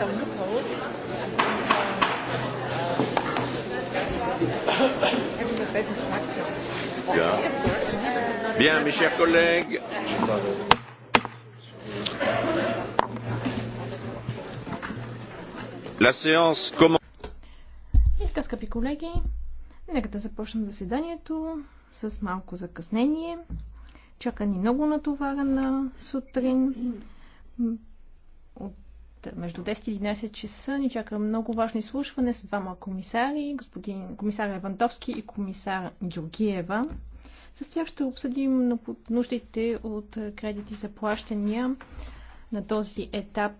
some loopholes. Bien. Bien, mes chers collègues. La séance commence. Et скъпи колеги, нека да започнем заседанието с малко закъснение. Чака ни много натоварена сутрин между 10 и 11 часа ни чака много важно изслушване с двама комисари, господин комисар Левандовски и комисар Георгиева. С тях ще обсъдим нуждите от кредити за плащания на този етап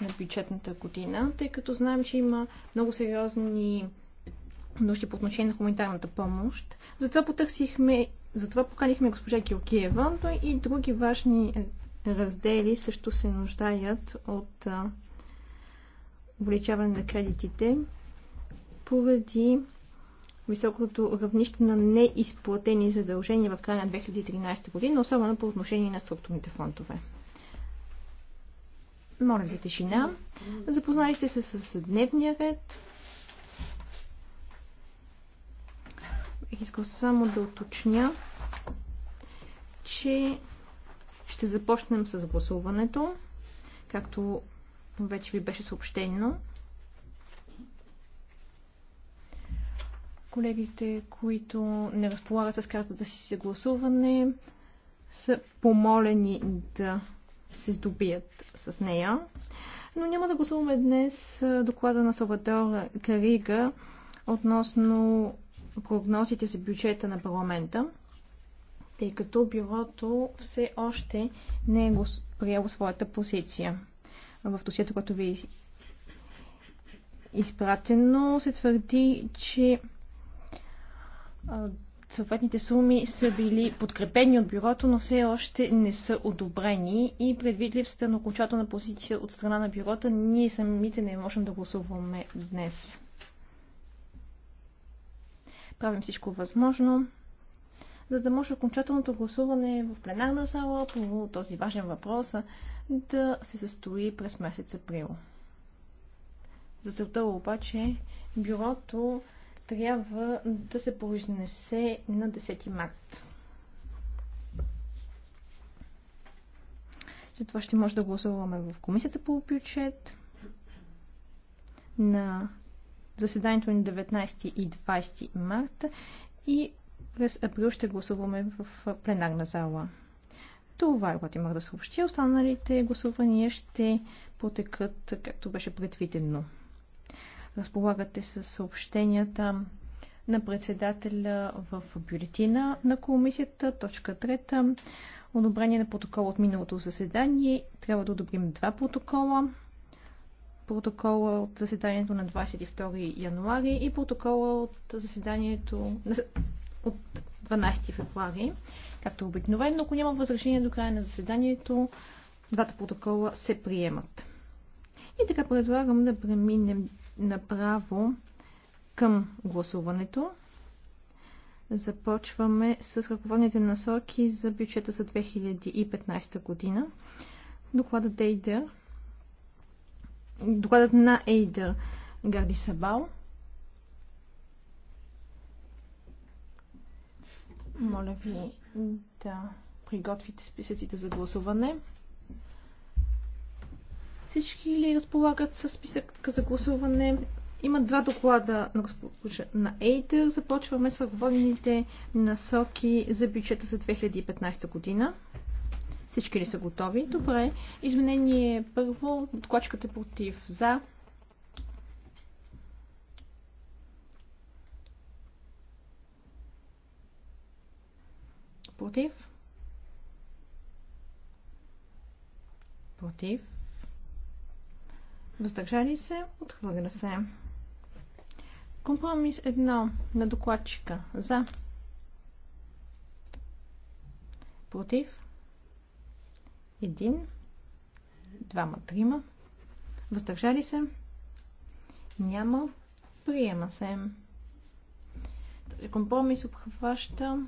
на бюджетната година, тъй като знаем, че има много сериозни нужди по отношение на хуманитарната помощ. Затова потърсихме, затова поканихме госпожа Георгиева, но и други важни раздели също се нуждаят от увеличаване на кредитите поради високото равнище на неизплатени задължения в края на 2013 година, особено по отношение на структурните фондове. Моля за тишина. Запознали сте се с дневния ред. Искам искал само да уточня, че ще започнем с гласуването, както вече ви беше съобщено. Колегите, които не разполагат с картата си за гласуване, са помолени да се здобият с нея. Но няма да гласуваме днес доклада на Салватор Карига относно прогнозите за бюджета на парламента тъй като бюрото все още не е приело своята позиция. В досието, което ви е изпратено, се твърди, че съответните суми са били подкрепени от бюрото, но все още не са одобрени и предвид липсата на окончателна позиция от страна на бюрото, ние самите не можем да гласуваме днес. Правим всичко възможно за да може окончателното гласуване в пленарна зала по този важен въпрос да се състои през месец април. За целта обаче бюрото трябва да се произнесе на 10 март. След това ще може да гласуваме в комисията по бюджет на заседанието на 19 и 20 марта и през април ще гласуваме в пленарна зала. Това е което имах да съобщя. Останалите гласувания ще потекат както беше предвидено. Разполагате с съобщенията на председателя в бюлетина на комисията. Точка трета. Одобрение на протокол от миналото заседание. Трябва да одобрим два протокола. Протокола от заседанието на 22 януари и протокола от заседанието от 12 февруари. Както обикновено, ако няма възражение до края на заседанието, двата протокола се приемат. И така предлагам да преминем направо към гласуването. Започваме с ръководните насоки за бюджета за 2015 година. Докладът Ейдер, докладът на Ейдер Гарди Сабал – Моля ви да приготвите списъците за гласуване. Всички ли разполагат с списък за гласуване? Има два доклада на, на Ейтер. Започваме с водените насоки за бюджета за 2015 година. Всички ли са готови? Добре. Изменение първо. Докладчиката е против за. Против. Против. Въздържали се. Отхвърля се. Компромис едно на докладчика. За. Против. Един. Двама, трима. Въздържали се. Няма. Приема се. Компромис обхваща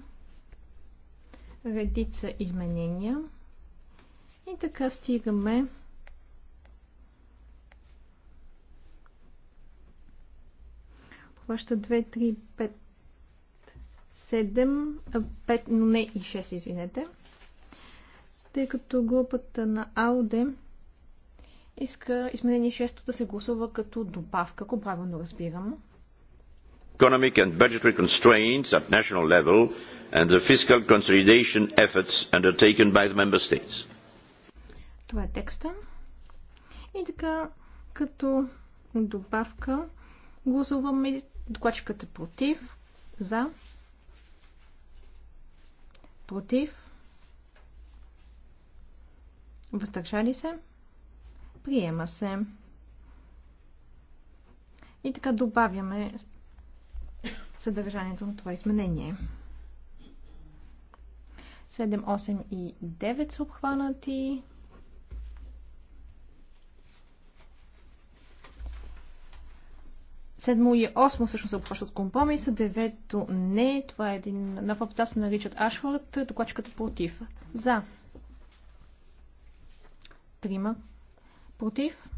редица изменения. И така стигаме Хваща 2, 3, 5, 7, 5, но не и 6, извинете. Тъй като групата на Ауде иска изменение 6 да се гласува като добавка, ако правилно разбирам. Economic and budgetary constraints at national level and the fiscal consolidation efforts undertaken by the member states. Това е текста. И така, като добавка, гласуваме докладчиката против, за, против, въздържали се, приема се. И така добавяме съдържанието на това изменение. 7, 8 и 9 са обхванати. Седмо и осмо всъщност се обхващат компромиса, девето не, това е един нов абзац, се наричат Ашфорд. Докладчиката е против. За. Трима. Против.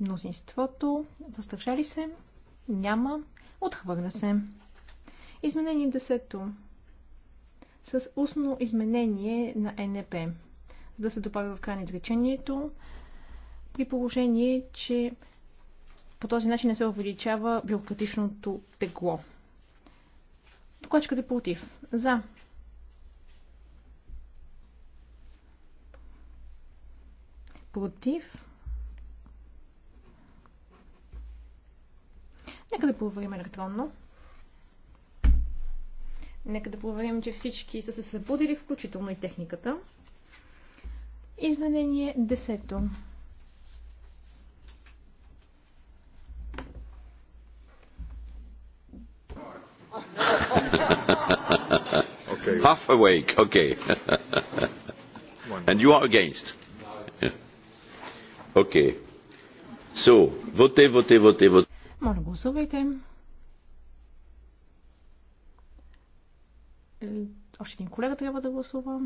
Мнозинството. Въздържали се? Няма. Отхвърля се. Изменение 10 с устно изменение на НП, за да се добави в край на изречението, при положение, че по този начин не се увеличава бюрократичното тегло. Докладчикът е против. За. Против. Нека да проверим електронно. Нека да проверим, че всички са се събудили, включително и техниката. Изменение 10. Okay. Half awake, okay. And you are against. Yeah. Okay. So, votez, votez, votez, votez. Моля, гласувайте. Е, още един колега трябва да гласува.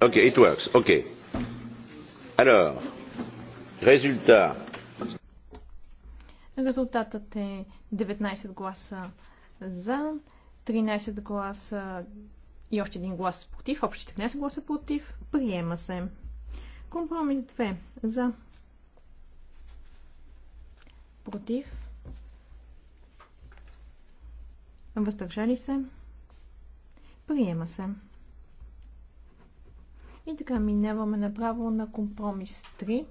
Ok, it works. Ok. Alors, résultat. Резултатът е 19 гласа за, 13 гласа и още един глас против, общо 13 гласа против. Приема се. Компромис 2 за против, въздържали се, приема се. И така минаваме направо на компромис 3.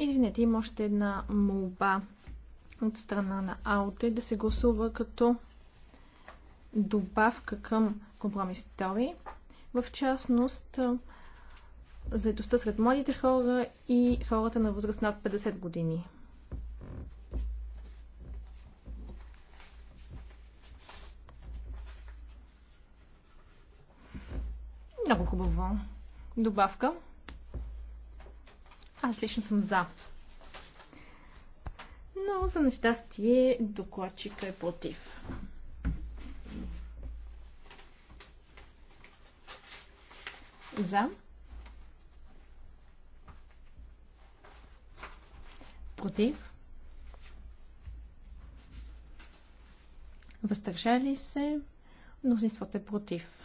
Извинете, има още една молба от страна на АОТЕ да се гласува като добавка към компромис Тори В частност, заедостта сред младите хора и хората на възраст над 50 години. Много хубаво. Добавка. Аз лично съм за но за нещастие докладчика е против. За. Против. Въздържали се. Мнозинството е против.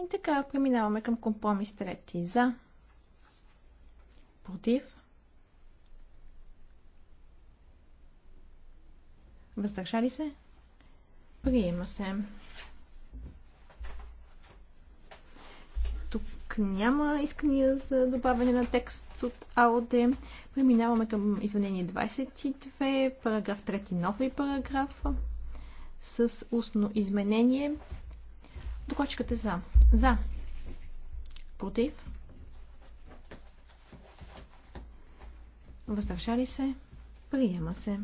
И така преминаваме към компромис трети. За. Против. Въздържали се? Приема се. Тук няма искания за добавяне на текст от АОД. Преминаваме към извинение 22, параграф 3, нови параграф с устно изменение. Докладчикът е за. За. Против. Въздържали се. Приема се.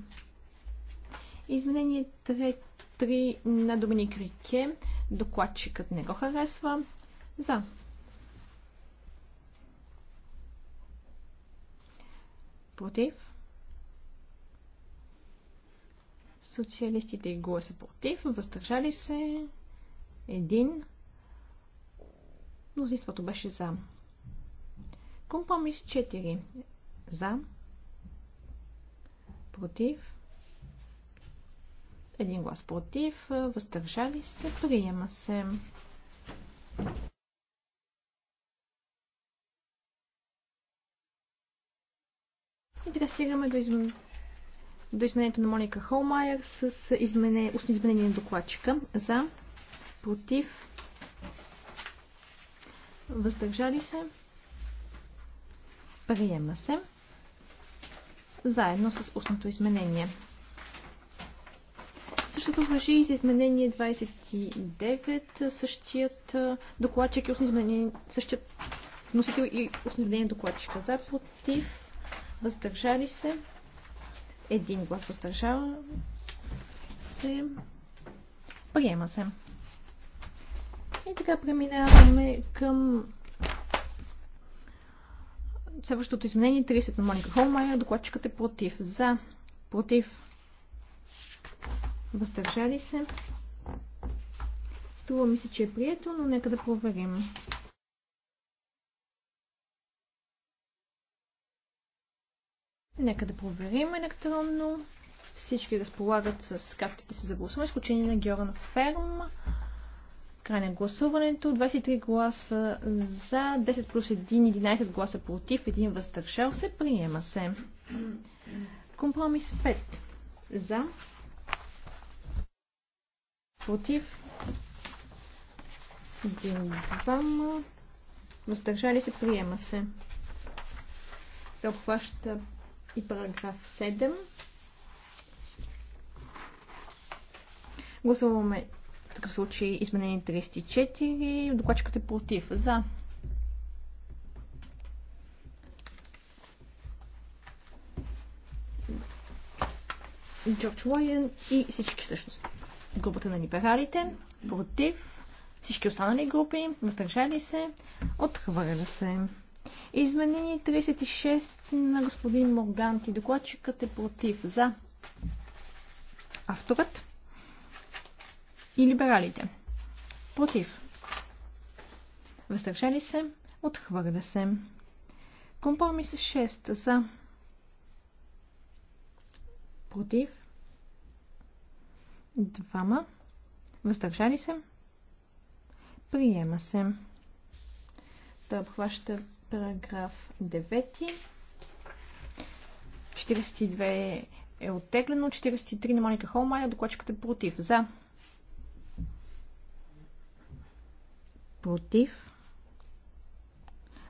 Изменение 3, 3 на Доминик Рике. Докладчикът не го харесва. За. Против. Социалистите и гласа против. Въздържали се. Един. Мнозинството беше за. Компромис 4. За. Против един глас против, въздържали се, приема се. И така стигаме до, измен... до изменението на Моника Холмайер с измене... устно изменение на докладчика. За, против, въздържали се, приема се, заедно с устното изменение. Същото въжи и за изменение 29, същият докладчик и е изменение, същият носител и основнение докладчика за, против, въздържали се, един глас въздържава се, приема се. И така преминаваме към следващото изменение 30 на Моника Холмайер. Докладчикът е против. За. Против въздържали се. Струва ми се, че е прието, но нека да проверим. Нека да проверим електронно. Всички разполагат с картите си за гласуване, изключение на Георан Ферм. Край на гласуването. 23 гласа за, 10 плюс 1, 11 гласа против, 1 въздържал се. Приема се. Компромис 5. За против, един, двама, въздържали се, приема се. Той обхваща и параграф 7. Гласуваме в такъв случай изменение 34. Докладчикът е против. За. Джордж Лоен и всички всъщност групата на либералите, против всички останали групи, въздържали се, отхвърля се. Измени 36 на господин Морганти. Докладчикът е против за авторът и либералите. Против. Въздържали се, отхвърля се. Компромис 6 за против Двама. Въздържали се. Приема се. Той обхваща параграф 9. 42 е оттеглено. 43 на Моника Холмайер. Докладчиката е против. За. Против.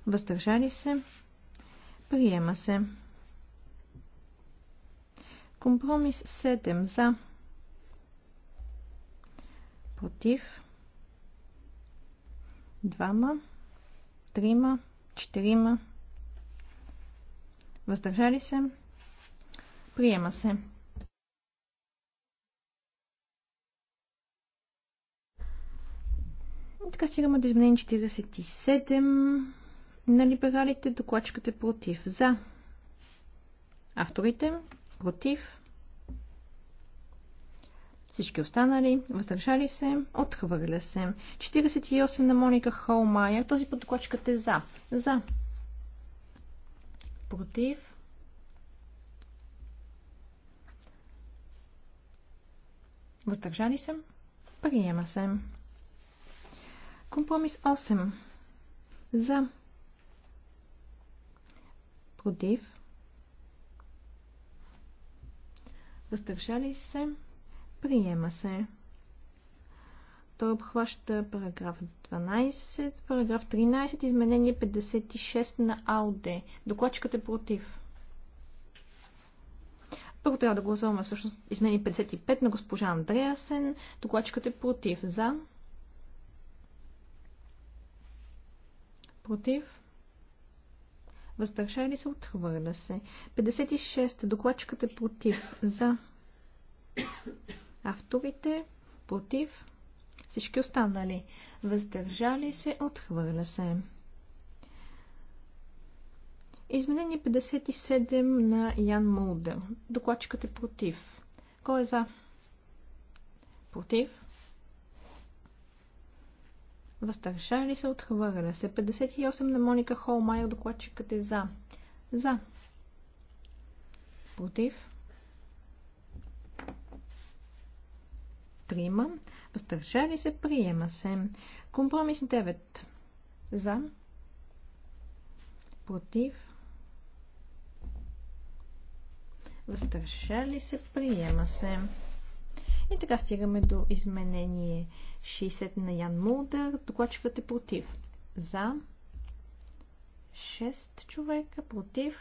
Въздържали се. Приема се. Компромис 7 за против, двама, трима, четирима, въздържали се, приема се. И така стигаме до изменение 47 на либералите, докладчикът е против. За. Авторите против. Всички останали, въздържали се, отхвърля се. 48 на Моника Холмайер. Този път докладчикът е за. За. Против. Въздържали се. Приема се. Компромис 8. За. Против. Въздържали се. Приема се. Той обхваща параграф 12, параграф 13, изменение 56 на АОД. Докладчикът е против. Първо трябва да гласуваме всъщност изменение 55 на госпожа Андреасен. Докладчикът е против. За. Против. Въздържали се, отхвърля се. 56. Докладчикът е против. За авторите, против, всички останали. Въздържали се, отхвърля се. Изменение 57 на Ян Молдър. Докладчикът е против. Кой е за? Против. Въздържали се, отхвърля се. 58 на Моника Холмайер. Докладчикът е за. За. Против. 3. Въздържали се. Приема се. Компромис 9. За. Против. Въздържали се. Приема се. И така стигаме до изменение 60 на Ян Мулдър. Докладчикът е против. За. 6 човека. Против.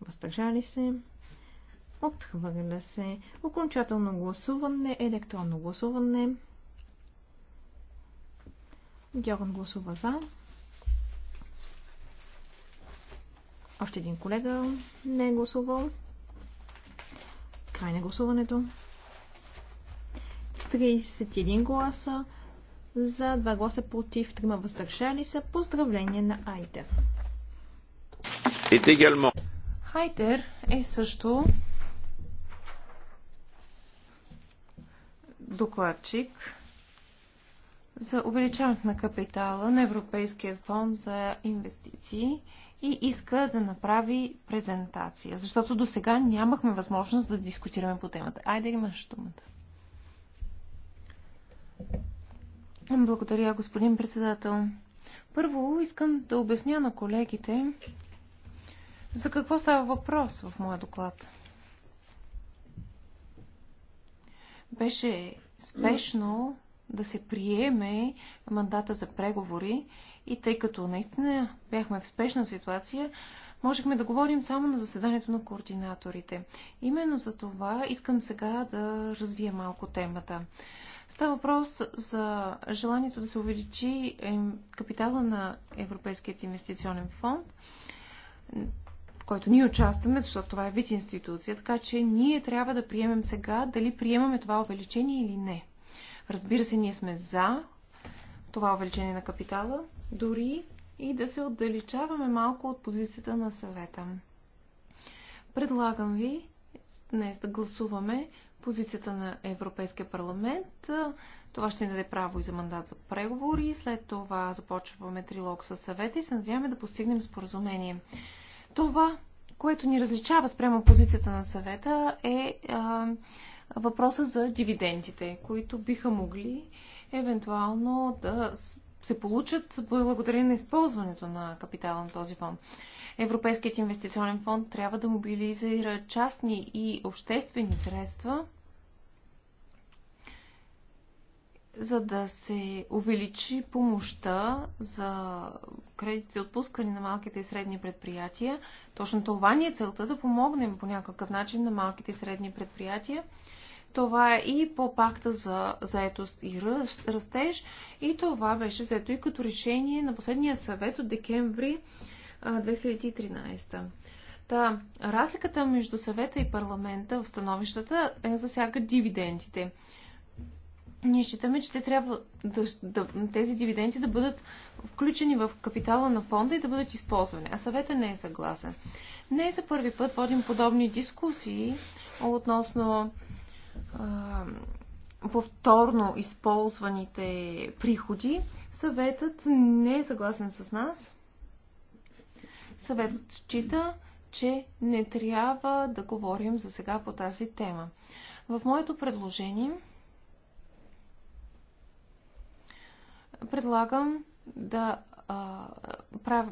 Въздържали се. Отхвърля се. Окончателно гласуване. Електронно гласуване. Георан гласува за. Още един колега не е гласувал. Край на гласуването. 31 гласа за 2 гласа против, 3 въздържали са. Поздравление на Айтер. Хайтер е, е също докладчик за увеличаването на капитала на Европейския фонд за инвестиции и иска да направи презентация, защото до сега нямахме възможност да дискутираме по темата. Айде, имаш думата. Благодаря, господин председател. Първо искам да обясня на колегите за какво става въпрос в моя доклад. беше спешно да се приеме мандата за преговори и тъй като наистина бяхме в спешна ситуация, можехме да говорим само на заседанието на координаторите. Именно за това искам сега да развия малко темата. Става въпрос за желанието да се увеличи капитала на Европейският инвестиционен фонд който ние участваме, защото това е вид институция, така че ние трябва да приемем сега дали приемаме това увеличение или не. Разбира се, ние сме за това увеличение на капитала, дори и да се отдалечаваме малко от позицията на съвета. Предлагам ви днес да гласуваме позицията на Европейския парламент. Това ще ни даде право и за мандат за преговори. След това започваме трилог с съвета и се надяваме да постигнем споразумение. Това, което ни различава спрямо позицията на съвета е а, въпроса за дивидендите, които биха могли евентуално да се получат благодарение на използването на капитала на този фонд. Европейският инвестиционен фонд трябва да мобилизира частни и обществени средства – за да се увеличи помощта за кредити отпускани на малките и средни предприятия. Точно това ни е целта да помогнем по някакъв начин на малките и средни предприятия. Това е и по пакта за заетост и растеж. И това беше заето и като решение на последния съвет от декември 2013. Та, разликата между съвета и парламента в становищата е засяга дивидендите. Ние считаме, че те трябва да, да, тези дивиденти да бъдат включени в капитала на фонда и да бъдат използвани. А съвета не е съгласен. Не е за първи път водим подобни дискусии относно а, повторно използваните приходи. Съветът не е съгласен с нас. Съветът счита, че не трябва да говорим за сега по тази тема. В моето предложение предлагам да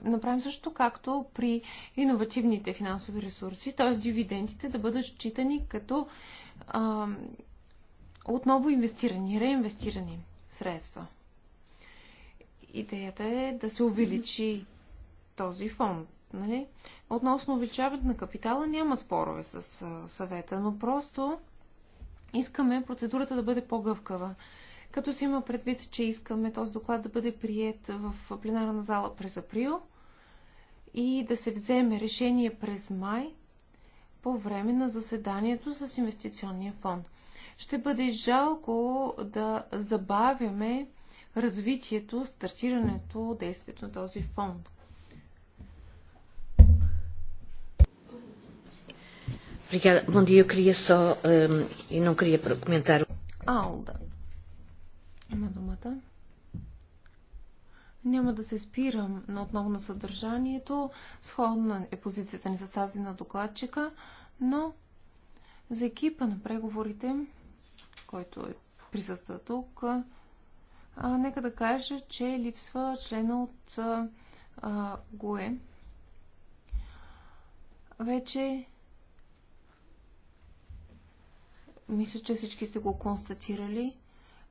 направим също както при иновативните финансови ресурси, т.е. дивидендите да бъдат считани като а, отново инвестирани, реинвестирани средства. Идеята е да се увеличи този фонд. Нали? Относно увеличаването на капитала няма спорове с съвета, но просто искаме процедурата да бъде по-гъвкава като се има предвид, че искаме този доклад да бъде прият в пленарна зала през април и да се вземе решение през май по време на заседанието с инвестиционния фонд. Ще бъде жалко да забавяме развитието, стартирането, действието на този фонд. Obrigada. Bom dia, eu queria só. Um, ehm, eu não queria comentar. Alda. Има думата. Няма да се спирам на отново на съдържанието. Сходна е позицията ни с тази на докладчика, но за екипа на преговорите, който е присъства тук, а, нека да кажа, че липсва члена от а, ГУЕ. Вече мисля, че всички сте го констатирали.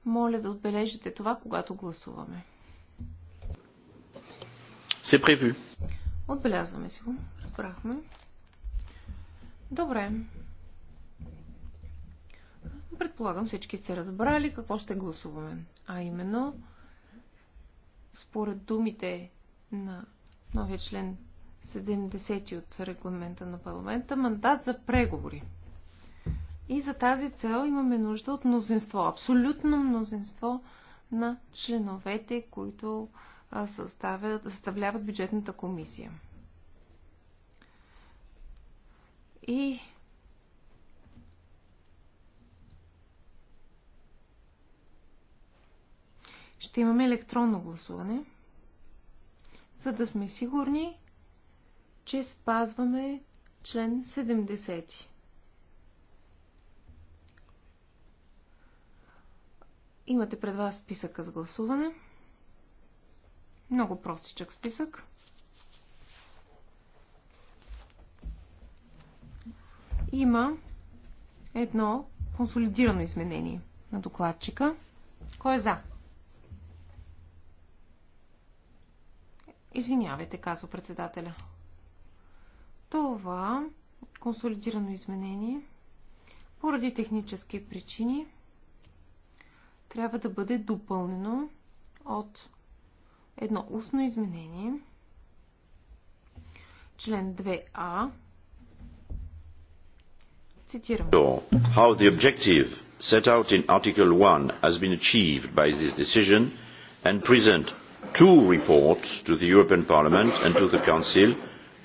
Моля да отбележите това, когато гласуваме. Се превю. Отбелязваме си го. Разбрахме. Добре. Предполагам всички сте разбрали какво ще гласуваме. А именно, според думите на новия член 70 от регламента на парламента, мандат за преговори. И за тази цел имаме нужда от мнозинство, абсолютно мнозинство на членовете, които съставляват бюджетната комисия. И ще имаме електронно гласуване, за да сме сигурни, че спазваме член 70. Имате пред вас списъка с гласуване. Много простичък списък. Има едно консолидирано изменение на докладчика. Кой е за? Извинявайте, казва председателя. Това консолидирано изменение поради технически причини – трябва да бъде допълнено от едно устно изменение. Член 2а. Цитирам. So, How the objective set out in Article 1 has been achieved by this decision and present two reports to the European Parliament and to the Council,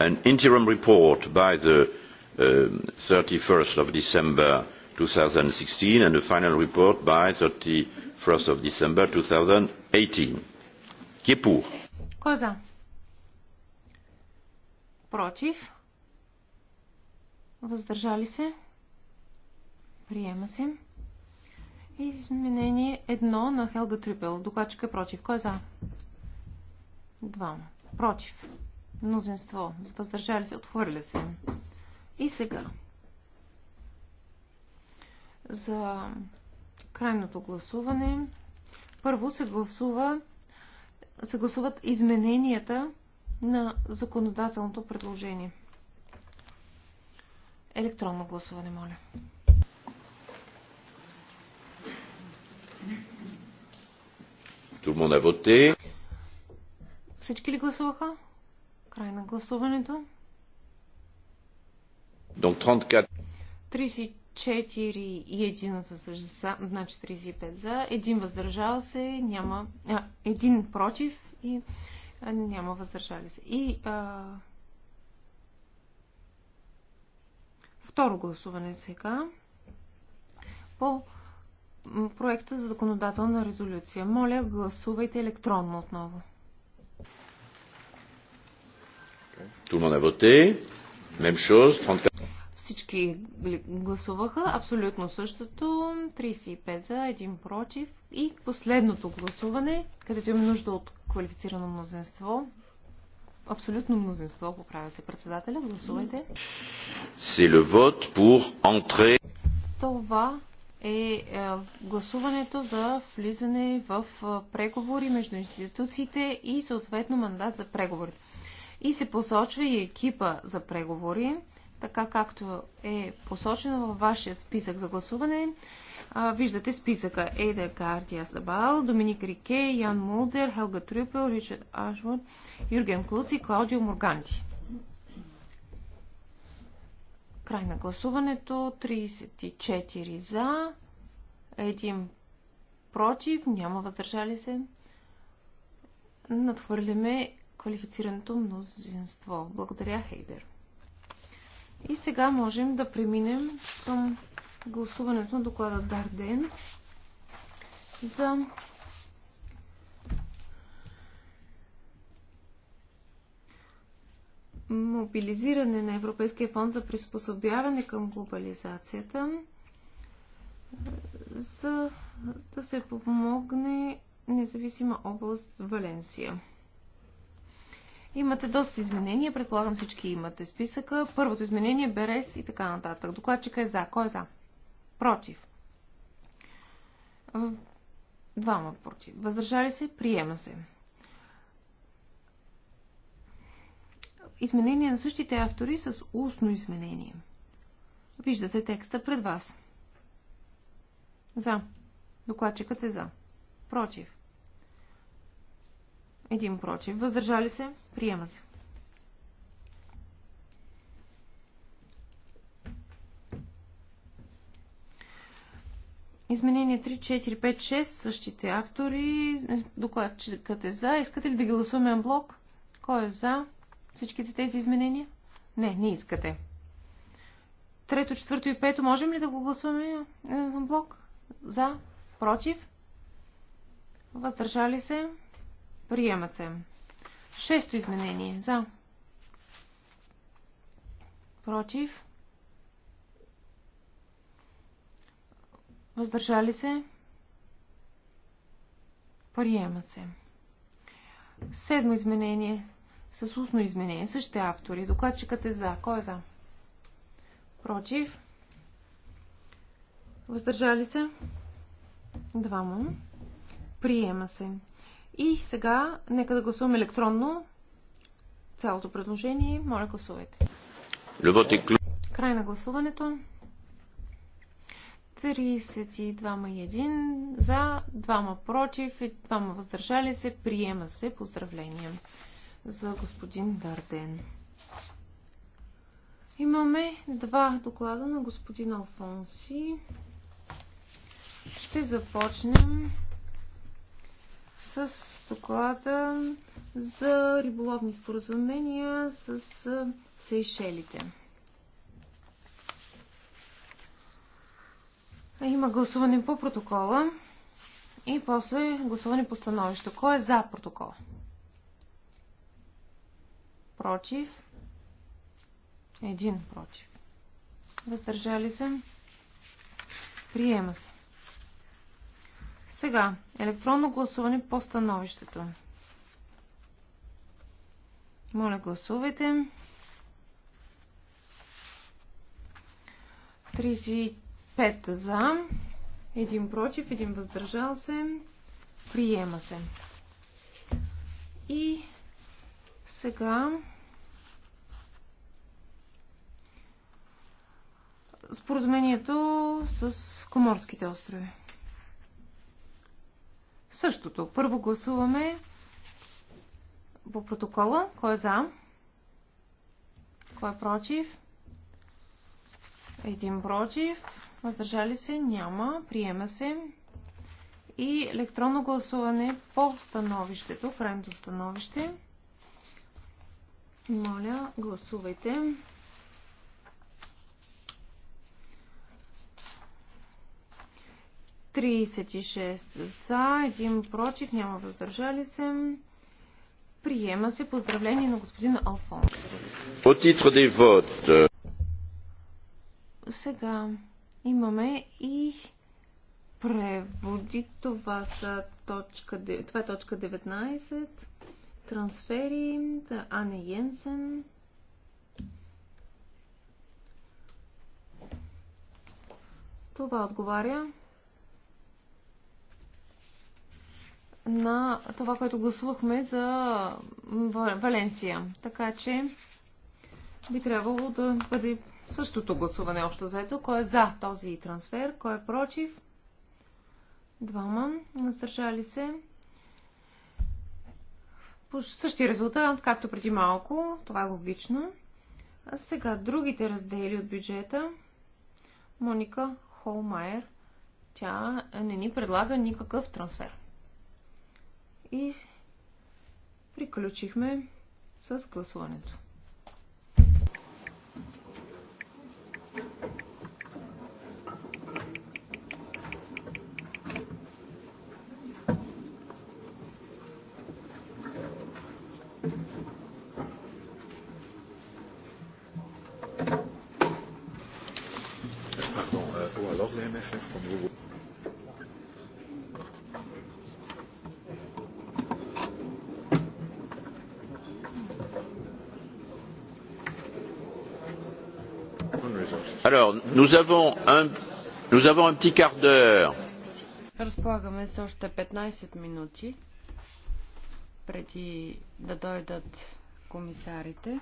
an interim report by the uh, 31st of December 2015 sixteen and a final report by 31st of December 2018. Qui est pour Кой Против? Въздържали се? Приема се. Изменение едно на Хелга Трипел. Докладчик е против. Кой е за? Два. Против. Мнозинство. Въздържали се. Отхвърля се. И сега за крайното гласуване. Първо се гласува се гласуват измененията на законодателното предложение. Електронно гласуване, моля. Всички ли гласуваха? Край на гласуването. 34. 4 и 1 за, на значи 45 за, 1 въздържал се, няма, а, 1 против и а, няма въздържали се. И а, второ гласуване сега по проекта за законодателна резолюция. Моля, гласувайте електронно отново. Tout le monde a voté. Même chose, 34. Всички гласуваха абсолютно същото. 35 за, 1 против. И последното гласуване, където има нужда от квалифицирано мнозинство. Абсолютно мнозинство, поправя се председателя. Гласувайте. Това е, е гласуването за влизане в е, преговори между институциите и съответно мандат за преговорите. И се посочва и екипа за преговори така както е посочено във вашия списък за гласуване. А, виждате списъка Ейдер Гардия Дабал, Доминик Рике, Ян Мулдер, Хелга Трюпел, Ричард Ашвуд, Юрген Клуци и Клаудио Морганти. Край на гласуването. 34 за, 1 против, няма въздържали се. Надхвърляме квалифицираното мнозинство. Благодаря, Хейдер. И сега можем да преминем към гласуването на доклада Дарден за мобилизиране на Европейския фонд за приспособяване към глобализацията, за да се помогне независима област Валенсия. Имате доста изменения, предполагам всички имате списъка. Първото изменение Берес и така нататък. Докладчика е за. Кой е за? Против. Двама против. Въздържали се? Приема се. Изменение на същите автори с устно изменение. Виждате текста пред вас. За. Докладчикът е за. Против. Един против. Въздържали се? Приема се. Изменение 3, 4, 5, 6, същите автори. Докладчикът е за. Искате ли да ги гласуваме блок? Кой е за всичките тези изменения? Не, не искате. Трето, четвърто и пето, можем ли да го гласуваме е, блок? За? Против? Въздържали се? Приемат се. Шесто изменение. За. Против. Въздържали се. Приема се. Седмо изменение. С устно изменение. Същите автори. Докладчикът е за. Кой е за? Против. Въздържали се. Двама. Приема се. И сега нека да гласуваме електронно цялото предложение. Моля, гласувайте. Край на гласуването. 32 и 1 за, 2 против и 2 въздържали се. Приема се. Поздравления за господин Дарден. Имаме два доклада на господин Алфонси. Ще започнем с доклада за риболовни споразумения с Сейшелите. Има гласуване по протокола и после гласуване по становище. Кой е за протокола? Против? Един против. Въздържали се? Приема се. Сега, електронно гласуване по становището. Моля, гласувайте. 35 за, 1 против, 1 въздържал се. Приема се. И сега споразумението с Коморските острови. Същото. Първо гласуваме по протокола. Кой е за? Кой е против? Един против. Въздържали се? Няма. Приема се. И електронно гласуване по становището, крайното становище. Моля, гласувайте. 36 за, 1 против, няма въздържали се. Приема се поздравление на господин Алфон. По титра де вод. Сега имаме и преводи. Това, са точка, това е точка 19. Трансфери. Да, Ане Йенсен. Това отговаря на това, което гласувахме за Валенция. Така че би трябвало да бъде същото гласуване общо заето. Кой е за този трансфер, кой е против? Двама. Въздържали се. По същия резултат, както преди малко. Това е логично. А сега другите раздели от бюджета. Моника Холмайер. Тя не ни предлага никакъв трансфер. И приключихме с гласуването. nous avons un, petit quart d'heure. Разполагаме с още 15 минути преди да дойдат комисарите.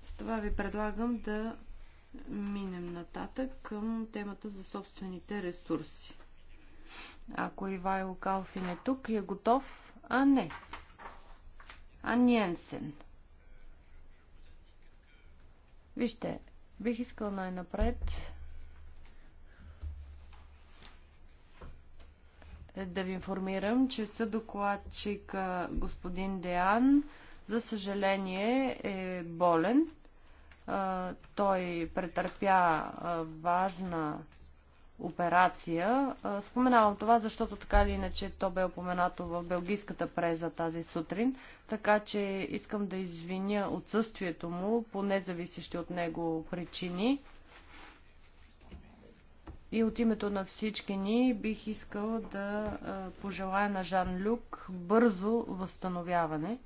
С това ви предлагам да минем нататък към темата за собствените ресурси. Ако Ивайло Калфин е тук, е готов. А не. А Ниенсен. Вижте, Бих искал най-напред да ви информирам, че съдокладчик господин Деан, за съжаление, е болен. Той претърпя важна операция. Споменавам това, защото така или иначе то бе опоменато в белгийската преза тази сутрин, така че искам да извиня отсъствието му по независещи от него причини. И от името на всички ни бих искал да пожелая на Жан Люк бързо възстановяване.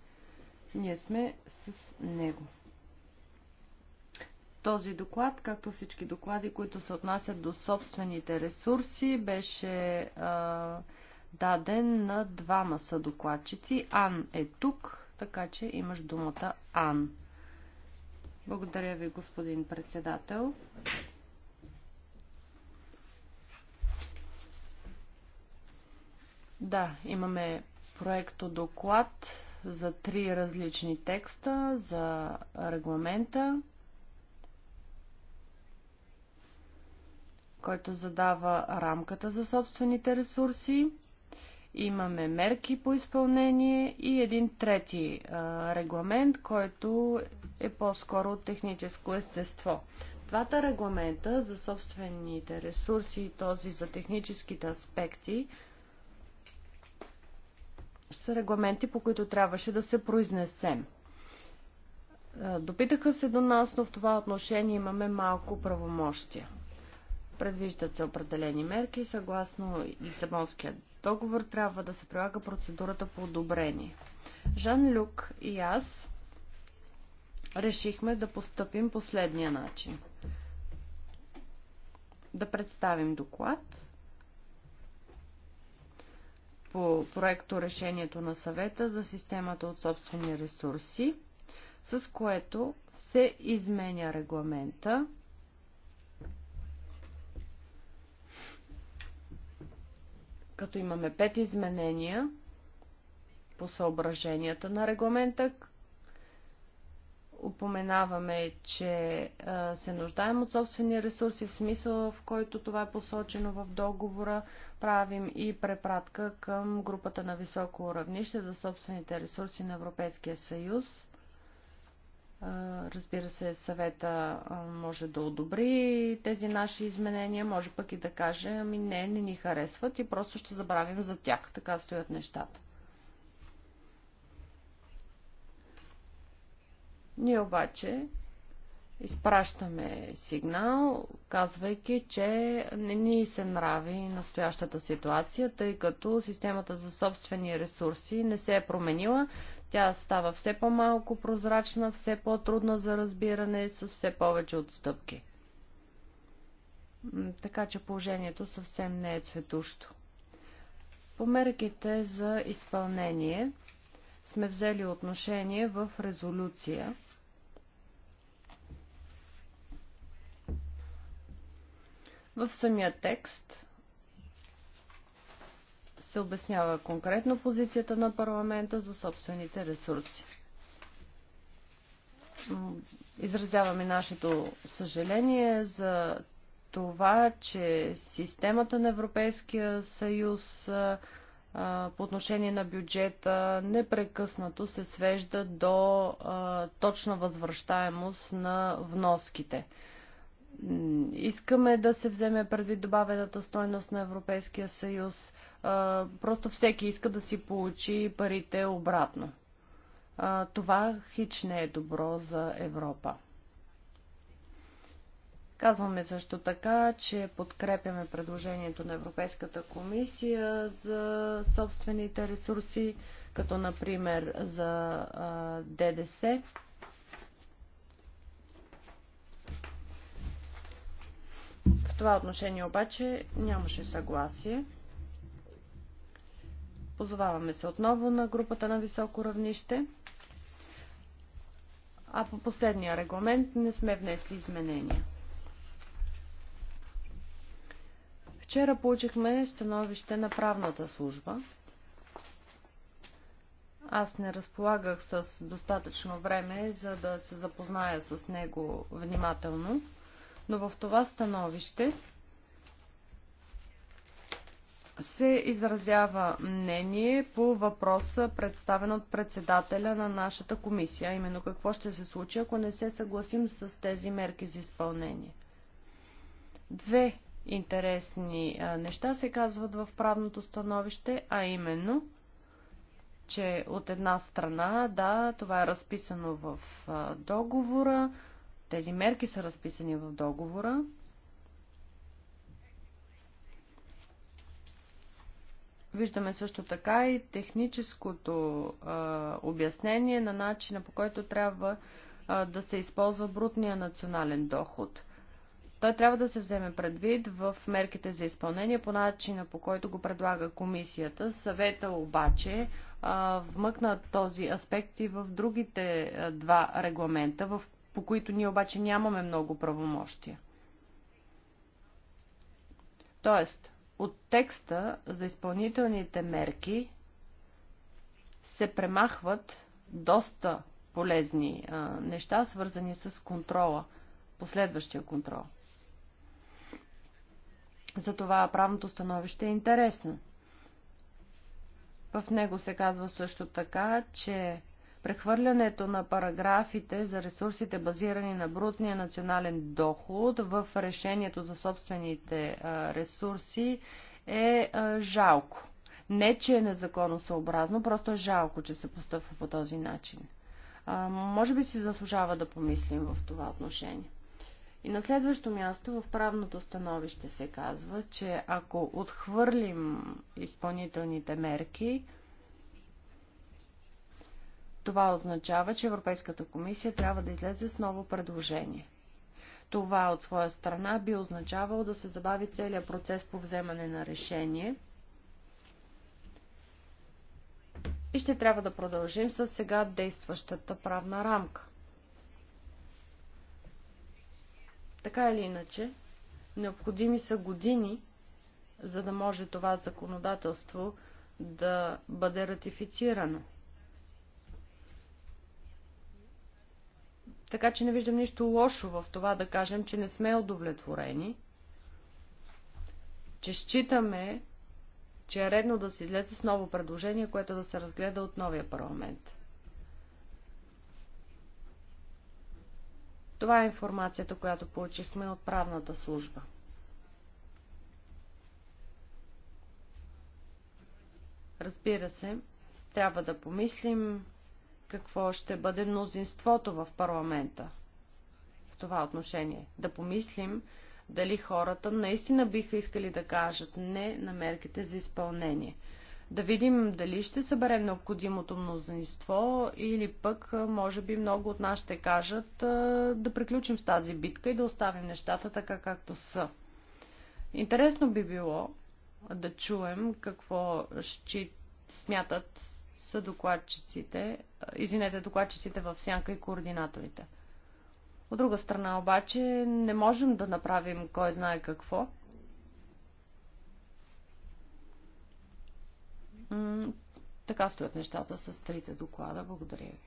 Ние сме с него. Този доклад, както всички доклади, които се отнасят до собствените ресурси, беше а, даден на двама са докладчици. Ан е тук, така че имаш думата Ан. Благодаря ви, господин председател. Да, имаме проекто доклад за три различни текста за регламента. който задава рамката за собствените ресурси. Имаме мерки по изпълнение и един трети а, регламент, който е по-скоро техническо естество. Двата регламента за собствените ресурси и този за техническите аспекти са регламенти, по които трябваше да се произнесем. Допитаха се до нас, но в това отношение имаме малко правомощия. Предвиждат се определени мерки, съгласно Лисабонския договор трябва да се прилага процедурата по одобрение. Жан Люк и аз решихме да постъпим последния начин. Да представим доклад по проекто решението на съвета за системата от собствени ресурси, с което се изменя регламента като имаме пет изменения по съображенията на регламента, упоменаваме, че се нуждаем от собствени ресурси в смисъл, в който това е посочено в договора. Правим и препратка към групата на високо равнище за собствените ресурси на Европейския съюз. Разбира се, съвета може да одобри тези наши изменения, може пък и да каже, ами не, не ни харесват и просто ще забравим за тях. Така стоят нещата. Ние обаче изпращаме сигнал, казвайки, че не ни се нрави настоящата ситуация, тъй като системата за собствени ресурси не се е променила, тя става все по-малко прозрачна, все по-трудна за разбиране, с все повече отстъпки. Така че положението съвсем не е цветущо. По мерките за изпълнение сме взели отношение в резолюция. В самия текст се обяснява конкретно позицията на парламента за собствените ресурси. Изразяваме нашето съжаление за това, че системата на Европейския съюз по отношение на бюджета непрекъснато се свежда до точна възвръщаемост на вноските искаме да се вземе предвид добавената стойност на Европейския съюз. Просто всеки иска да си получи парите обратно. Това хич не е добро за Европа. Казваме също така, че подкрепяме предложението на Европейската комисия за собствените ресурси, като например за ДДС. това отношение обаче нямаше съгласие. Позоваваме се отново на групата на високо равнище. А по последния регламент не сме внесли изменения. Вчера получихме становище на правната служба. Аз не разполагах с достатъчно време, за да се запозная с него внимателно. Но в това становище се изразява мнение по въпроса, представен от председателя на нашата комисия, именно какво ще се случи, ако не се съгласим с тези мерки за изпълнение. Две интересни неща се казват в правното становище, а именно, че от една страна, да, това е разписано в договора, тези мерки са разписани в договора. Виждаме също така и техническото а, обяснение на начина по който трябва а, да се използва брутния национален доход. Той трябва да се вземе предвид в мерките за изпълнение по начина по който го предлага комисията. Съвета обаче а, вмъкна този аспект и в другите а, два регламента в по които ние обаче нямаме много правомощия. Тоест, от текста за изпълнителните мерки се премахват доста полезни а, неща, свързани с контрола, последващия контрол. Затова правното становище е интересно. В него се казва също така, че Прехвърлянето на параграфите за ресурсите, базирани на брутния национален доход в решението за собствените ресурси е жалко. Не, че е незаконосъобразно, просто е жалко, че се постъпва по този начин. А, може би си заслужава да помислим в това отношение. И на следващо място в правното становище се казва, че ако отхвърлим изпълнителните мерки, това означава, че Европейската комисия трябва да излезе с ново предложение. Това от своя страна би означавало да се забави целият процес по вземане на решение и ще трябва да продължим с сега действащата правна рамка. Така или иначе, необходими са години, за да може това законодателство да бъде ратифицирано. Така че не виждам нищо лошо в това да кажем, че не сме удовлетворени, че считаме, че е редно да се излезе с ново предложение, което да се разгледа от новия парламент. Това е информацията, която получихме от правната служба. Разбира се, трябва да помислим какво ще бъде мнозинството в парламента в това отношение. Да помислим дали хората наистина биха искали да кажат не на мерките за изпълнение. Да видим дали ще съберем необходимото мнозинство или пък, може би, много от нас ще кажат да приключим с тази битка и да оставим нещата така както са. Интересно би било да чуем какво ще смятат са докладчиците, извинете, докладчиците в сянка и координаторите. От друга страна обаче не можем да направим кой знае какво. М така стоят нещата с трите доклада. Благодаря ви.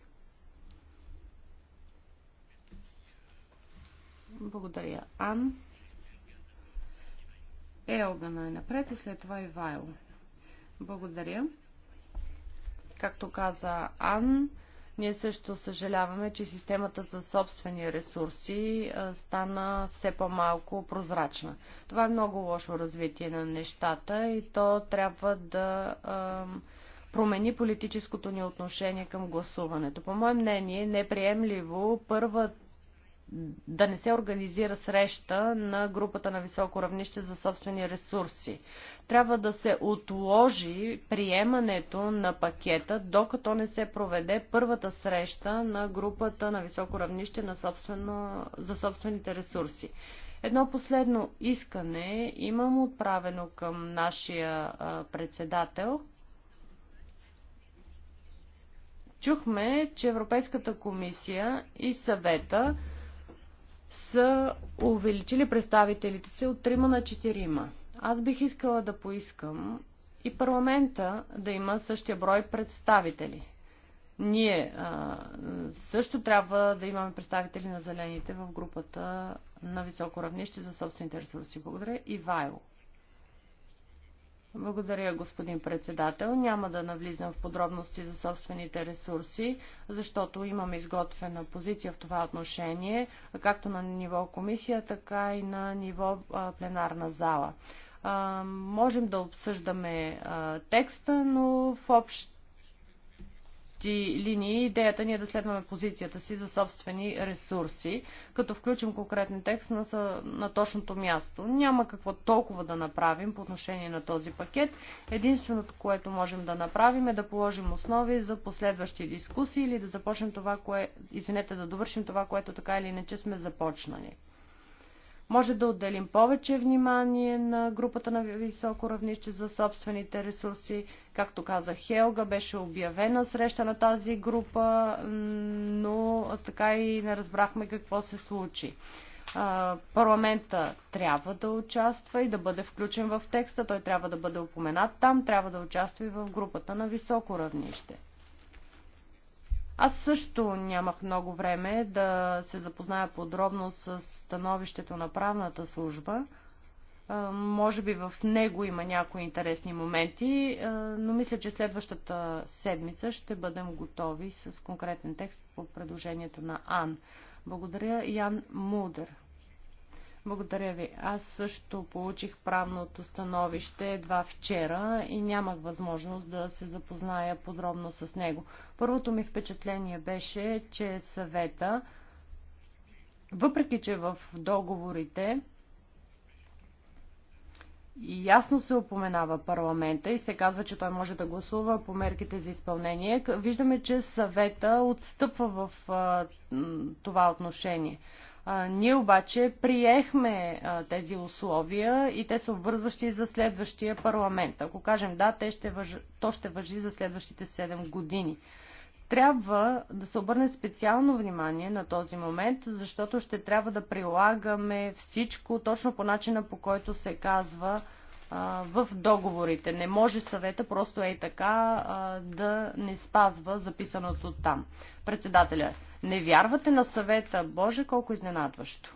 Благодаря. Ан. Елга най-напред и след това и Вайл. Благодаря. Както каза Ан, ние също съжаляваме, че системата за собствени ресурси стана все по-малко прозрачна. Това е много лошо развитие на нещата и то трябва да промени политическото ни отношение към гласуването. По мое мнение, е неприемливо първата да не се организира среща на групата на високо равнище за собствени ресурси. Трябва да се отложи приемането на пакета, докато не се проведе първата среща на групата на високо равнище на собствено, за собствените ресурси. Едно последно искане имам отправено към нашия председател. Чухме, че Европейската комисия и съвета са увеличили представителите си от 3 на 4. Аз бих искала да поискам и парламента да има същия брой представители. Ние а, също трябва да имаме представители на зелените в групата на високо равнище за собствените ресурси. Благодаря. Ивайло. Благодаря, господин председател. Няма да навлизам в подробности за собствените ресурси, защото имам изготвена позиция в това отношение, както на ниво комисия, така и на ниво пленарна зала можем да обсъждаме текста, но в общ общи линии идеята ни е да следваме позицията си за собствени ресурси, като включим конкретен текст на, на точното място. Няма какво толкова да направим по отношение на този пакет. Единственото, което можем да направим е да положим основи за последващи дискусии или да започнем това, кое, извинете, да довършим това, което така или иначе сме започнали. Може да отделим повече внимание на групата на високо равнище за собствените ресурси. Както каза Хелга, беше обявена среща на тази група, но така и не разбрахме какво се случи. Парламента трябва да участва и да бъде включен в текста, той трябва да бъде упоменат там, трябва да участва и в групата на високо равнище. Аз също нямах много време да се запозная подробно с становището на правната служба. Е, може би в него има някои интересни моменти, е, но мисля, че следващата седмица ще бъдем готови с конкретен текст по предложението на Ан. Благодаря, Ян Мудър. Благодаря ви. Аз също получих правното становище едва вчера и нямах възможност да се запозная подробно с него. Първото ми впечатление беше, че съвета, въпреки че в договорите и ясно се упоменава парламента и се казва, че той може да гласува по мерките за изпълнение. Виждаме, че съвета отстъпва в това отношение. Ние обаче приехме тези условия и те са обвързващи за следващия парламент. Ако кажем да, те ще въж... то ще въжи за следващите 7 години. Трябва да се обърне специално внимание на този момент, защото ще трябва да прилагаме всичко точно по начина, по който се казва в договорите. Не може съвета просто е така да не спазва записаното там. Председателя, не вярвате на съвета. Боже, колко изненадващо.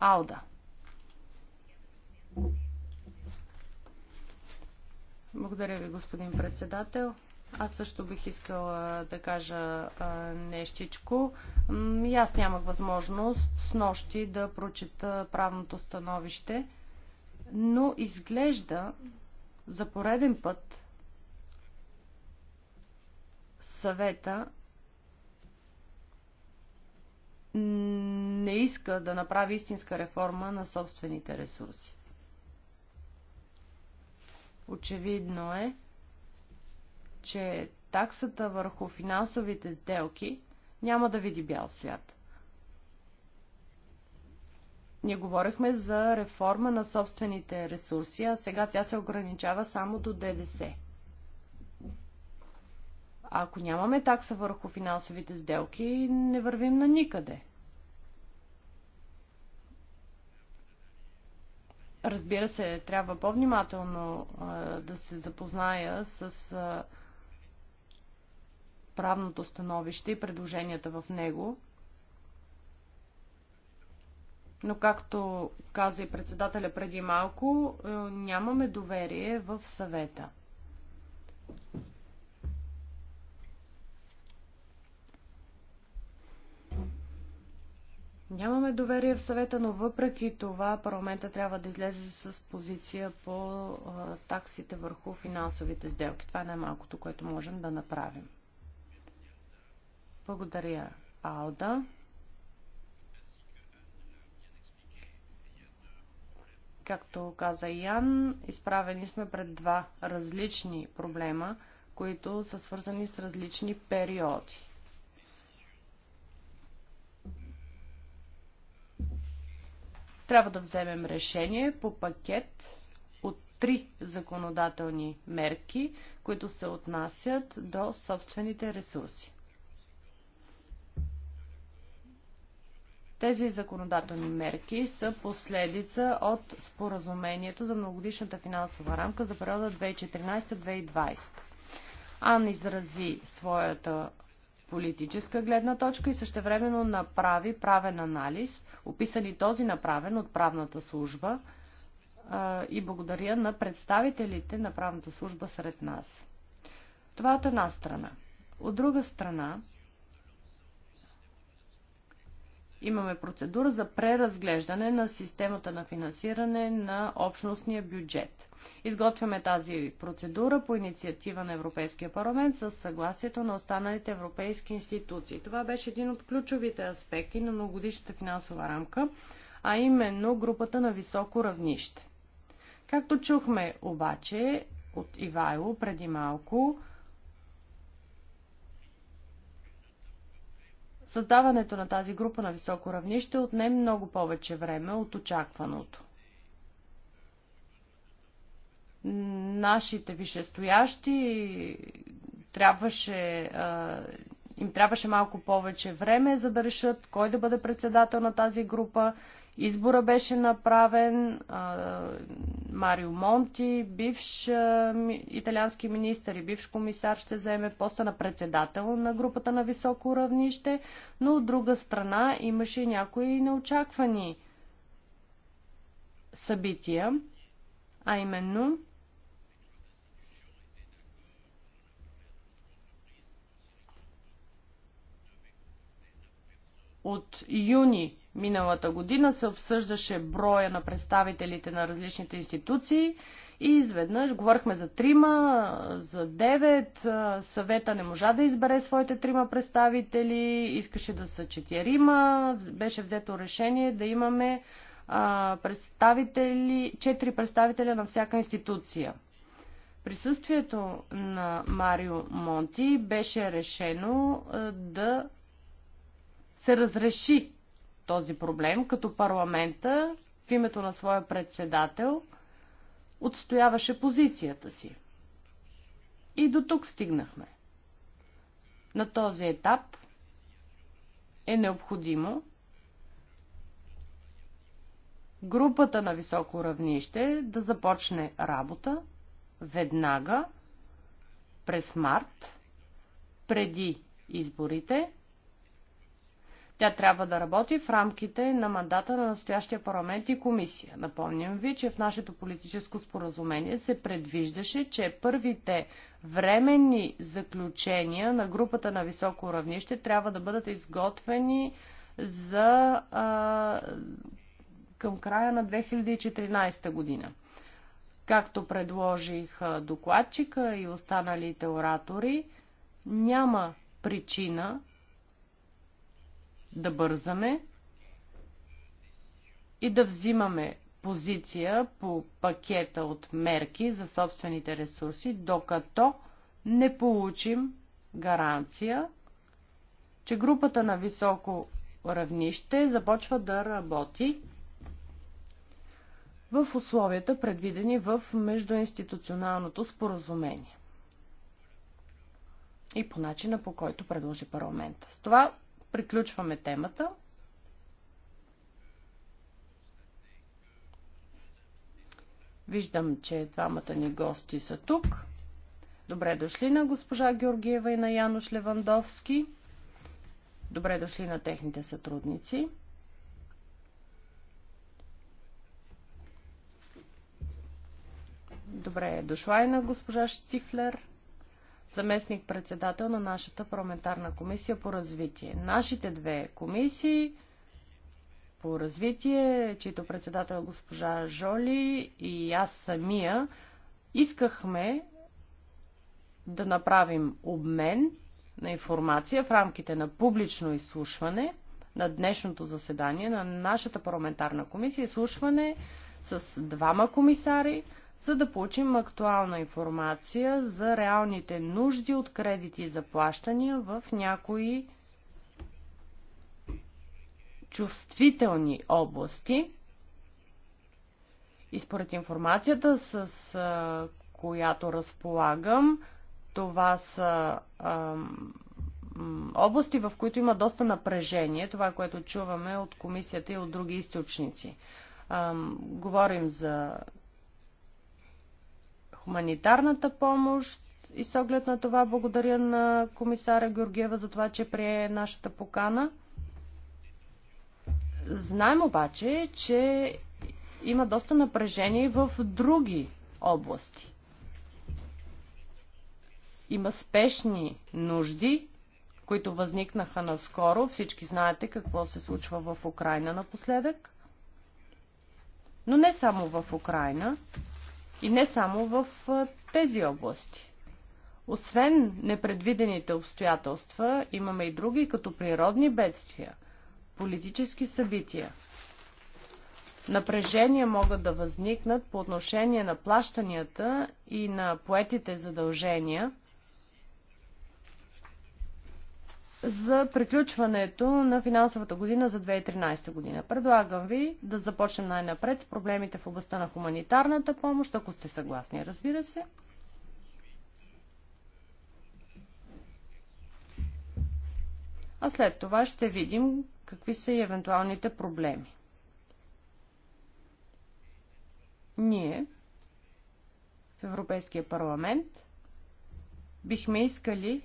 Алда. Благодаря ви, господин председател. Аз също бих искала да кажа а, нещичко. И аз нямах възможност с нощи да прочита правното становище, но изглежда за пореден път съвета не иска да направи истинска реформа на собствените ресурси. Очевидно е, че таксата върху финансовите сделки няма да види бял свят. Ние говорихме за реформа на собствените ресурси, а сега тя се ограничава само до ДДС. Ако нямаме такса върху финансовите сделки, не вървим на никъде. Разбира се, трябва по-внимателно да се запозная с а, правното становище и предложенията в него. Но както каза и председателя преди малко, нямаме доверие в съвета. Нямаме доверие в съвета, но въпреки това парламента трябва да излезе с позиция по таксите върху финансовите сделки. Това е най-малкото, което можем да направим. Благодаря, Алда. Както каза Ян, изправени сме пред два различни проблема, които са свързани с различни периоди. Трябва да вземем решение по пакет от три законодателни мерки, които се отнасят до собствените ресурси. Тези законодателни мерки са последица от споразумението за многогодишната финансова рамка за периода 2014-2020. Ан изрази своята политическа гледна точка и същевременно направи правен анализ, описан и този направен от правната служба и благодаря на представителите на правната служба сред нас. Това от една страна. От друга страна, имаме процедура за преразглеждане на системата на финансиране на общностния бюджет. Изготвяме тази процедура по инициатива на Европейския парламент с съгласието на останалите европейски институции. Това беше един от ключовите аспекти на многогодишната финансова рамка, а именно групата на високо равнище. Както чухме обаче от Ивайло преди малко, Създаването на тази група на високо равнище отне много повече време от очакваното. Нашите вишестоящи трябваше а, им трябваше малко повече време за да решат кой да бъде председател на тази група. Избора беше направен. Марио Монти, бивш италиански министър и бивш комисар, ще заеме поста на председател на групата на високо равнище, но от друга страна имаше някои неочаквани събития, а именно От юни миналата година се обсъждаше броя на представителите на различните институции и изведнъж говорихме за трима, за девет, съвета не можа да избере своите трима представители, искаше да са четирима, беше взето решение да имаме представители, четири представителя на всяка институция. Присъствието на Марио Монти беше решено да се разреши този проблем, като парламента в името на своя председател отстояваше позицията си. И до тук стигнахме. На този етап е необходимо групата на високо равнище да започне работа веднага през март, преди изборите, тя трябва да работи в рамките на мандата на настоящия парламент и комисия. Напомням ви, че в нашето политическо споразумение се предвиждаше, че първите временни заключения на групата на високо равнище трябва да бъдат изготвени за а, към края на 2014 година. Както предложих докладчика и останалите оратори, няма причина да бързаме и да взимаме позиция по пакета от мерки за собствените ресурси, докато не получим гаранция, че групата на високо равнище започва да работи в условията, предвидени в междуинституционалното споразумение и по начина, по който предложи парламента. С това приключваме темата. Виждам, че двамата ни гости са тук. Добре дошли на госпожа Георгиева и на Януш Левандовски. Добре дошли на техните сътрудници. Добре е дошла и на госпожа Штифлер заместник-председател на нашата парламентарна комисия по развитие. Нашите две комисии по развитие, чието председател е госпожа Жоли и аз самия, искахме да направим обмен на информация в рамките на публично изслушване на днешното заседание на нашата парламентарна комисия. Изслушване с двама комисари, за да получим актуална информация за реалните нужди от кредити и заплащания в някои чувствителни области. И според информацията, с а, която разполагам, това са а, области, в които има доста напрежение, това, което чуваме от комисията и от други източници. А, говорим за хуманитарната помощ. И с оглед на това благодаря на комисара Георгиева за това, че прие нашата покана. Знаем обаче, че има доста напрежение в други области. Има спешни нужди, които възникнаха наскоро. Всички знаете какво се случва в Украина напоследък. Но не само в Украина. И не само в тези области. Освен непредвидените обстоятелства, имаме и други, като природни бедствия, политически събития. Напрежения могат да възникнат по отношение на плащанията и на поетите задължения – за приключването на финансовата година за 2013 година. Предлагам ви да започнем най-напред с проблемите в областта на хуманитарната помощ, ако сте съгласни, разбира се. А след това ще видим какви са и евентуалните проблеми. Ние в Европейския парламент бихме искали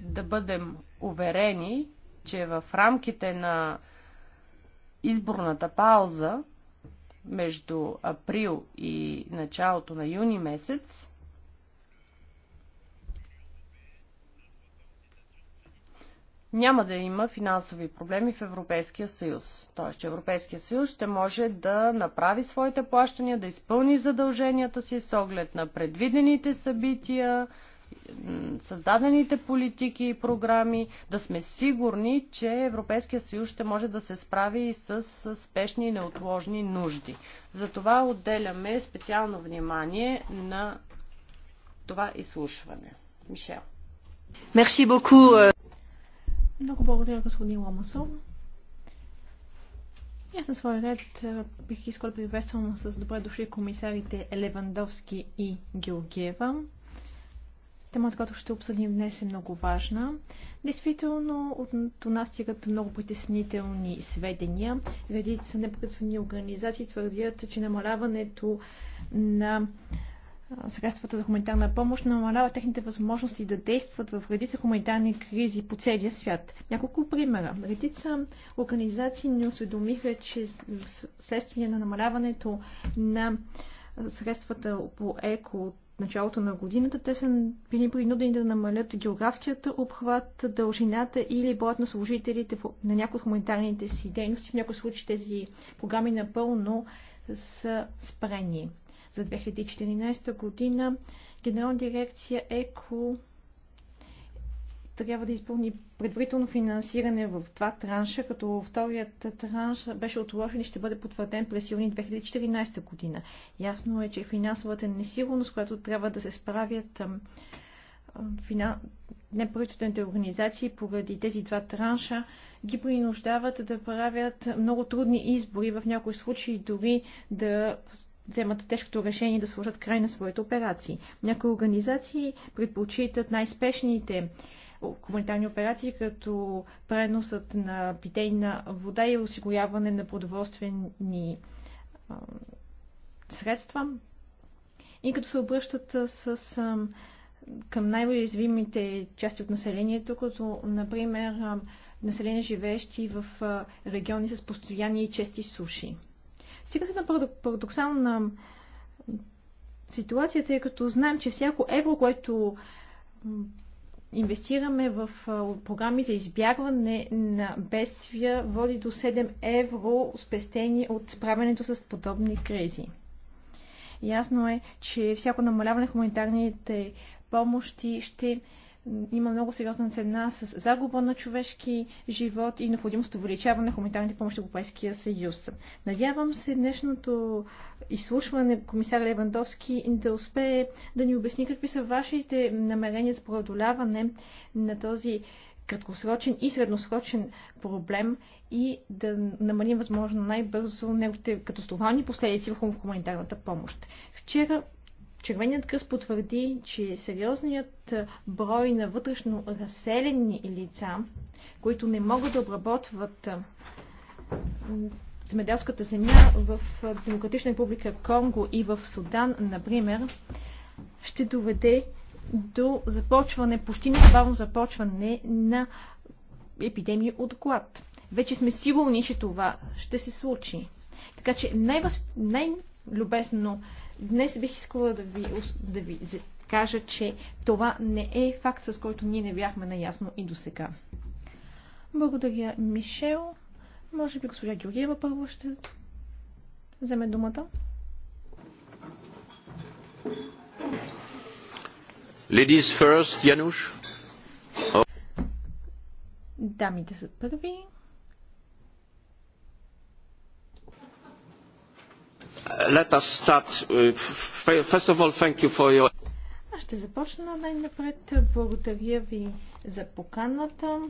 да бъдем уверени, че в рамките на изборната пауза между април и началото на юни месец няма да има финансови проблеми в Европейския съюз. Т.е. че Европейския съюз ще може да направи своите плащания, да изпълни задълженията си с оглед на предвидените събития, създадените политики и програми, да сме сигурни, че Европейския съюз ще може да се справи и с спешни и неотложни нужди. Затова отделяме специално внимание на това изслушване. Мишел. Мерси боку. Euh. Много благодаря, господин Ломасо. Аз на своя ред бих искал да приветствам с добре дошли комисарите Левандовски и Георгиева. Темата, която ще обсъдим днес е много важна. Действително, от нас стигат много притеснителни сведения. Редица непредствени организации твърдят, че намаляването на средствата за хуманитарна помощ намалява техните възможности да действат в редица хуманитарни кризи по целия свят. Няколко примера. Редица организации ни осведомиха, че следствие на намаляването на средствата по ЕКО от началото на годината, те са били принудени да намалят географският обхват, дължината или броят на служителите на някои от хуманитарните си дейности. В някои случаи тези програми напълно са спрени. За 2014 година Генерална дирекция ЕКО трябва да изпълни предварително финансиране в два транша, като вторият транш беше отложен и ще бъде потвърден през юни 2014 година. Ясно е, че финансовата несигурност, която трябва да се справят фина... неправителствените организации поради тези два транша ги принуждават да правят много трудни избори, в някои случаи дори да вземат тежкото решение да сложат край на своите операции. Някои организации предпочитат най-спешните хуманитарни операции, като преносът на питейна вода и осигуряване на продоволствени средства и като се обръщат с към най-уязвимите части от населението, като, например, население живеещи в региони с постоянни и чести суши. Стига се на парадоксална ситуация, тъй като знаем, че всяко евро, което инвестираме в програми за избягване на бедствия води до 7 евро спестени от справянето с подобни кризи. Ясно е, че всяко намаляване на хуманитарните помощи ще има много сериозна цена с загуба на човешки живот и необходимост увеличаване на хуманитарните помощи в Европейския съюз. Надявам се днешното изслушване комисар Левандовски да успее да ни обясни какви са вашите намерения за преодоляване на този краткосрочен и средносрочен проблем и да намалим възможно най-бързо неговите катастрофални последици върху хуманитарната помощ. Вчера Червеният кръст потвърди, че сериозният брой на вътрешно разселени лица, които не могат да обработват земеделската земя в Демократична република Конго и в Судан, например, ще доведе до започване, почти незабавно започване на епидемии от глад. Вече сме сигурни, че това ще се случи. Така че най-любесно най Днес бих искала да ви, да ви кажа, че това не е факт, с който ние не бяхме наясно и до сега. Благодаря, Мишел. Може би госпожа Георгиева първо ще вземе думата. Ladies first, Януш. Дамите са първи. Let us start. Uh, first of all, thank you for your... Аз ще започна най-напред. Благодаря ви за поканата.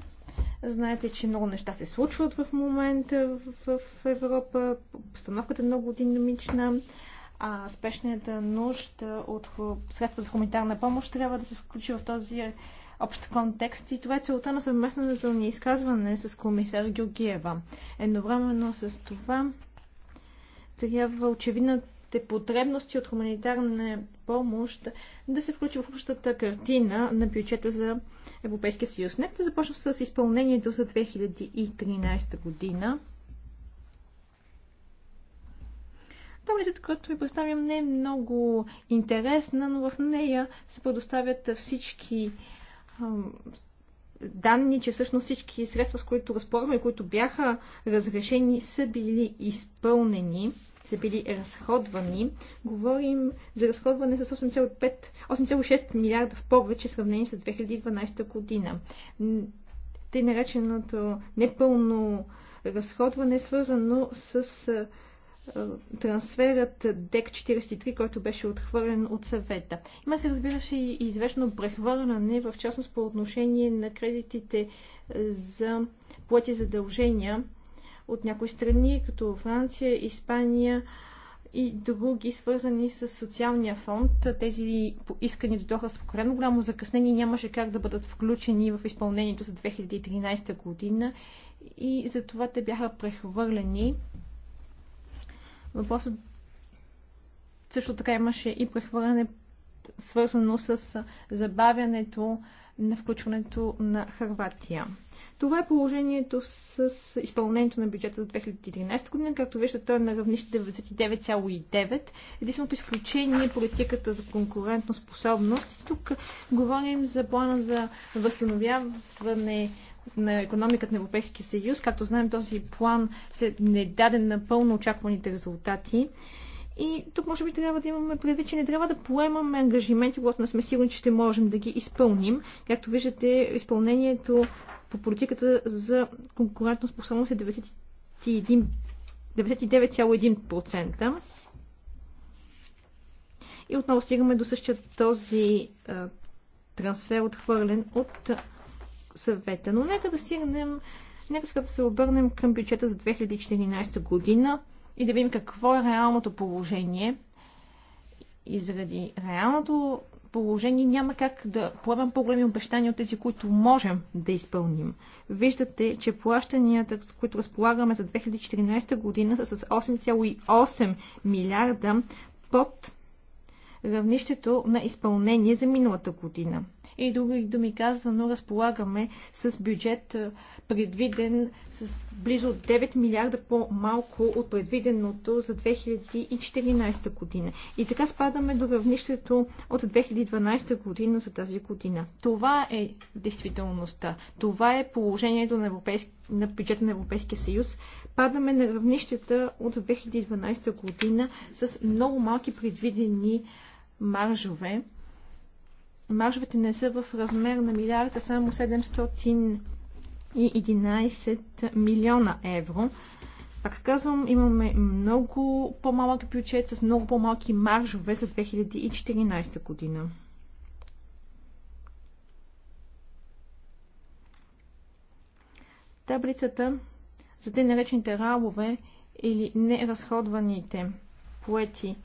Знаете, че много неща се случват в момента в Европа. Постановката е много динамична а, спешната нужда от средства за хуманитарна помощ трябва да се включи в този общ контекст и това е целта на съвместното ни изказване с комисар Георгиева. Едновременно с това трябва очевидните потребности от хуманитарна помощ да се включи в общата картина на бюджета за Европейския съюз. Нека да започнем с изпълнението за 2013 година. Таблицата, която ви представям, не е много интересна, но в нея се предоставят всички данни, че всъщност всички средства, с които разполагаме и които бяха разрешени, са били изпълнени, са били разходвани. Говорим за разходване с 8,6 милиарда в повече, сравнение с 2012 година. Тъй нареченото непълно разходване е свързано с трансферът ДЕК-43, който беше отхвърлен от съвета. Има се, разбираше и известно прехвърляне, в частност по отношение на кредитите за плати задължения от някои страни, като Франция, Испания и други, свързани с социалния фонд. Тези искани дойдоха с покорено голямо закъснение, нямаше как да бъдат включени в изпълнението за 2013 година и затова те бяха прехвърлени Въпросът също така имаше и прехвърляне, свързано с забавянето на включването на Харватия. Това е положението с изпълнението на бюджета за 2013 година. Както виждате, той е на равнище 99,9. Единственото изключение е политиката за конкурентно способност. И тук говорим за плана за възстановяване на економиката на Европейския съюз. Както знаем, този план се не даде напълно очакваните резултати. И тук може би трябва да имаме предвид, че не трябва да поемаме ангажименти, когато не сме сигурни, че ще можем да ги изпълним. Както виждате, изпълнението по политиката за конкурентно способност е 99,1%. И отново стигаме до същия този трансфер, отхвърлен от съвета. Но нека да стигнем, нека сега да се обърнем към бюджета за 2014 година и да видим какво е реалното положение. И заради реалното положение няма как да поемем по-големи обещания от тези, които можем да изпълним. Виждате, че плащанията, с които разполагаме за 2014 година, са с 8,8 милиарда под равнището на изпълнение за миналата година и други думи казано, разполагаме с бюджет е, предвиден с близо 9 милиарда по-малко от предвиденото за 2014 година. И така спадаме до равнището от 2012 година за тази година. Това е действителността. Това е положението на, европейски, на бюджета на Европейския съюз. Падаме на равнищата от 2012 година с много малки предвидени маржове маржовете не са в размер на милиарда, само 711 милиона евро. Пак казвам, имаме много по-малък бюджет с много по-малки маржове за 2014 година. Таблицата за те наречените рабове или неразходваните поети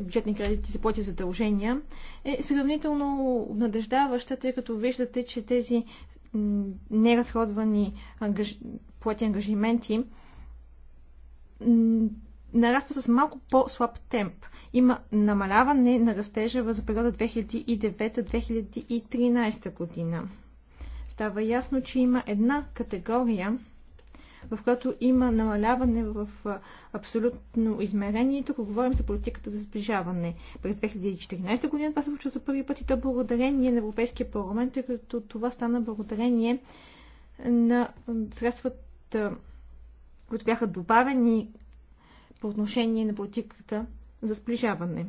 бюджетни кредити за плати задължения, е сравнително надеждаваща, тъй като виждате, че тези неразходвани ангаж... плати ангажименти нараства с малко по-слаб темп. Има намаляване на растежа за периода 2009-2013 година. Става ясно, че има една категория в която има намаляване в абсолютно измерение. Тук говорим за политиката за сближаване. През 2014 година това се случва за първи път и то благодарение на Европейския парламент, тъй като това стана благодарение на средствата, които бяха добавени по отношение на политиката за сближаване.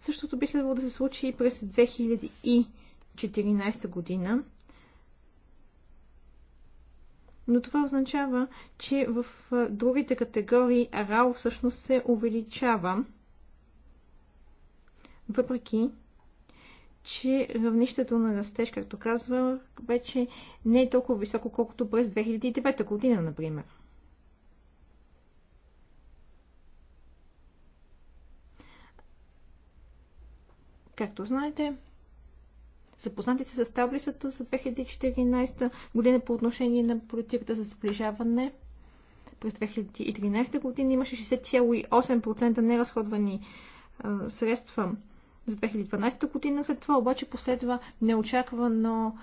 Същото би следвало да се случи и през 2000 и 2014 година. Но това означава, че в другите категории РАО всъщност се увеличава, въпреки че равнището на растеж, както казва, вече не е толкова високо, колкото през 2009 година, например. Както знаете, Запознати се с таблицата за 2014 година по отношение на политиката за сближаване. През 2013 година имаше 60,8% неразходвани а, средства за 2012 година. След това обаче последва неочаквано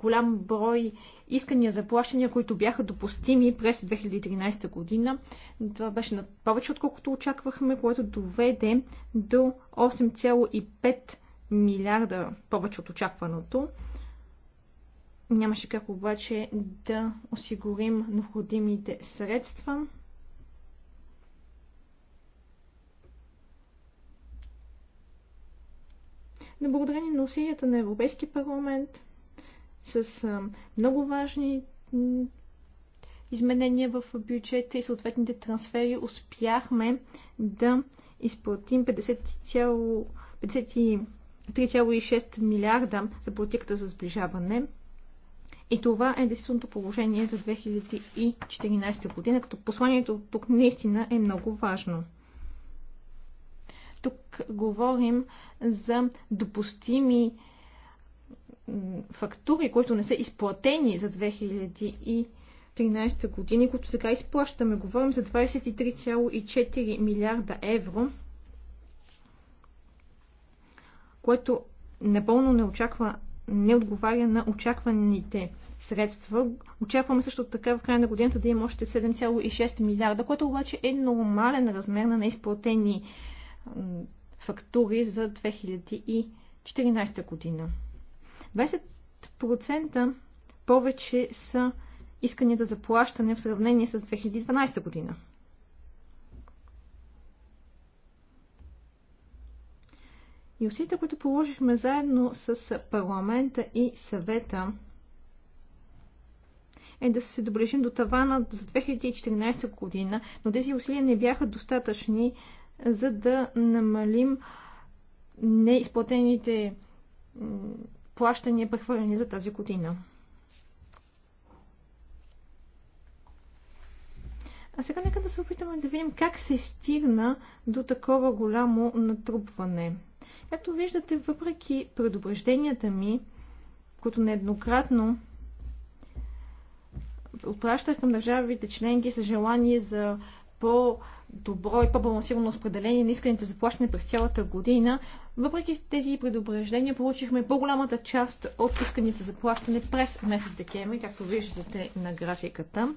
голям брой искания за плащания, които бяха допустими през 2013 година. Това беше на повече отколкото очаквахме, което доведе до 8,5 милиарда повече от очакваното. Нямаше как обаче да осигурим необходимите средства. Но благодарение на усилията на Европейски парламент, с много важни изменения в бюджета и съответните трансфери успяхме да изплатим 50,50 3,6 милиарда за политиката за сближаване. И това е действителното положение за 2014 година, като посланието тук наистина е много важно. Тук говорим за допустими фактури, които не са изплатени за 2013 години, които сега изплащаме. Говорим за 23,4 милиарда евро което напълно не очаква не отговаря на очакваните средства. Очакваме също така в края на годината да има още 7,6 милиарда, което обаче е нормален размер на неизплатени фактури за 2014 година. 20% повече са исканията за плащане в сравнение с 2012 година. И усилията, които положихме заедно с парламента и съвета, е да се доближим до тавана за 2014 година, но тези усилия не бяха достатъчни, за да намалим неизплатените плащания, прехвърлени за тази година. А сега нека да се опитаме да видим как се стигна до такова голямо натрупване – ето виждате, въпреки предупрежденията ми, които нееднократно отпращах към държавите членки с желание за по-добро и по-балансирано разпределение на исканите заплащане през цялата година. Въпреки тези предупреждения получихме по-голямата част от исканите заплащане през месец декември, както виждате на графиката.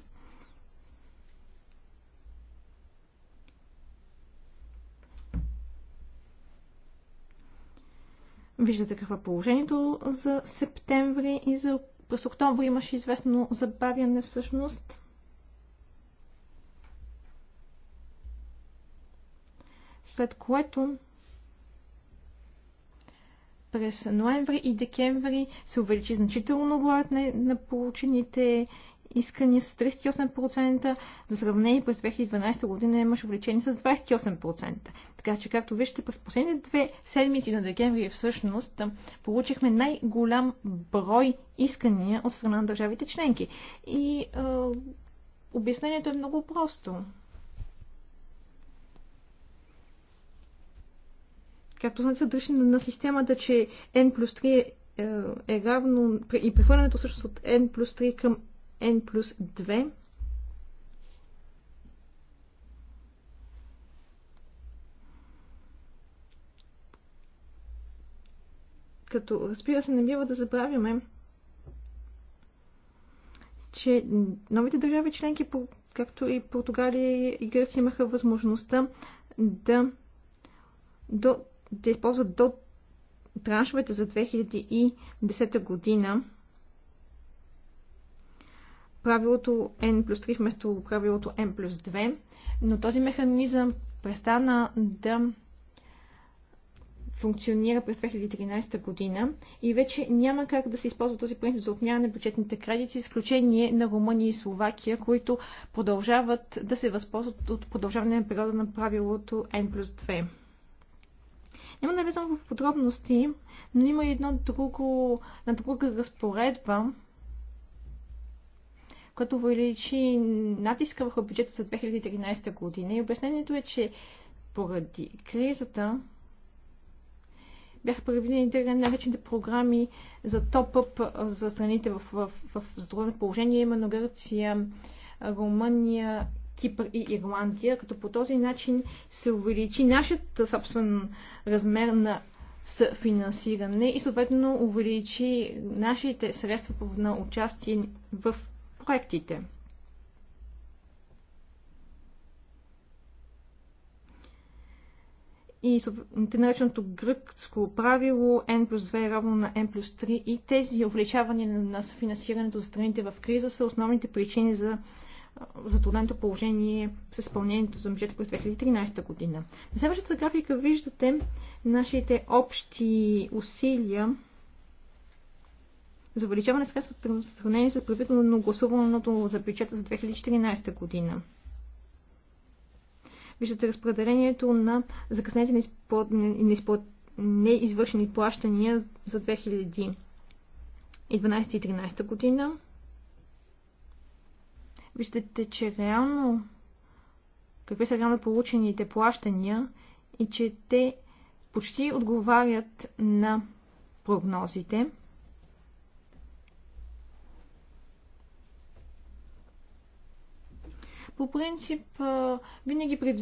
Виждате какво е положението за септември и за през октомври имаше известно забавяне всъщност. След което през ноември и декември се увеличи значително броят на, на получените искания с 38%. За сравнение през 2012 година имаше увеличение с 28%. Така че, както виждате, през последните две седмици на декември всъщност получихме най-голям брой искания от страна на държавите членки. И е, обяснението е много просто. Както знаете, съдържи на системата, че N плюс 3 е, е равно и прехвърлянето всъщност от N плюс 3 към N плюс 2. Като разбира се, не бива да забравяме, че новите държави членки, както и Португалия и Гърция, имаха възможността да, да използват до траншовете за 2010 година правилото N плюс 3 вместо правилото N плюс 2, но този механизъм престана да функционира през 2013 година и вече няма как да се използва този принцип за отмяна на бюджетните кредити, изключение на Румъния и Словакия, които продължават да се възползват от продължаване на периода на правилото N плюс 2. Няма да влизам в подробности, но има едно друго, на друга разпоредба, като увеличи натиска върху бюджета за 2013 година. И обяснението е, че поради кризата бяха предвидени така наречените програми за топ-ъп за страните в, в, в затруднено положение, именно Гърция, Румъния, Кипър и Ирландия, като по този начин се увеличи нашият собствен размер на съфинансиране и съответно увеличи нашите средства на участие в проектите. и те нареченото гръцко правило N плюс 2 е равно на N плюс 3 и тези увеличавания на съфинансирането за страните в криза са основните причини за затрудненото положение с изпълнението за бюджета през 2013 година. На следващата графика виждате нашите общи усилия за увеличаване на средствата в сравнение с правително гласуваното за бюджета за 2014 година. Виждате разпределението на закъснените неизвършени плащания за 2012 и 2013 година. Виждате, че реално какви са реално получените плащания и че те почти отговарят на прогнозите. По принцип, винаги пред...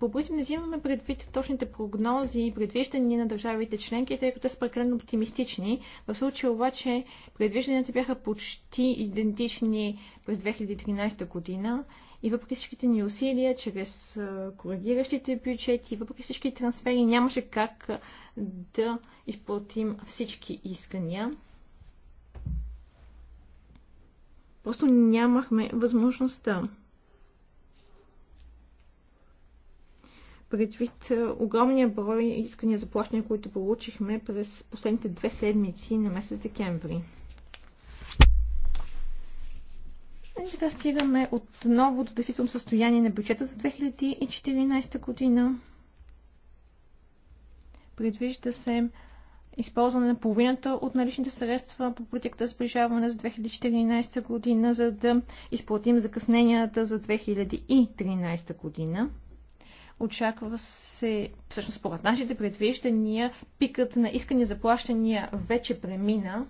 по принцип не взимаме предвид точните прогнози и предвиждания на държавите членки, тъй като са прекалено оптимистични. В случая обаче предвижданията бяха почти идентични през 2013 година и въпреки всичките ни усилия, чрез коригиращите бюджети, въпреки всички трансфери, нямаше как да изплатим всички искания. Просто нямахме възможността. Предвид е, огромния брой искания за плащане, които получихме през последните две седмици на месец декември. И така стигаме отново до дефицитно състояние на бюджета за 2014 година. Предвижда се използване на половината от наличните средства по политиката за сближаване за 2014 година, за да изплатим закъсненията за 2013 година. Очаква се, всъщност според нашите предвиждания, пикът на искани заплащания вече премина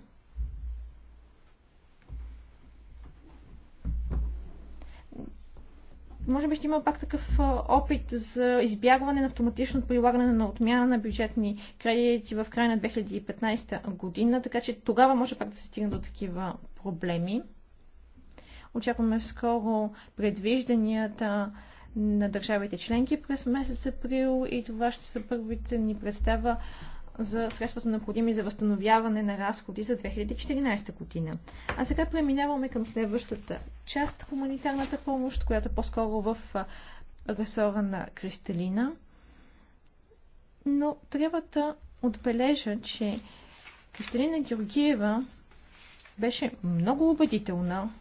може би ще има пак такъв опит за избягване на автоматичното прилагане на отмяна на бюджетни кредити в края на 2015 година, така че тогава може пак да се стигне до такива проблеми. Очакваме скоро предвижданията на държавите членки през месец април и това ще са първите ни представа за средствата необходими за възстановяване на разходи за 2014 година. А сега преминаваме към следващата част хуманитарната помощ, която е по-скоро в ресора на Кристалина. Но трябва да отбележа, че Кристалина Георгиева беше много убедителна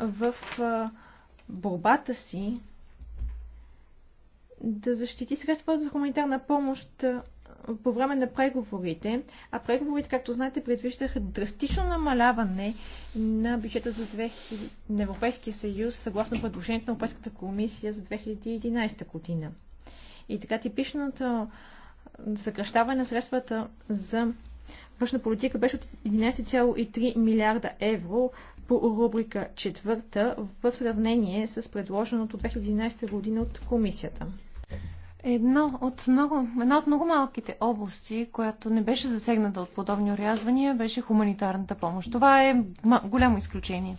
в борбата си да защити средствата за хуманитарна помощ по време на преговорите, а преговорите, както знаете, предвиждаха драстично намаляване на бюджета за 2000, на Европейския съюз, съгласно предложението на Европейската комисия за 2011 година. И така типичното съкръщаване на средствата за външна политика беше от 11,3 милиарда евро по рубрика четвърта в сравнение с предложеното 2011 година от комисията. Едно от много, една от много малките области, която не беше засегната от подобни орязвания, беше хуманитарната помощ. Това е голямо изключение.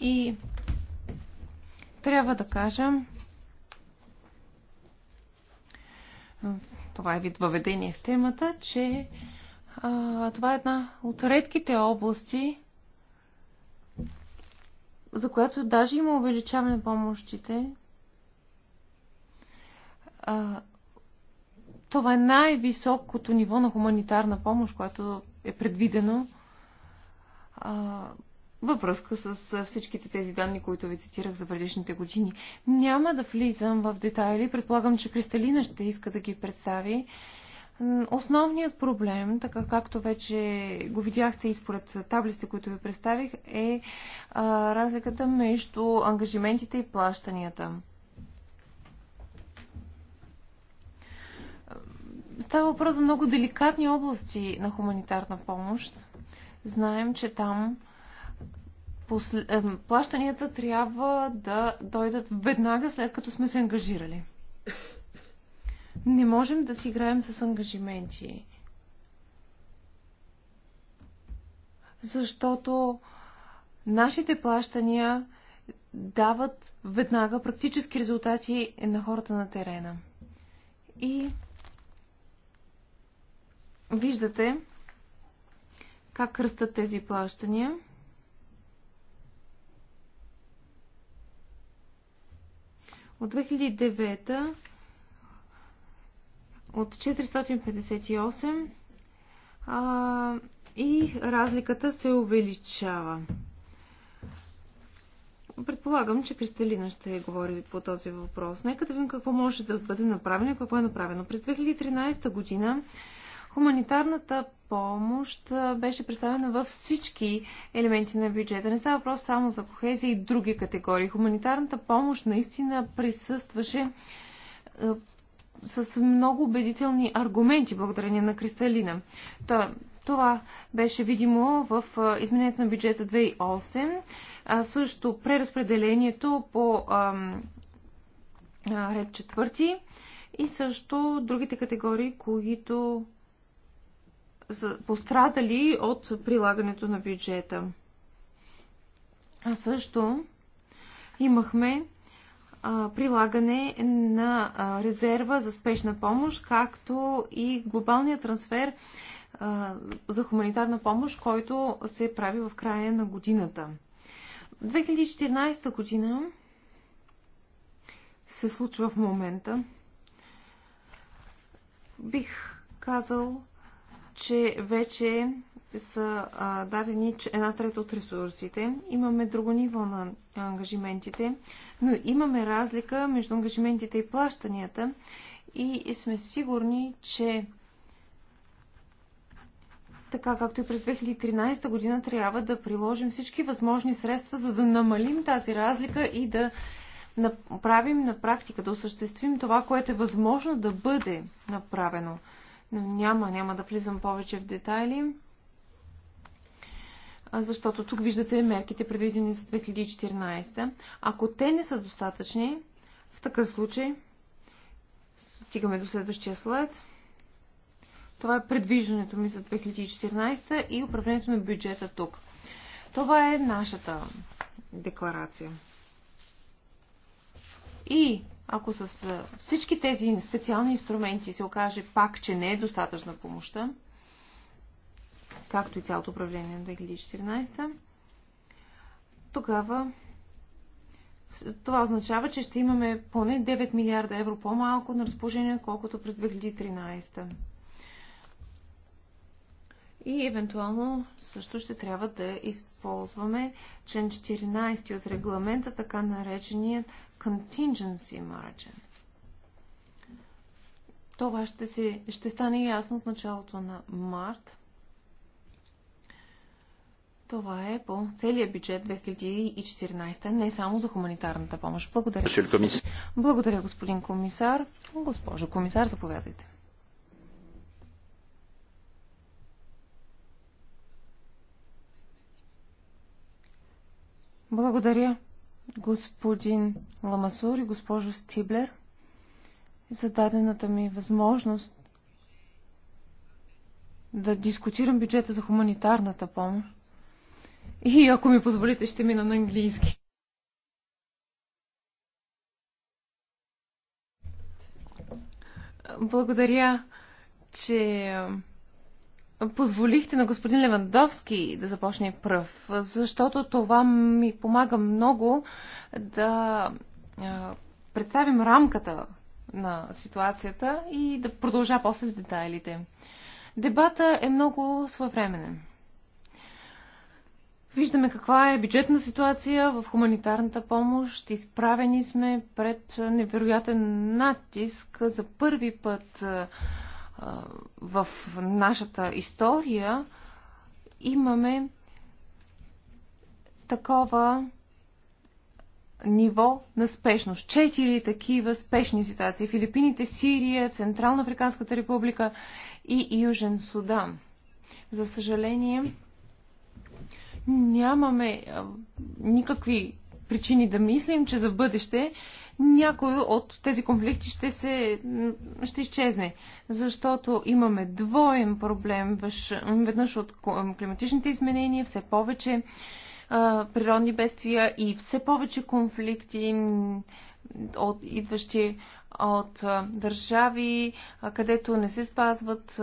И трябва да кажа, това е вид въведение в темата, че а, това е една от редките области, за която даже има увеличаване на помощите, това е най-високото ниво на хуманитарна помощ, което е предвидено а, във връзка с всичките тези данни, които ви цитирах за предишните години. Няма да влизам в детайли. Предполагам, че Кристалина ще иска да ги представи. Основният проблем, така както вече го видяхте и според таблиците, които ви представих, е а, разликата между ангажиментите и плащанията. Става въпрос за много деликатни области на хуманитарна помощ. Знаем, че там после... Е, плащанията трябва да дойдат веднага след като сме се ангажирали. Не можем да си играем с ангажименти. Защото нашите плащания дават веднага практически резултати на хората на терена. И Виждате как ръстат тези плащания. От 2009 от 458 а, и разликата се увеличава. Предполагам, че Кристалина ще говори по този въпрос. Нека да видим какво може да бъде направено и какво е направено. През 2013 година Хуманитарната помощ беше представена във всички елементи на бюджета. Не става въпрос само за кохезия и други категории. Хуманитарната помощ наистина присъстваше с много убедителни аргументи благодарение на Кристалина. Това беше видимо в изменението на бюджета 2008, а също преразпределението по ред четвърти и също другите категории, които пострадали от прилагането на бюджета. А също имахме прилагане на резерва за спешна помощ, както и глобалния трансфер за хуманитарна помощ, който се прави в края на годината. 2014 година се случва в момента. Бих казал, че вече са а, дадени една трета от ресурсите. Имаме друго ниво на ангажиментите, но имаме разлика между ангажиментите и плащанията и сме сигурни, че така както и през 2013 година трябва да приложим всички възможни средства, за да намалим тази разлика и да направим на практика, да осъществим това, което е възможно да бъде направено но няма, няма да влизам повече в детайли, защото тук виждате мерките предвидени за 2014. Ако те не са достатъчни, в такъв случай стигаме до следващия след. Това е предвиждането ми за 2014 и управлението на бюджета тук. Това е нашата декларация. И ако с всички тези специални инструменти се окаже пак, че не е достатъчна помощта, както и цялото управление на 2014, тогава това означава, че ще имаме поне 9 милиарда евро по-малко на разположение, отколкото през 2013. И евентуално също ще трябва да използваме член 14 от регламента, така наречения contingency margin. Това ще, се, ще стане ясно от началото на март. Това е по целия бюджет 2014, не само за хуманитарната помощ. Благодаря. Благодаря, господин комисар. Госпожо комисар, заповядайте. Благодаря, господин Ламасур и госпожо Стиблер, за дадената ми възможност да дискутирам бюджета за хуманитарната помощ. И ако ми позволите, ще мина на английски. Благодаря, че позволихте на господин Левандовски да започне пръв, защото това ми помага много да представим рамката на ситуацията и да продължа после в детайлите. Дебата е много своевременен. Виждаме каква е бюджетна ситуация в хуманитарната помощ. Изправени сме пред невероятен натиск. За първи път в нашата история имаме такова ниво на спешност. Четири такива спешни ситуации. Филипините, Сирия, Централно Африканската република и Южен Судан. За съжаление, нямаме никакви причини да мислим, че за бъдеще някой от тези конфликти ще, се, ще изчезне. Защото имаме двоен проблем. Веднъж от климатичните изменения, все повече природни бедствия и все повече конфликти от идващи от държави, където не се спазват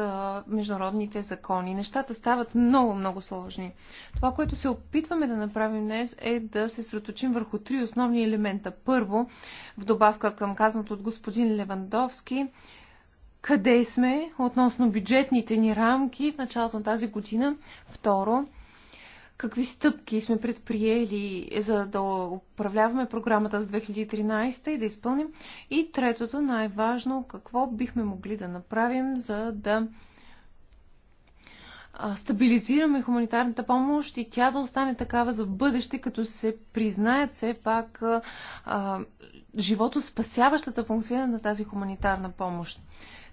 международните закони. Нещата стават много, много сложни. Това, което се опитваме да направим днес е да се сроточим върху три основни елемента. Първо, в добавка към казаното от господин Левандовски, къде сме относно бюджетните ни рамки в началото на тази година. Второ, какви стъпки сме предприели за да управляваме програмата за 2013 и да изпълним. И третото, най-важно, какво бихме могли да направим, за да стабилизираме хуманитарната помощ и тя да остане такава за бъдеще, като се признаят все пак а, живото спасяващата функция на тази хуманитарна помощ.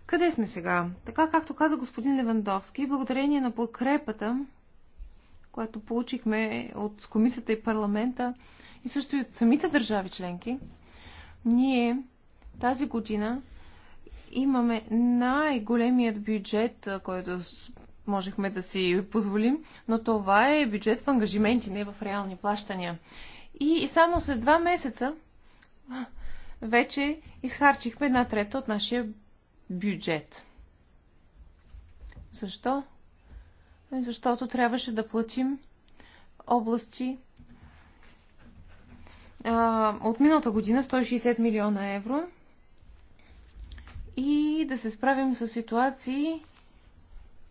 Къде сме сега? Така както каза господин Левандовски, благодарение на подкрепата която получихме от комисията и парламента и също и от самите държави членки, ние тази година имаме най-големият бюджет, който можехме да си позволим, но това е бюджет в ангажименти, не в реални плащания. И само след два месеца вече изхарчихме една трета от нашия бюджет. Защо? защото трябваше да платим области а, от миналата година 160 милиона евро и да се справим с ситуации,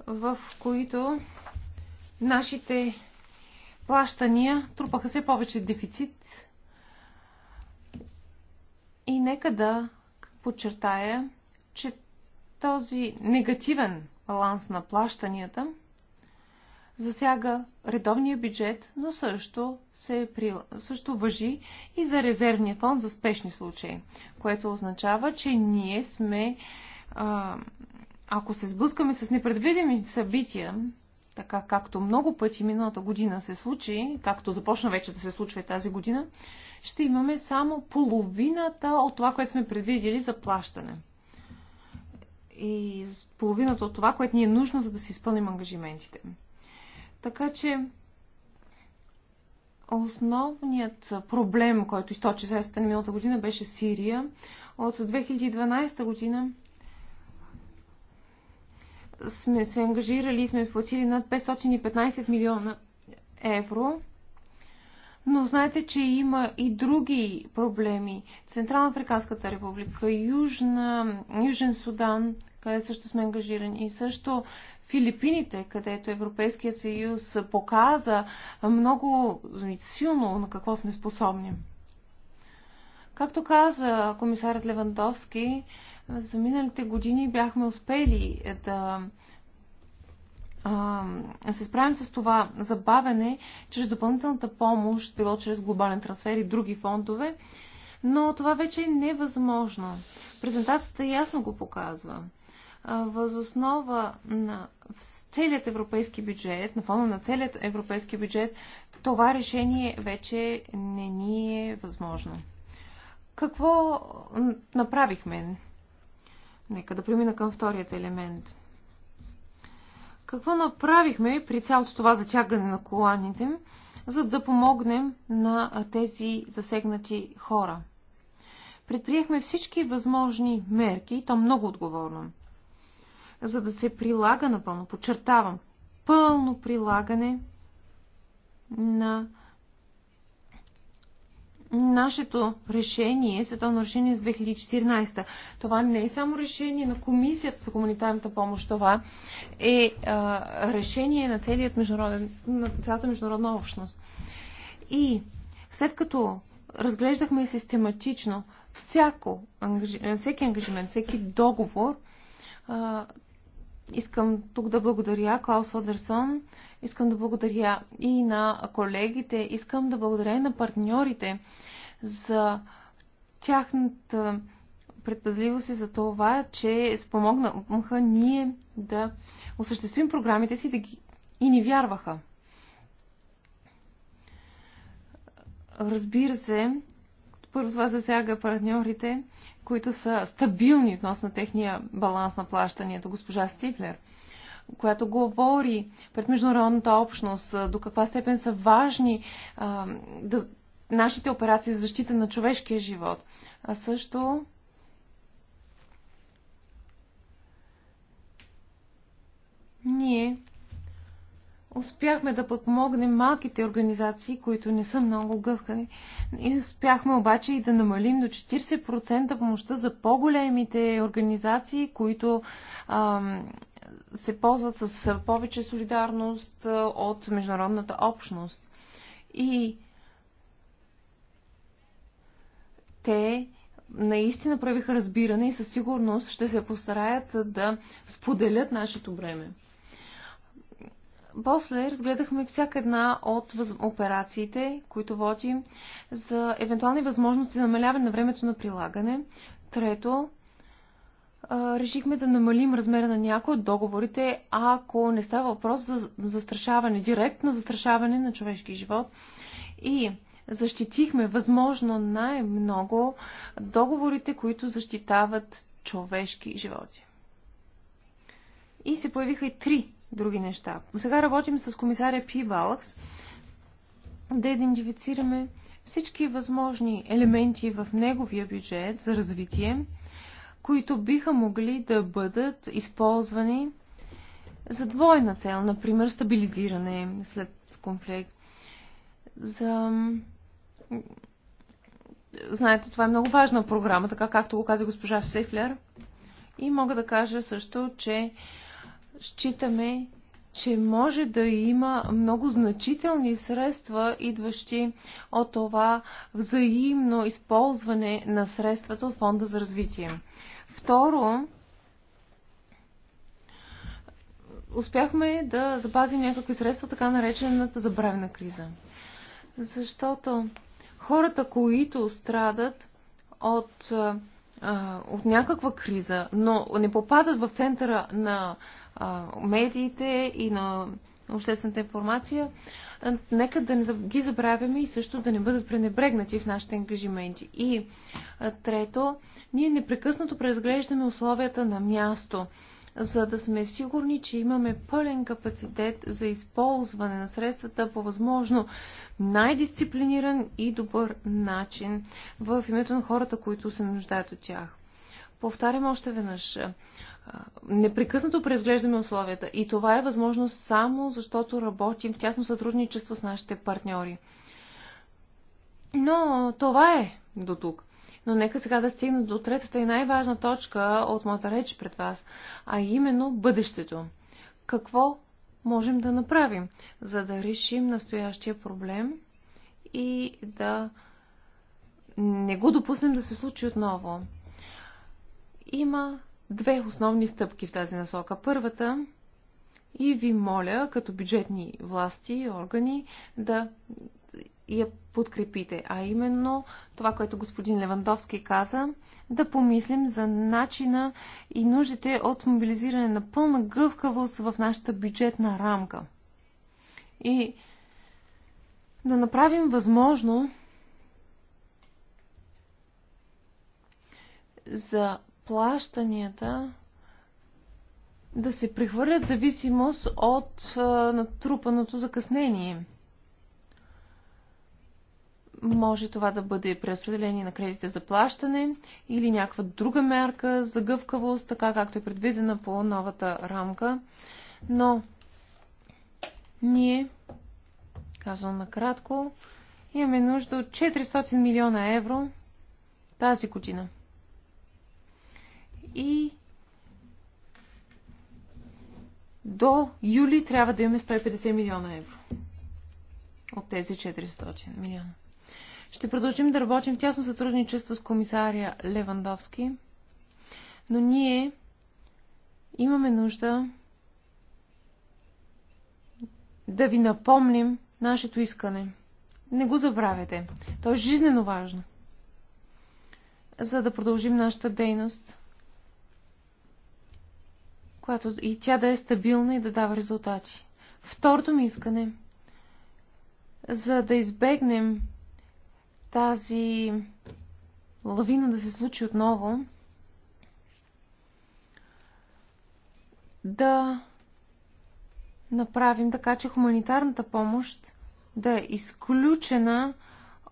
в които нашите плащания трупаха се повече дефицит. И нека да подчертая, че този негативен баланс на плащанията – засяга редовния бюджет, но също, се, също въжи и за резервния фонд за спешни случаи, което означава, че ние сме, ако се сблъскаме с непредвидени събития, така както много пъти миналата година се случи, както започна вече да се случва и тази година, ще имаме само половината от това, което сме предвидели за плащане. И половината от това, което ни е нужно, за да си изпълним ангажиментите. Така че основният проблем, който източи средствата на миналата година, беше Сирия. От 2012 година сме се ангажирали и сме платили над 515 милиона евро. Но знаете, че има и други проблеми. Централна Африканската република, Южна, Южен Судан, къде също сме ангажирани. И също Филипините, където Европейският съюз показа много силно на какво сме способни. Както каза комисарът Левандовски, за миналите години бяхме успели да се справим с това забавене чрез допълнителната помощ, било чрез глобален трансфер и други фондове, но това вече е невъзможно. Презентацията ясно го показва възоснова на целият европейски бюджет, на фона на целият европейски бюджет, това решение вече не ни е възможно. Какво направихме? Нека да премина към вторият елемент. Какво направихме при цялото това затягане на коланите, за да помогнем на тези засегнати хора? Предприехме всички възможни мерки, и то много отговорно за да се прилага напълно, подчертавам, пълно прилагане на нашето решение, световно решение с 2014. Това не е само решение на Комисията за хуманитарната помощ, това е а, решение на, целият международен, на цялата международна общност. И след като разглеждахме систематично всяко, всеки ангажимент, всеки договор, а, Искам тук да благодаря Клаус Одерсон, искам да благодаря и на колегите, искам да благодаря и на партньорите за тяхната предпазливост и за това, че спомогнаха ние да осъществим програмите си да ги... и ни вярваха. Разбира се, първо това засяга партньорите, които са стабилни относно техния баланс на плащанията. Госпожа Стиплер, която говори пред международната общност до каква степен са важни а, да, нашите операции за защита на човешкия живот. А също ние успяхме да подпомогнем малките организации, които не са много гъвкави. И успяхме обаче и да намалим до 40% помощта за по-големите организации, които ам, се ползват с повече солидарност от международната общност. И те наистина правиха разбиране и със сигурност ще се постараят да споделят нашето бреме. После разгледахме всяка една от операциите, които водим, за евентуални възможности за намаляване на времето на прилагане. Трето, решихме да намалим размера на някои от договорите, ако не става въпрос за застрашаване, директно застрашаване на човешки живот. И защитихме възможно най-много договорите, които защитават човешки животи. И се появиха и три други неща. Сега работим с комисаря Пи Балкс да идентифицираме всички възможни елементи в неговия бюджет за развитие, които биха могли да бъдат използвани за двойна цел, например стабилизиране след конфликт. За... Знаете, това е много важна програма, така както го каза госпожа Сейфлер. И мога да кажа също, че считаме, че може да има много значителни средства, идващи от това взаимно използване на средствата от Фонда за развитие. Второ, успяхме да запазим някакви средства, така наречената забравена криза. Защото хората, които страдат от, от някаква криза, но не попадат в центъра на медиите и на обществената информация, нека да не ги забравяме и също да не бъдат пренебрегнати в нашите ангажименти. И трето, ние непрекъснато преразглеждаме условията на място, за да сме сигурни, че имаме пълен капацитет за използване на средствата по възможно най-дисциплиниран и добър начин в името на хората, които се нуждаят от тях. Повтарям още веднъж непрекъснато преизглеждаме условията и това е възможно само защото работим в тясно сътрудничество с нашите партньори. Но това е до тук. Но нека сега да стигна до третата и най-важна точка от моята реч пред вас, а именно бъдещето. Какво можем да направим, за да решим настоящия проблем и да не го допуснем да се случи отново? Има две основни стъпки в тази насока. Първата и ви моля, като бюджетни власти, органи, да я подкрепите. А именно това, което господин Левандовски каза, да помислим за начина и нуждите от мобилизиране на пълна гъвкавост в нашата бюджетна рамка. И да направим възможно за плащанията да се прехвърлят в зависимост от натрупаното закъснение. Може това да бъде преразпределение на кредите за плащане или някаква друга мярка за гъвкавост, така както е предвидена по новата рамка. Но ние, казвам накратко, имаме нужда от 400 милиона евро тази година и до юли трябва да имаме 150 милиона евро от тези 400 милиона. Ще продължим да работим в тясно сътрудничество с комисария Левандовски, но ние имаме нужда да ви напомним нашето искане. Не го забравяйте. То е жизнено важно, за да продължим нашата дейност която и тя да е стабилна и да дава резултати. Второто ми искане, за да избегнем тази лавина да се случи отново, да направим така, че хуманитарната помощ да е изключена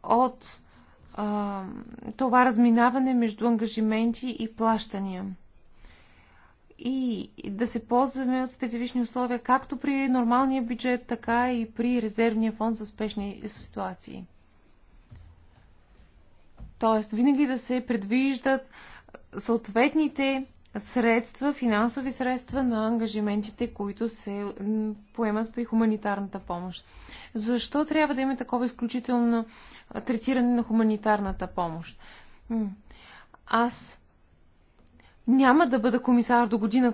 от а, това разминаване между ангажименти и плащания и да се ползваме от специфични условия, както при нормалния бюджет, така и при резервния фонд за спешни ситуации. Тоест, винаги да се предвиждат съответните средства, финансови средства на ангажиментите, които се поемат при хуманитарната помощ. Защо трябва да има такова изключително третиране на хуманитарната помощ? Аз няма да бъда комисар до година,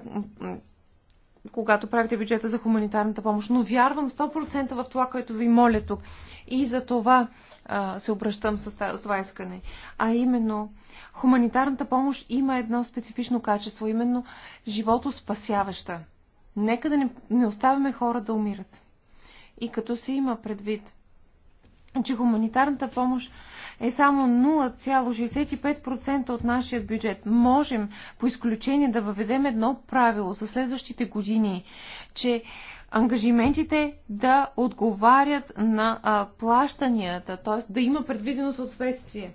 когато правите бюджета за хуманитарната помощ, но вярвам 100% в това, което ви моля тук. И за това а, се обръщам с това искане. А именно, хуманитарната помощ има едно специфично качество, именно живото спасяваща. Нека да не, не оставяме хора да умират. И като се има предвид, че хуманитарната помощ е само 0,65% от нашия бюджет. Можем по изключение да въведем едно правило за следващите години, че ангажиментите да отговарят на а, плащанията, т.е. да има предвидено съответствие.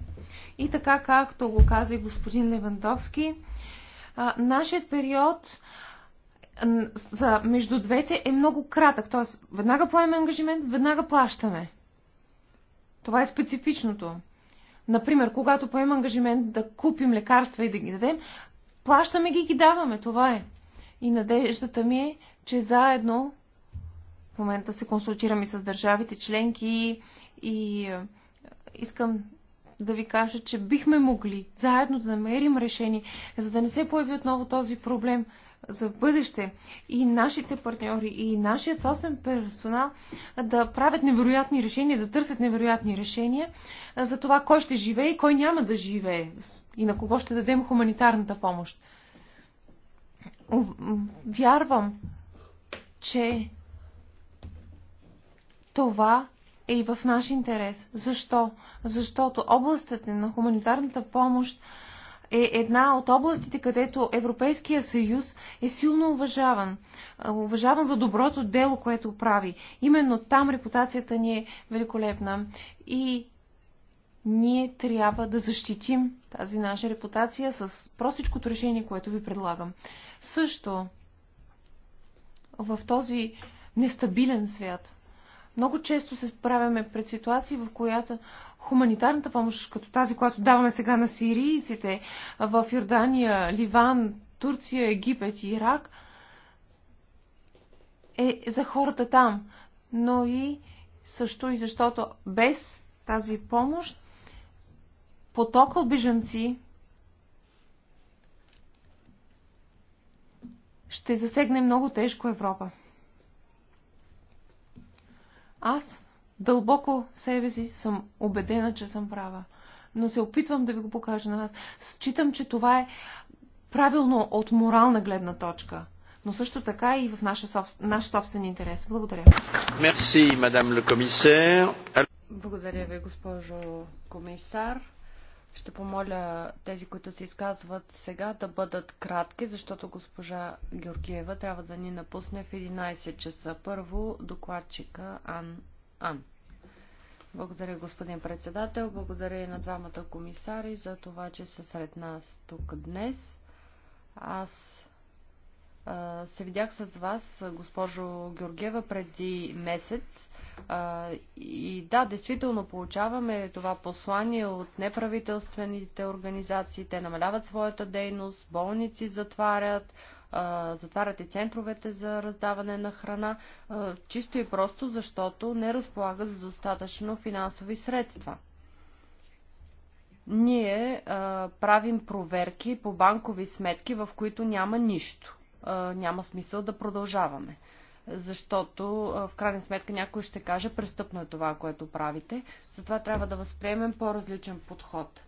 И така, както го каза и господин Левандовски, а, нашият период за между двете е много кратък. Т.е. веднага поемаме ангажимент, веднага плащаме. Това е специфичното. Например, когато поем ангажимент да купим лекарства и да ги дадем, плащаме ги и ги даваме. Това е. И надеждата ми е, че заедно в момента се консултирам и с държавите членки и е, искам да ви кажа, че бихме могли заедно да намерим решение, за да не се появи отново този проблем за бъдеще и нашите партньори и нашият собствен персонал да правят невероятни решения, да търсят невероятни решения за това кой ще живее и кой няма да живее и на кого ще дадем хуманитарната помощ. Вярвам, че това е и в наш интерес. Защо? Защото областите на хуманитарната помощ е една от областите, където Европейския съюз е силно уважаван. Уважаван за доброто дело, което прави. Именно там репутацията ни е великолепна. И ние трябва да защитим тази наша репутация с простичкото решение, което ви предлагам. Също в този нестабилен свят много често се справяме пред ситуации, в която хуманитарната помощ, като тази, която даваме сега на сирийците в Йордания, Ливан, Турция, Египет и Ирак, е за хората там. Но и също и защото без тази помощ потока от бежанци ще засегне много тежко Европа. Аз Дълбоко в себе си съм убедена, че съм права. Но се опитвам да ви го покажа на вас. Считам, че това е правилно от морална гледна точка. Но също така и в наша, собствен, наш собствен интерес. Благодаря. Merci, madame le commissaire. Благодаря ви, госпожо комисар. Ще помоля тези, които се изказват сега, да бъдат кратки, защото госпожа Георгиева трябва да ни напусне в 11 часа. Първо докладчика Ан. Ан. Благодаря, господин председател. Благодаря и на двамата комисари за това, че са сред нас тук днес. Аз се видях с вас, госпожо Георгиева, преди месец. и да, действително получаваме това послание от неправителствените организации. Те намаляват своята дейност, болници затварят, затварят и центровете за раздаване на храна, чисто и просто защото не разполагат за достатъчно финансови средства ние правим проверки по банкови сметки, в които няма нищо. няма смисъл да продължаваме. Защото в крайна сметка някой ще каже престъпно е това, което правите. Затова трябва да възприемем по-различен подход.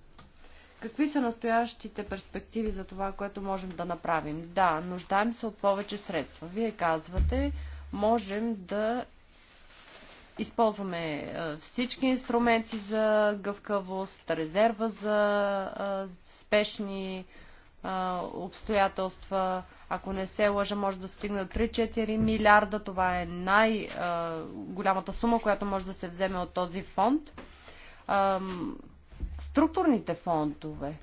Какви са настоящите перспективи за това, което можем да направим? Да, нуждаем се от повече средства. Вие казвате, можем да използваме е, всички инструменти за гъвкавост, резерва за е, спешни е, обстоятелства. Ако не се лъжа, може да стигне до 3-4 милиарда. Това е най-голямата сума, която може да се вземе от този фонд структурните фондове.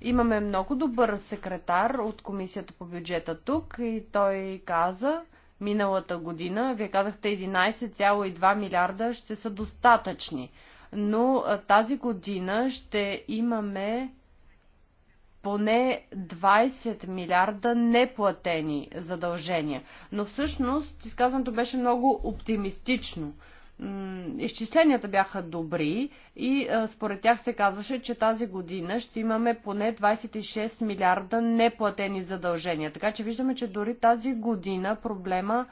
Имаме много добър секретар от Комисията по бюджета тук и той каза миналата година, вие казахте 11,2 милиарда ще са достатъчни, но тази година ще имаме поне 20 милиарда неплатени задължения. Но всъщност изказването беше много оптимистично изчисленията бяха добри и според тях се казваше, че тази година ще имаме поне 26 милиарда неплатени задължения. Така че виждаме, че дори тази година проблема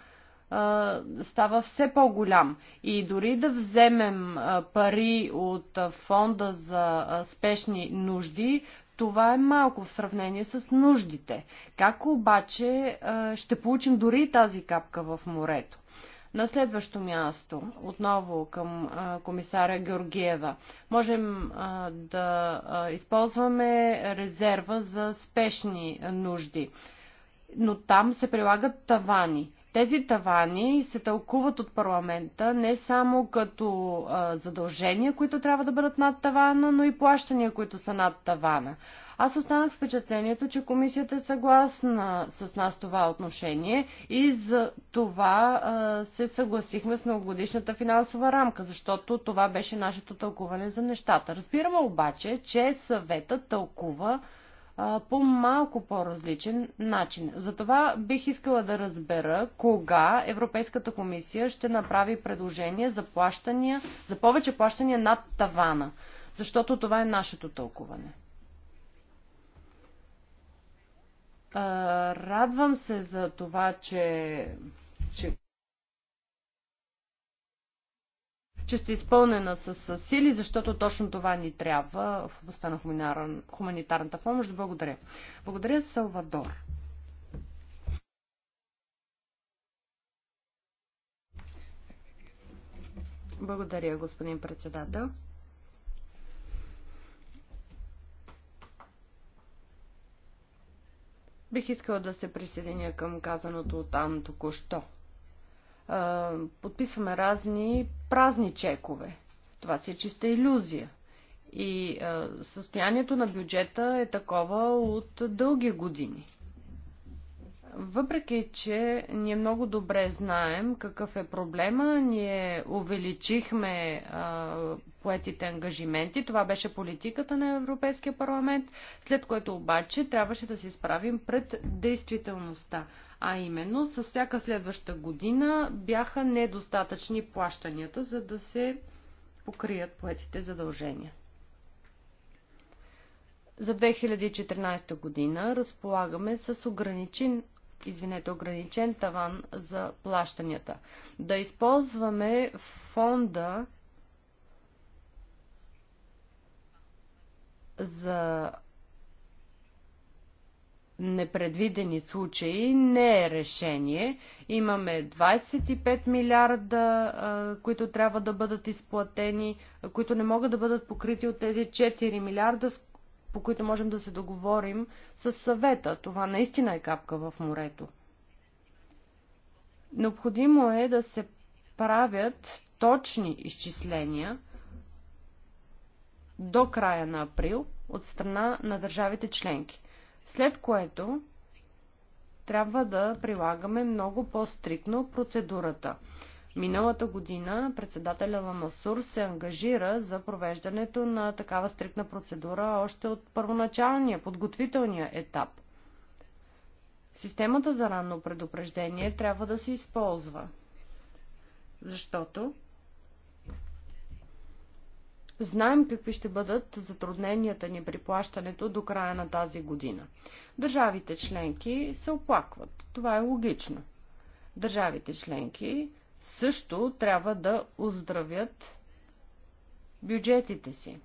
става все по-голям. И дори да вземем пари от фонда за спешни нужди, това е малко в сравнение с нуждите. Как обаче ще получим дори тази капка в морето? На следващо място, отново към комисаря Георгиева, можем да използваме резерва за спешни нужди, но там се прилагат тавани. Тези тавани се тълкуват от парламента не само като задължения, които трябва да бъдат над тавана, но и плащания, които са над тавана. Аз останах с впечатлението, че комисията е съгласна с нас това отношение и за това а, се съгласихме с многогодишната финансова рамка, защото това беше нашето тълкуване за нещата. Разбираме обаче, че съветът тълкува по малко по-различен начин. Затова бих искала да разбера кога Европейската комисия ще направи предложение за, плащания, за повече плащания над тавана, защото това е нашето тълкуване. радвам се за това, че, че, че сте изпълнена с, с сили, защото точно това ни трябва в областта на хуманитарната помощ. Благодаря. Благодаря, Салвадор. Благодаря, господин председател. Бих искала да се присъединя към казаното от Ан току-що. Подписваме разни празни чекове. Това си е чиста иллюзия. И състоянието на бюджета е такова от дълги години. Въпреки, че ние много добре знаем какъв е проблема, ние увеличихме а, поетите ангажименти. Това беше политиката на Европейския парламент, след което обаче трябваше да се изправим пред действителността. А именно, с всяка следваща година бяха недостатъчни плащанията, за да се покрият поетите задължения. За 2014 година разполагаме с ограничен извинете, ограничен таван за плащанията. Да използваме фонда за непредвидени случаи не е решение. Имаме 25 милиарда, които трябва да бъдат изплатени, които не могат да бъдат покрити от тези 4 милиарда, с по които можем да се договорим с съвета. Това наистина е капка в морето. Необходимо е да се правят точни изчисления до края на април от страна на държавите членки, след което трябва да прилагаме много по-стрикно процедурата. Миналата година председателя масур се ангажира за провеждането на такава стрикна процедура още от първоначалния, подготвителния етап. Системата за ранно предупреждение трябва да се използва, защото Знаем какви ще бъдат затрудненията ни при плащането до края на тази година. Държавите членки се оплакват. Това е логично. Държавите членки също трябва да оздравят бюджетите си.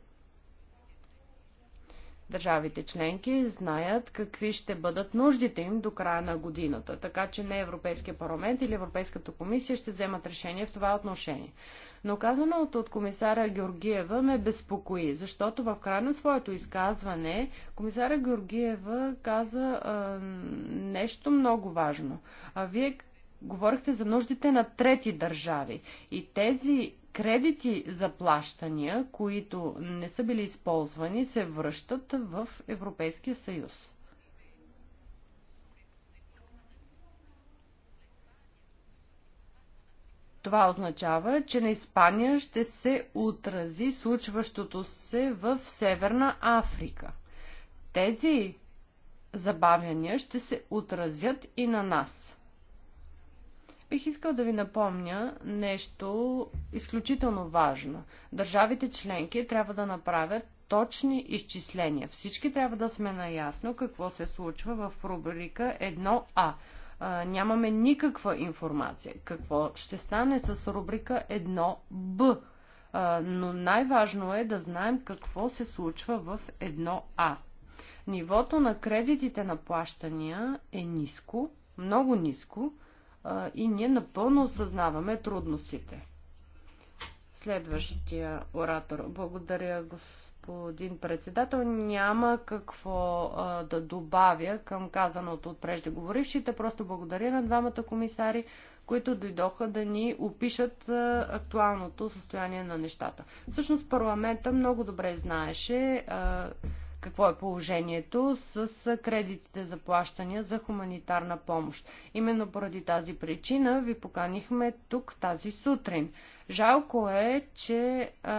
Държавите членки знаят какви ще бъдат нуждите им до края на годината, така че не Европейския парламент или Европейската комисия ще вземат решение в това отношение. Но казаното от комисара Георгиева ме безпокои, защото в края на своето изказване комисара Георгиева каза а, нещо много важно. А вие говорихте за нуждите на трети държави. И тези кредити за плащания, които не са били използвани, се връщат в Европейския съюз. Това означава, че на Испания ще се отрази случващото се в Северна Африка. Тези забавяния ще се отразят и на нас. Бих искал да ви напомня нещо изключително важно. Държавите членки трябва да направят точни изчисления. Всички трябва да сме наясно какво се случва в рубрика 1А. нямаме никаква информация. Какво ще стане с рубрика 1Б? но най-важно е да знаем какво се случва в 1А. Нивото на кредитите на плащания е ниско, много ниско, и ние напълно осъзнаваме трудностите. Следващия оратор. Благодаря, господин председател. Няма какво а, да добавя към казаното от преждеговорившите. Просто благодаря на двамата комисари, които дойдоха да ни опишат а, актуалното състояние на нещата. Всъщност парламента много добре знаеше. А, какво е положението с кредитите за плащания за хуманитарна помощ. Именно поради тази причина ви поканихме тук тази сутрин. Жалко е, че а,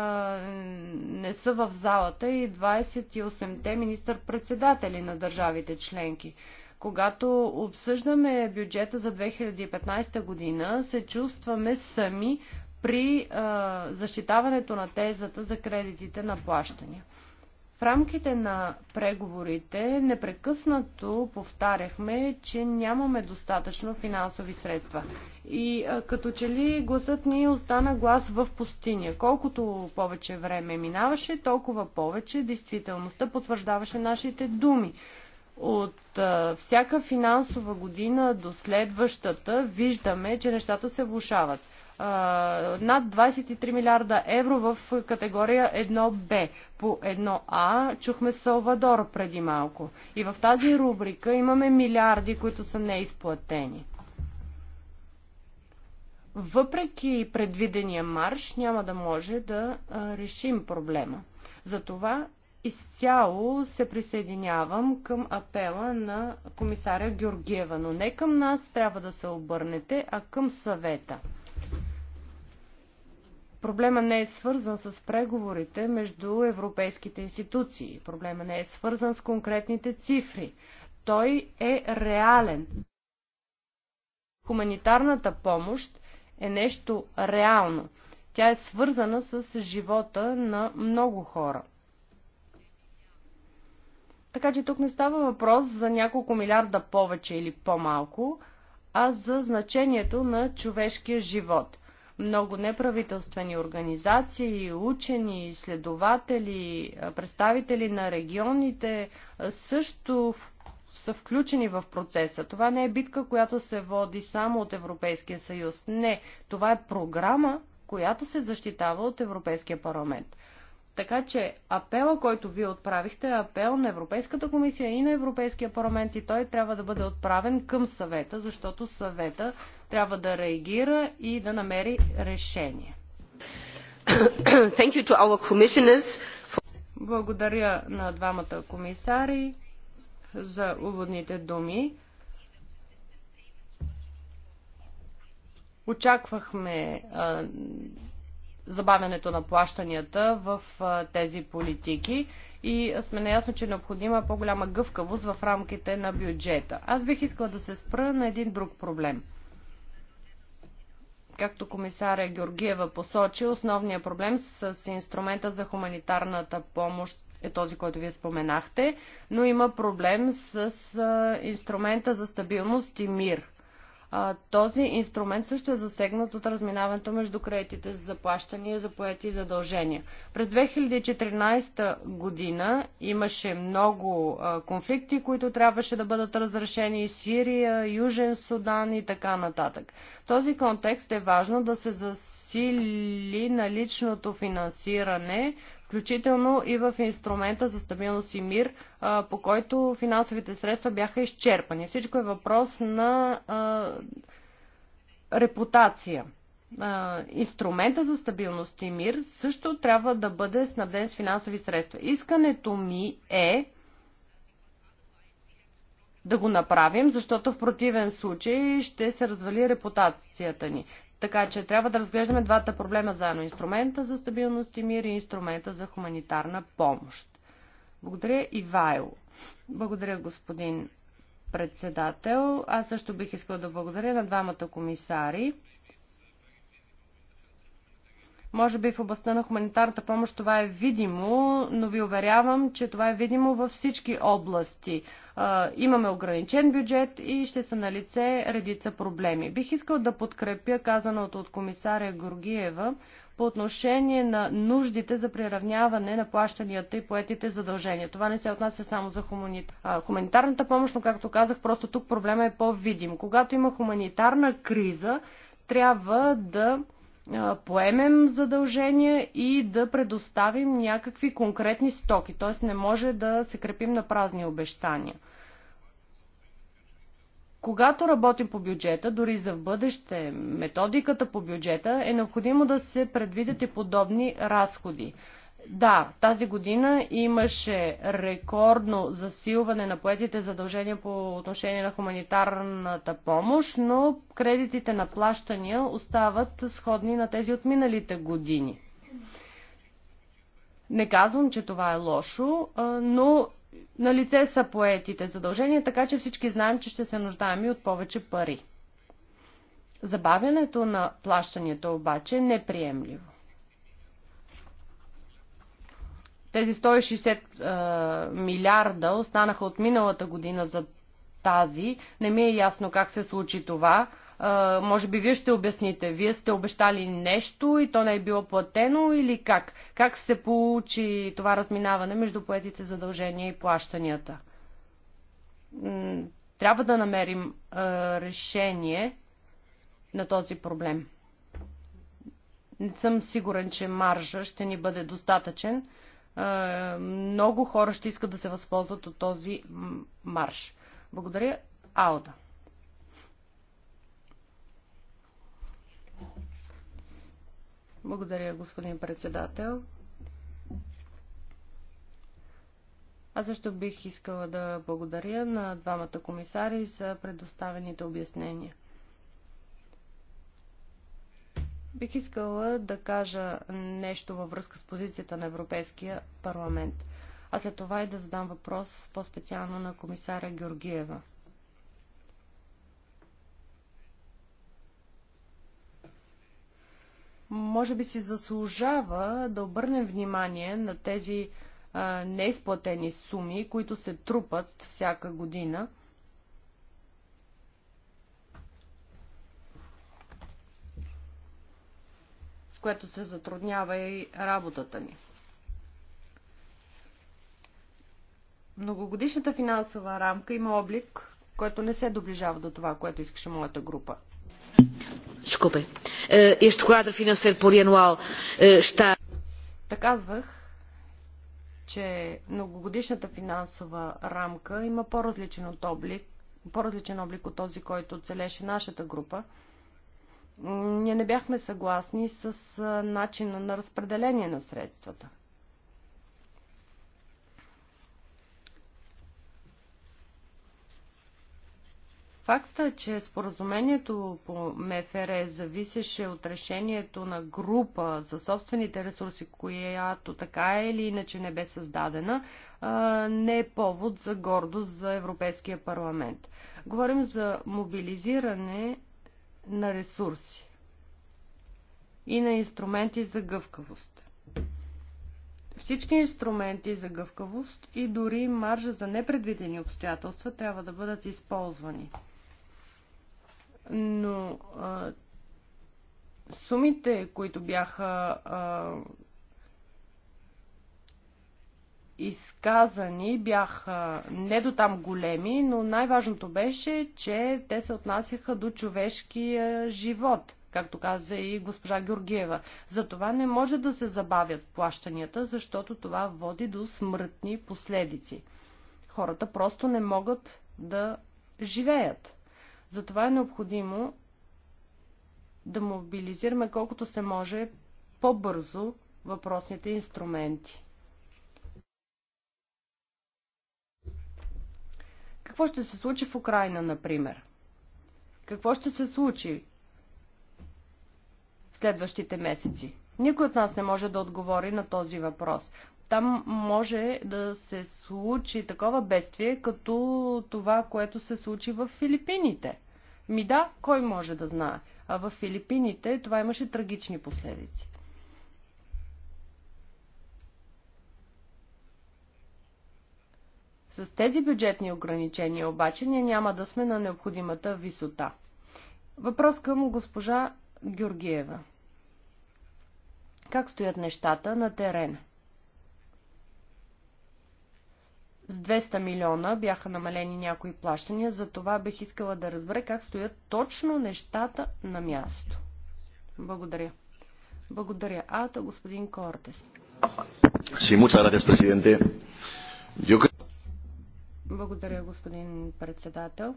не са в залата и 28-те министър-председатели на държавите членки. Когато обсъждаме бюджета за 2015 година, се чувстваме сами при а, защитаването на тезата за кредитите на плащания. В рамките на преговорите непрекъснато повтаряхме, че нямаме достатъчно финансови средства. И като че ли гласът ни остана глас в пустиня. Колкото повече време минаваше, толкова повече действителността потвърждаваше нашите думи. От а, всяка финансова година до следващата виждаме, че нещата се влушават над 23 милиарда евро в категория 1Б. По 1А чухме Салвадор преди малко. И в тази рубрика имаме милиарди, които са неизплатени. Въпреки предвидения марш, няма да може да решим проблема. Затова изцяло се присъединявам към апела на комисаря Георгиева, но не към нас трябва да се обърнете, а към съвета. Проблема не е свързан с преговорите между европейските институции. Проблема не е свързан с конкретните цифри. Той е реален. Хуманитарната помощ е нещо реално. Тя е свързана с живота на много хора. Така че тук не става въпрос за няколко милиарда повече или по-малко, а за значението на човешкия живот – много неправителствени организации, учени, изследователи, представители на регионите също са включени в процеса. Това не е битка, която се води само от Европейския съюз. Не, това е програма, която се защитава от Европейския парламент. Така че апела, който вие отправихте, е апел на Европейската комисия и на Европейския парламент и той трябва да бъде отправен към съвета, защото съвета трябва да реагира и да намери решение. Благодаря на двамата комисари за уводните думи. Очаквахме а, забавянето на плащанията в а, тези политики и сме наясно, че е необходима по-голяма гъвкавост в рамките на бюджета. Аз бих искала да се спра на един друг проблем – Както комисаря Георгиева посочи, основният проблем с инструмента за хуманитарната помощ е този, който вие споменахте, но има проблем с инструмента за стабилност и мир този инструмент също е засегнат от разминаването между кредитите за заплащания, за поети и задължения. През 2014 година имаше много конфликти, които трябваше да бъдат разрешени Сирия, Южен Судан и така нататък. В този контекст е важно да се засили наличното финансиране включително и в инструмента за стабилност и мир, по който финансовите средства бяха изчерпани. Всичко е въпрос на репутация. Инструмента за стабилност и мир също трябва да бъде снабден с финансови средства. Искането ми е да го направим, защото в противен случай ще се развали репутацията ни. Така че трябва да разглеждаме двата проблема заедно. Инструмента за стабилност и мир и инструмента за хуманитарна помощ. Благодаря и Вайло. Благодаря, господин председател. Аз също бих искал да благодаря на двамата комисари. Може би в областта на хуманитарната помощ това е видимо, но ви уверявам, че това е видимо във всички области. Имаме ограничен бюджет и ще са на лице редица проблеми. Бих искал да подкрепя казаното от комисаря Горгиева по отношение на нуждите за приравняване на плащанията и поетите задължения. Това не се отнася само за хуманитарната помощ, но както казах, просто тук проблема е по-видим. Когато има хуманитарна криза, трябва да поемем задължения и да предоставим някакви конкретни стоки. Т.е. не може да се крепим на празни обещания. Когато работим по бюджета, дори за в бъдеще, методиката по бюджета е необходимо да се предвидят и подобни разходи. Да, тази година имаше рекордно засилване на поетите задължения по отношение на хуманитарната помощ, но кредитите на плащания остават сходни на тези от миналите години. Не казвам, че това е лошо, но на лице са поетите задължения, така че всички знаем, че ще се нуждаем и от повече пари. Забавянето на плащанията обаче е неприемливо. Тези 160 е, милиарда останаха от миналата година за тази. Не ми е ясно как се случи това. Е, може би вие ще обясните. Вие сте обещали нещо и то не е било платено или как? Как се получи това разминаване между поетите задължения и плащанията? Трябва да намерим е, решение на този проблем. Не съм сигурен, че маржа ще ни бъде достатъчен е, много хора ще искат да се възползват от този марш. Благодаря. Ауда. Благодаря, господин председател. Аз също бих искала да благодаря на двамата комисари за предоставените обяснения. Бих искала да кажа нещо във връзка с позицията на Европейския парламент, а след това и да задам въпрос по-специално на комисаря Георгиева. Може би си заслужава да обърнем внимание на тези а, неизплатени суми, които се трупат всяка година – с което се затруднява и работата ни. Многогодишната финансова рамка има облик, който не се доближава до това, което искаше моята група. Desculpem. Eh, este quadro financeiro plurianual eh, está. Та казвах, че многогодишната финансова рамка има по-различен облик, по-различен облик от този, който целеше нашата група ние не бяхме съгласни с начина на разпределение на средствата. Факта, че споразумението по МФР зависеше от решението на група за собствените ресурси, която така или иначе не бе създадена, не е повод за гордост за Европейския парламент. Говорим за мобилизиране на ресурси и на инструменти за гъвкавост. Всички инструменти за гъвкавост и дори маржа за непредвидени обстоятелства трябва да бъдат използвани. Но а, сумите, които бяха а, изказани бяха не до там големи, но най-важното беше, че те се отнасяха до човешкия живот, както каза и госпожа Георгиева. Затова не може да се забавят плащанията, защото това води до смъртни последици. Хората просто не могат да живеят. Затова е необходимо да мобилизираме колкото се може по-бързо въпросните инструменти. Какво ще се случи в Украина, например? Какво ще се случи в следващите месеци? Никой от нас не може да отговори на този въпрос. Там може да се случи такова бедствие, като това, което се случи в Филипините. Ми да, кой може да знае? А в Филипините това имаше трагични последици. С тези бюджетни ограничения обаче ние няма да сме на необходимата висота. Въпрос към госпожа Георгиева. Как стоят нещата на терена? С 200 милиона бяха намалени някои плащания, за това бих искала да разбера как стоят точно нещата на място. Благодаря. Благодаря. Ато господин Кортес. Sí, muchas gracias, presidente. Yo creo... Благодаря, господин председател.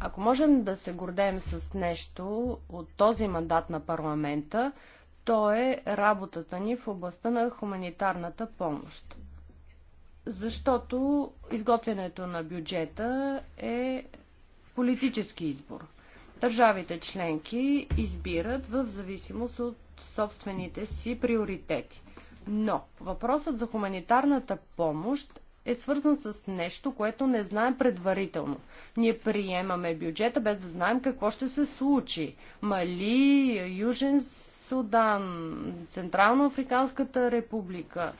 Ако можем да се гордеем с нещо от този мандат на парламента, то е работата ни в областта на хуманитарната помощ. Защото изготвянето на бюджета е политически избор. Държавите членки избират в зависимост от собствените си приоритети. Но въпросът за хуманитарната помощ е свързан с нещо, което не знаем предварително. Ние приемаме бюджета без да знаем какво ще се случи. Мали, Южен Судан, Централно-Африканската република.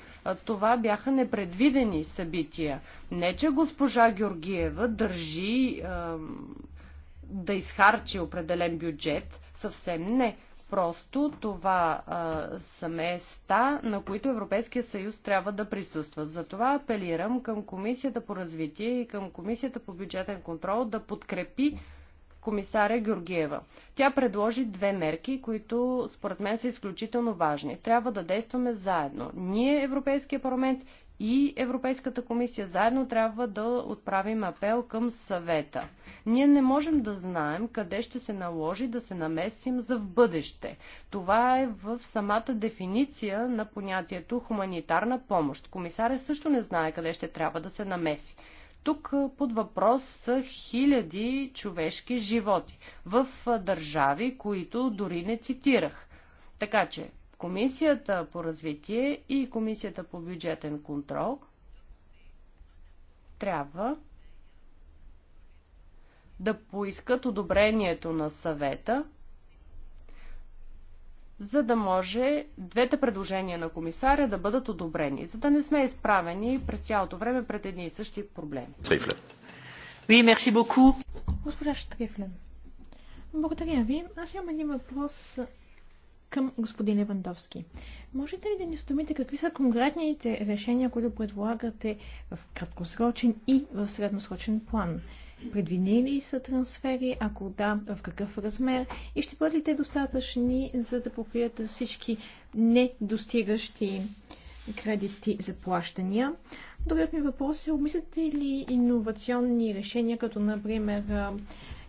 Това бяха непредвидени събития. Не, че госпожа Георгиева държи е, да изхарчи определен бюджет, съвсем не. Просто това а, са места, на които Европейския съюз трябва да присъства. Затова апелирам към Комисията по развитие и към Комисията по бюджетен контрол да подкрепи комисаря Георгиева. Тя предложи две мерки, които според мен са изключително важни. Трябва да действаме заедно. Ние, Европейския парламент и Европейската комисия заедно трябва да отправим апел към съвета. Ние не можем да знаем къде ще се наложи да се намесим за в бъдеще. Това е в самата дефиниция на понятието хуманитарна помощ. Комисаря също не знае къде ще трябва да се намеси. Тук под въпрос са хиляди човешки животи в държави, които дори не цитирах. Така че Комисията по развитие и Комисията по бюджетен контрол трябва да поискат одобрението на съвета, за да може двете предложения на комисаря да бъдат одобрени, за да не сме изправени през цялото време пред едни и същи проблеми. Oui, merci beaucoup. Госпожа Штрифлен, благодаря ви. Аз имам един въпрос към господин Левандовски. Можете ли да ни стомите какви са конкретните решения, които предлагате в краткосрочен и в средносрочен план? Предвидени ли са трансфери? Ако да, в какъв размер? И ще бъдат ли те достатъчни, за да покрият всички недостигащи кредити за плащания? Другият ми въпрос е, обмисляте ли иновационни решения, като например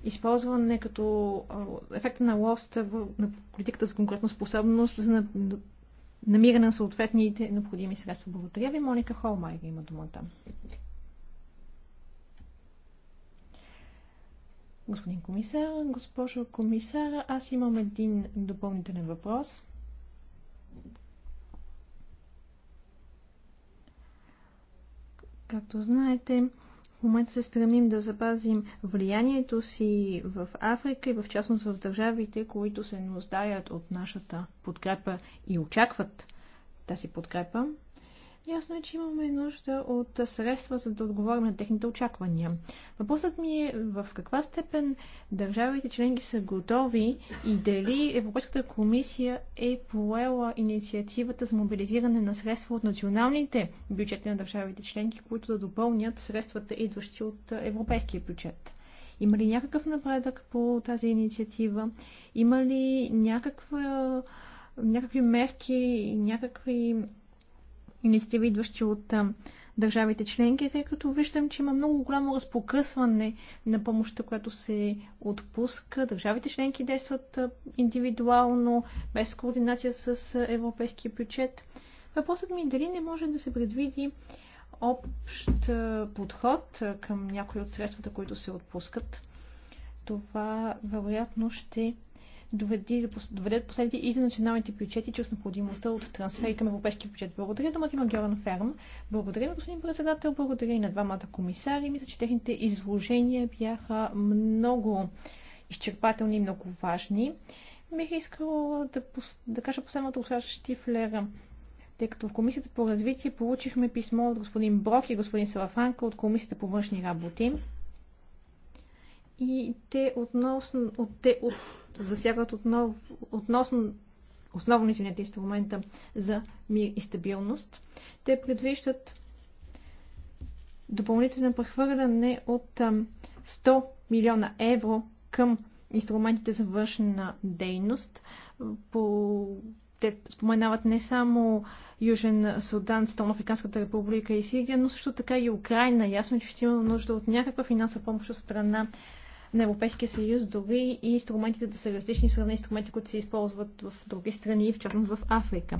използване като ефекта на лост на политиката с конкретна способност за намиране на съответните необходими средства. Благодаря ви. Моника да има думата. Господин комисар, госпожо комисар, аз имам един допълнителен въпрос. Както знаете, в момента се стремим да запазим влиянието си в Африка и в частност в държавите, които се нуждаят от нашата подкрепа и очакват тази подкрепа. Ясно е, че имаме нужда от средства, за да отговорим на техните очаквания. Въпросът ми е в каква степен държавите членки са готови и дали Европейската комисия е поела инициативата за мобилизиране на средства от националните бюджети на държавите членки, които да допълнят средствата, идващи от европейския бюджет. Има ли някакъв напредък по тази инициатива? Има ли някаква, някакви мерки, някакви инициативи, идващи от държавите членки, тъй като виждам, че има много голямо разпокъсване на помощта, която се отпуска. Държавите членки действат индивидуално, без координация с европейския бюджет. Въпросът ми е дали не може да се предвиди общ подход към някои от средствата, които се отпускат. Това вероятно ще доведат последните и за националните бюджети, чрез необходимостта от трансфери към европейския бюджет. Благодаря думата има Георан Ферм. Благодаря, господин председател. Благодаря и на двамата комисари. Мисля, че техните изложения бяха много изчерпателни и много важни. Бих искала да, да кажа последната от Штифлера тъй като в Комисията по развитие получихме писмо от господин Брок и господин Салафанка от Комисията по външни работи и те, относно, от, те от, засягат отново, относно основно извинете, инструмента за мир и стабилност. Те предвиждат допълнително прехвърляне от 100 милиона евро към инструментите за външна дейност. По... Те споменават не само Южен Судан, Стало-Африканската република и Сирия, но също така и Украина. Ясно, е, че ще има нужда от някаква финансова помощ от страна на Европейския съюз, дори и инструментите да са различни в сравнение с инструменти, които се използват в други страни, в частност в Африка.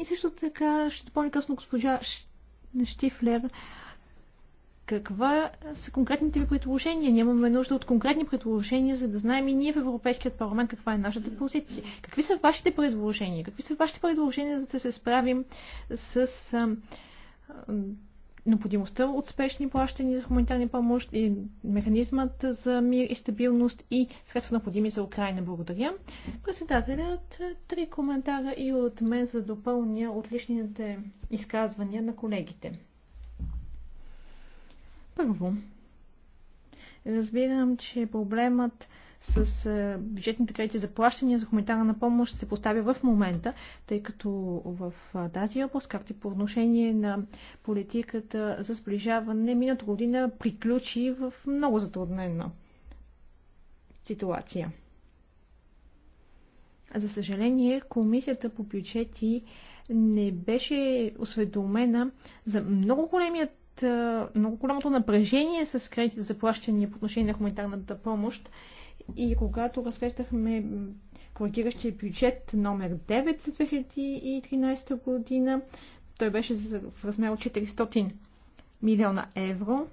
И също така, ще по-късно госпожа Штифлер, каква са конкретните ви предложения? Нямаме нужда от конкретни предложения, за да знаем и ние в Европейският парламент каква е нашата позиция. Какви са вашите предложения? Какви са вашите предложения, за да се справим с необходимостта от спешни плащания за хуманитарна помощ и механизмът за мир и стабилност и средства необходими за Украина. Благодаря. Председателят, три коментара и от мен за допълня отличните изказвания на колегите. Първо, разбирам, че проблемът с е, бюджетните кредити за плащания за хуманитарна помощ се поставя в момента, тъй като в е, тази област, както и по отношение на политиката за сближаване, миналата година приключи в много затруднена ситуация. За съжаление, комисията по бюджети не беше осведомена за много големият е, много голямото напрежение с кредитите за плащания по отношение на хуманитарната помощ и когато разглеждахме коригиращия бюджет номер 9 за 2013 година, той беше в размер от 400 милиона евро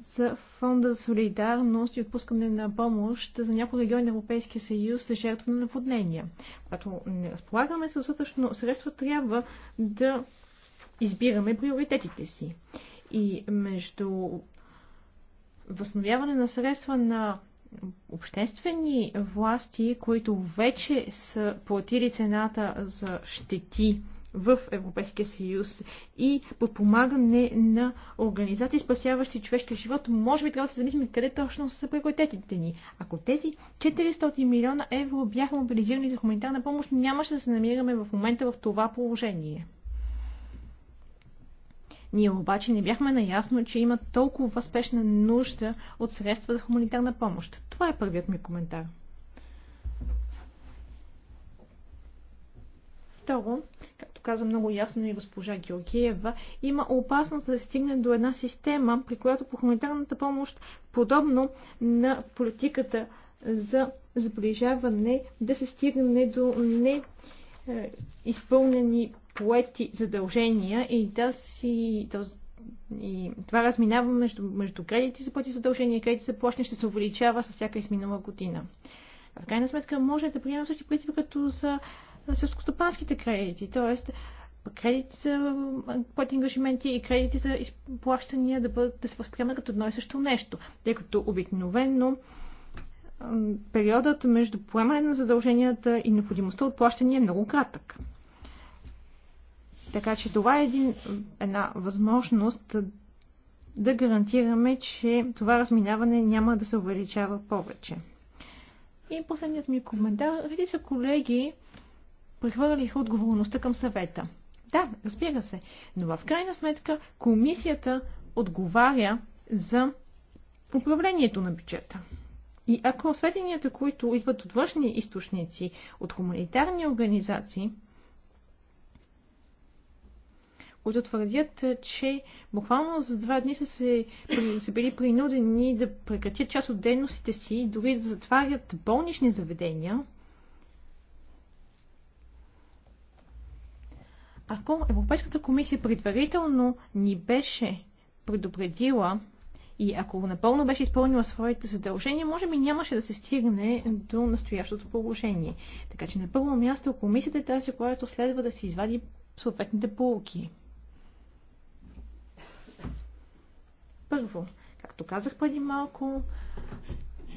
за фонда за солидарност и отпускане на помощ за някои региони на Европейския съюз за жертва на наводнения. Когато не разполагаме с достатъчно средства, трябва да избираме приоритетите си. И между възстановяване на средства на обществени власти, които вече са платили цената за щети в Европейския съюз и подпомагане на организации, спасяващи човешкия живот, може би трябва да се замислим къде точно са приоритетите ни. Ако тези 400 милиона евро бяха мобилизирани за хуманитарна помощ, нямаше да се намираме в момента в това положение. Ние обаче не бяхме наясно, че има толкова спешна нужда от средства за хуманитарна помощ. Това е първият ми коментар. Второ, както каза много ясно и госпожа Георгиева, има опасност да се стигне до една система, при която по хуманитарната помощ, подобно на политиката за сближаване, да се стигне до не е, изпълнени поети задължения и тази, този, и това разминава между, между кредити за плати задължения и кредити за плащане ще се увеличава с всяка изминала година. В крайна сметка може да приемем същи принцип като за селскостопанските кредити, т.е. кредити за плати ангажименти и кредити за изплащания да, бъдат, да се възприемат като едно и също нещо, тъй като обикновено периодът между поемане на задълженията и необходимостта от плащане е много кратък. Така че това е един, една възможност да гарантираме, че това разминаване няма да се увеличава повече. И последният ми коментар. види са колеги прехвърлиха отговорността към съвета. Да, разбира се, но в крайна сметка комисията отговаря за управлението на бюджета. И ако сведенията, които идват от външни източници, от хуманитарни организации, които твърдят, че буквално за два дни са, се, са били принудени да прекратят част от дейностите си, дори да затварят болнични заведения. Ако Европейската комисия предварително ни беше предупредила и ако напълно беше изпълнила своите задължения, може би нямаше да се стигне до настоящото положение. Така че на първо място комисията е тази, която следва да се извади съответните полуки. Първо, както казах преди малко,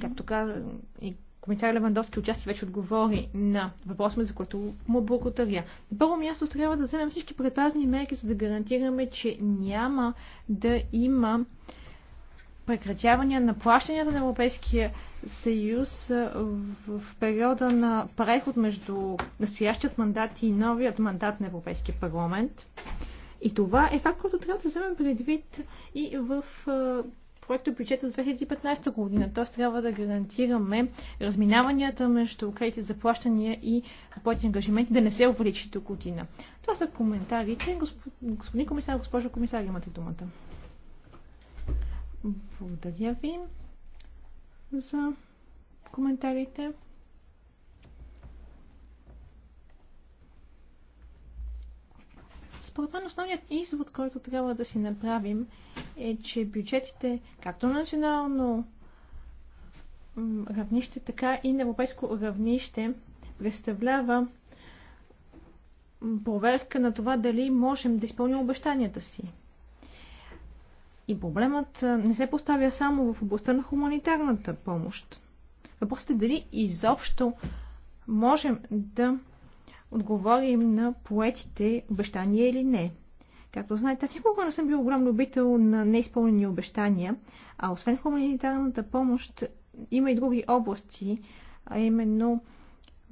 както каза и комисар Левандовски участие вече отговори на въпроса, за който му благодаря. На първо място трябва да вземем всички предпазни мерки, за да гарантираме, че няма да има прекратявания на плащанията на Европейския съюз в периода на преход между настоящият мандат и новият мандат на Европейския парламент. И това е факт, който трябва да вземем предвид и в проекта бюджета за 2015 година. Т.е. трябва да гарантираме разминаванията между кредити за плащания и работни ангажименти да не се увеличи до година. Това са коментарите. Господин комисар, госпожо комисар, имате думата. Благодаря ви за коментарите. Според мен основният извод, който трябва да си направим е, че бюджетите, както на национално равнище, така и на европейско равнище, представлява проверка на това дали можем да изпълним обещанията си. И проблемът не се поставя само в областта на хуманитарната помощ. Въпросът е дали изобщо можем да отговорим на поетите обещания или не. Както знаете, аз никога не съм бил огром любител на неизпълнени обещания, а освен хуманитарната помощ има и други области, а именно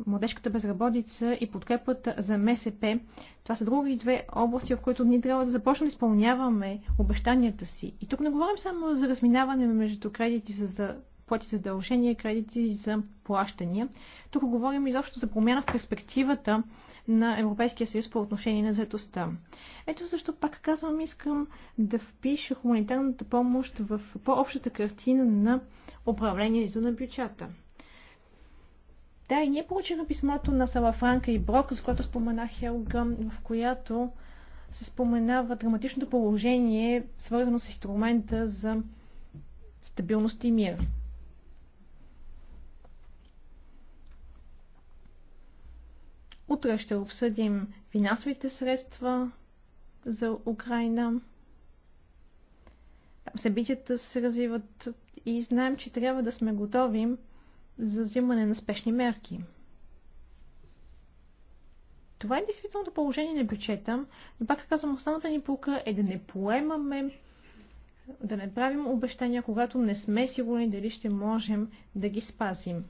младежката безработица и подкрепата за МСП. Това са други две области, в които ние трябва да започнем да изпълняваме обещанията си. И тук не говорим само за разминаване между кредити за поети задължения, кредити за плащания. Тук говорим изобщо за промяна в перспективата на Европейския съюз по отношение на заедостта. Ето защо пак казвам, искам да впиша хуманитарната помощ в по-общата картина на управлението на бюджета. Да, и ние получихме писмото на Салафранка и Брок, за което спомена Хелга, в която се споменава драматичното положение, свързано с инструмента за стабилност и мир. Утре ще обсъдим финансовите средства за Украина. Там събитията се развиват и знаем, че трябва да сме готови за взимане на спешни мерки. Това е действителното положение на бюджета, но пак казвам, основната ни полка е да не поемаме, да не правим обещания, когато не сме сигурни дали ще можем да ги спазим.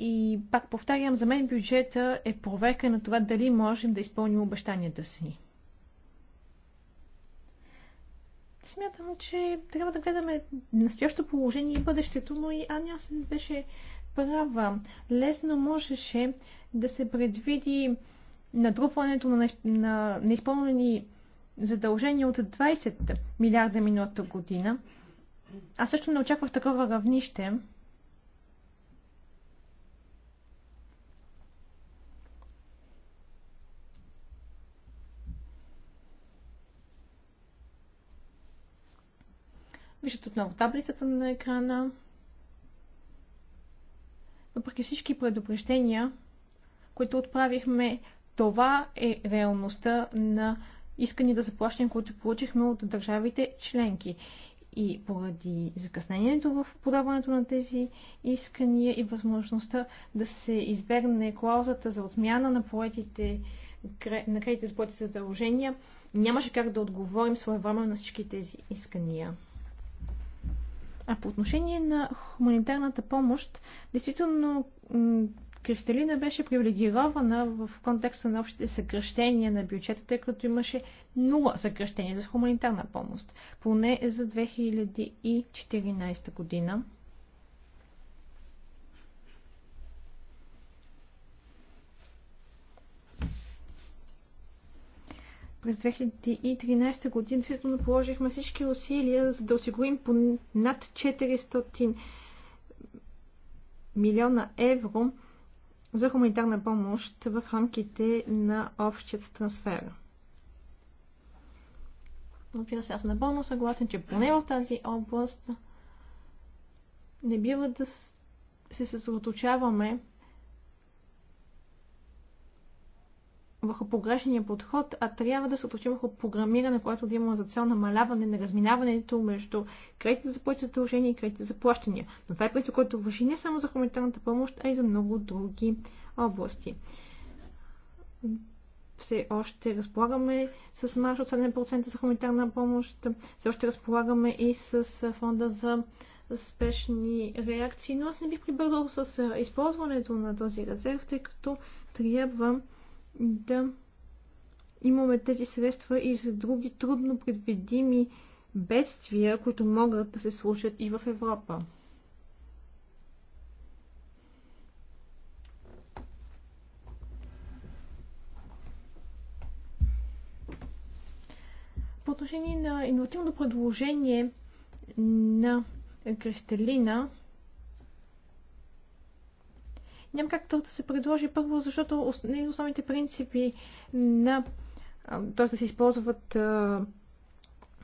И пак повтарям, за мен бюджета е проверка на това дали можем да изпълним обещанията си. Смятам, че трябва да гледаме настоящото положение и бъдещето, но и Аня се беше права. Лесно можеше да се предвиди натрупването на, на неизпълнени задължения от 20 милиарда миналата година. Аз също не очаквах такова равнище, Виждате отново таблицата на екрана. Въпреки всички предупреждения, които отправихме, това е реалността на искани да заплащане, които получихме от държавите членки. И поради закъснението в подаването на тези искания и възможността да се избегне клаузата за отмяна на поетите на кредите за поетите задължения, нямаше как да отговорим своевременно на всички тези искания. А по отношение на хуманитарната помощ, действително Кристалина беше привилегирована в контекста на общите съкръщения на бюджета, тъй като имаше нула съкръщения за хуманитарна помощ, поне за 2014 година. през 2013 година действително положихме всички усилия, за да осигурим по над 400 милиона евро за хуманитарна помощ в рамките на общият трансфер. Разбира се, аз съм напълно съгласен, че поне в тази област не бива да се съсредоточаваме върху погрешния подход, а трябва да се отучим върху програмиране, което да има за цел намаляване на разминаването между кредитите за поети задължения и кредитите за плащания. Но това е принцип, който въжи не само за хуманитарната помощ, а и за много други области. Все още разполагаме с марш от 7% за хуманитарна помощ, все още разполагаме и с фонда за спешни реакции, но аз не бих прибързал с използването на този резерв, тъй като трябва да имаме тези средства и за други трудно предвидими бедствия, които могат да се случат и в Европа. По отношение на иновативно предложение на Кристалина, няма как да се предложи първо, защото основните принципи на т.е. да се използват а,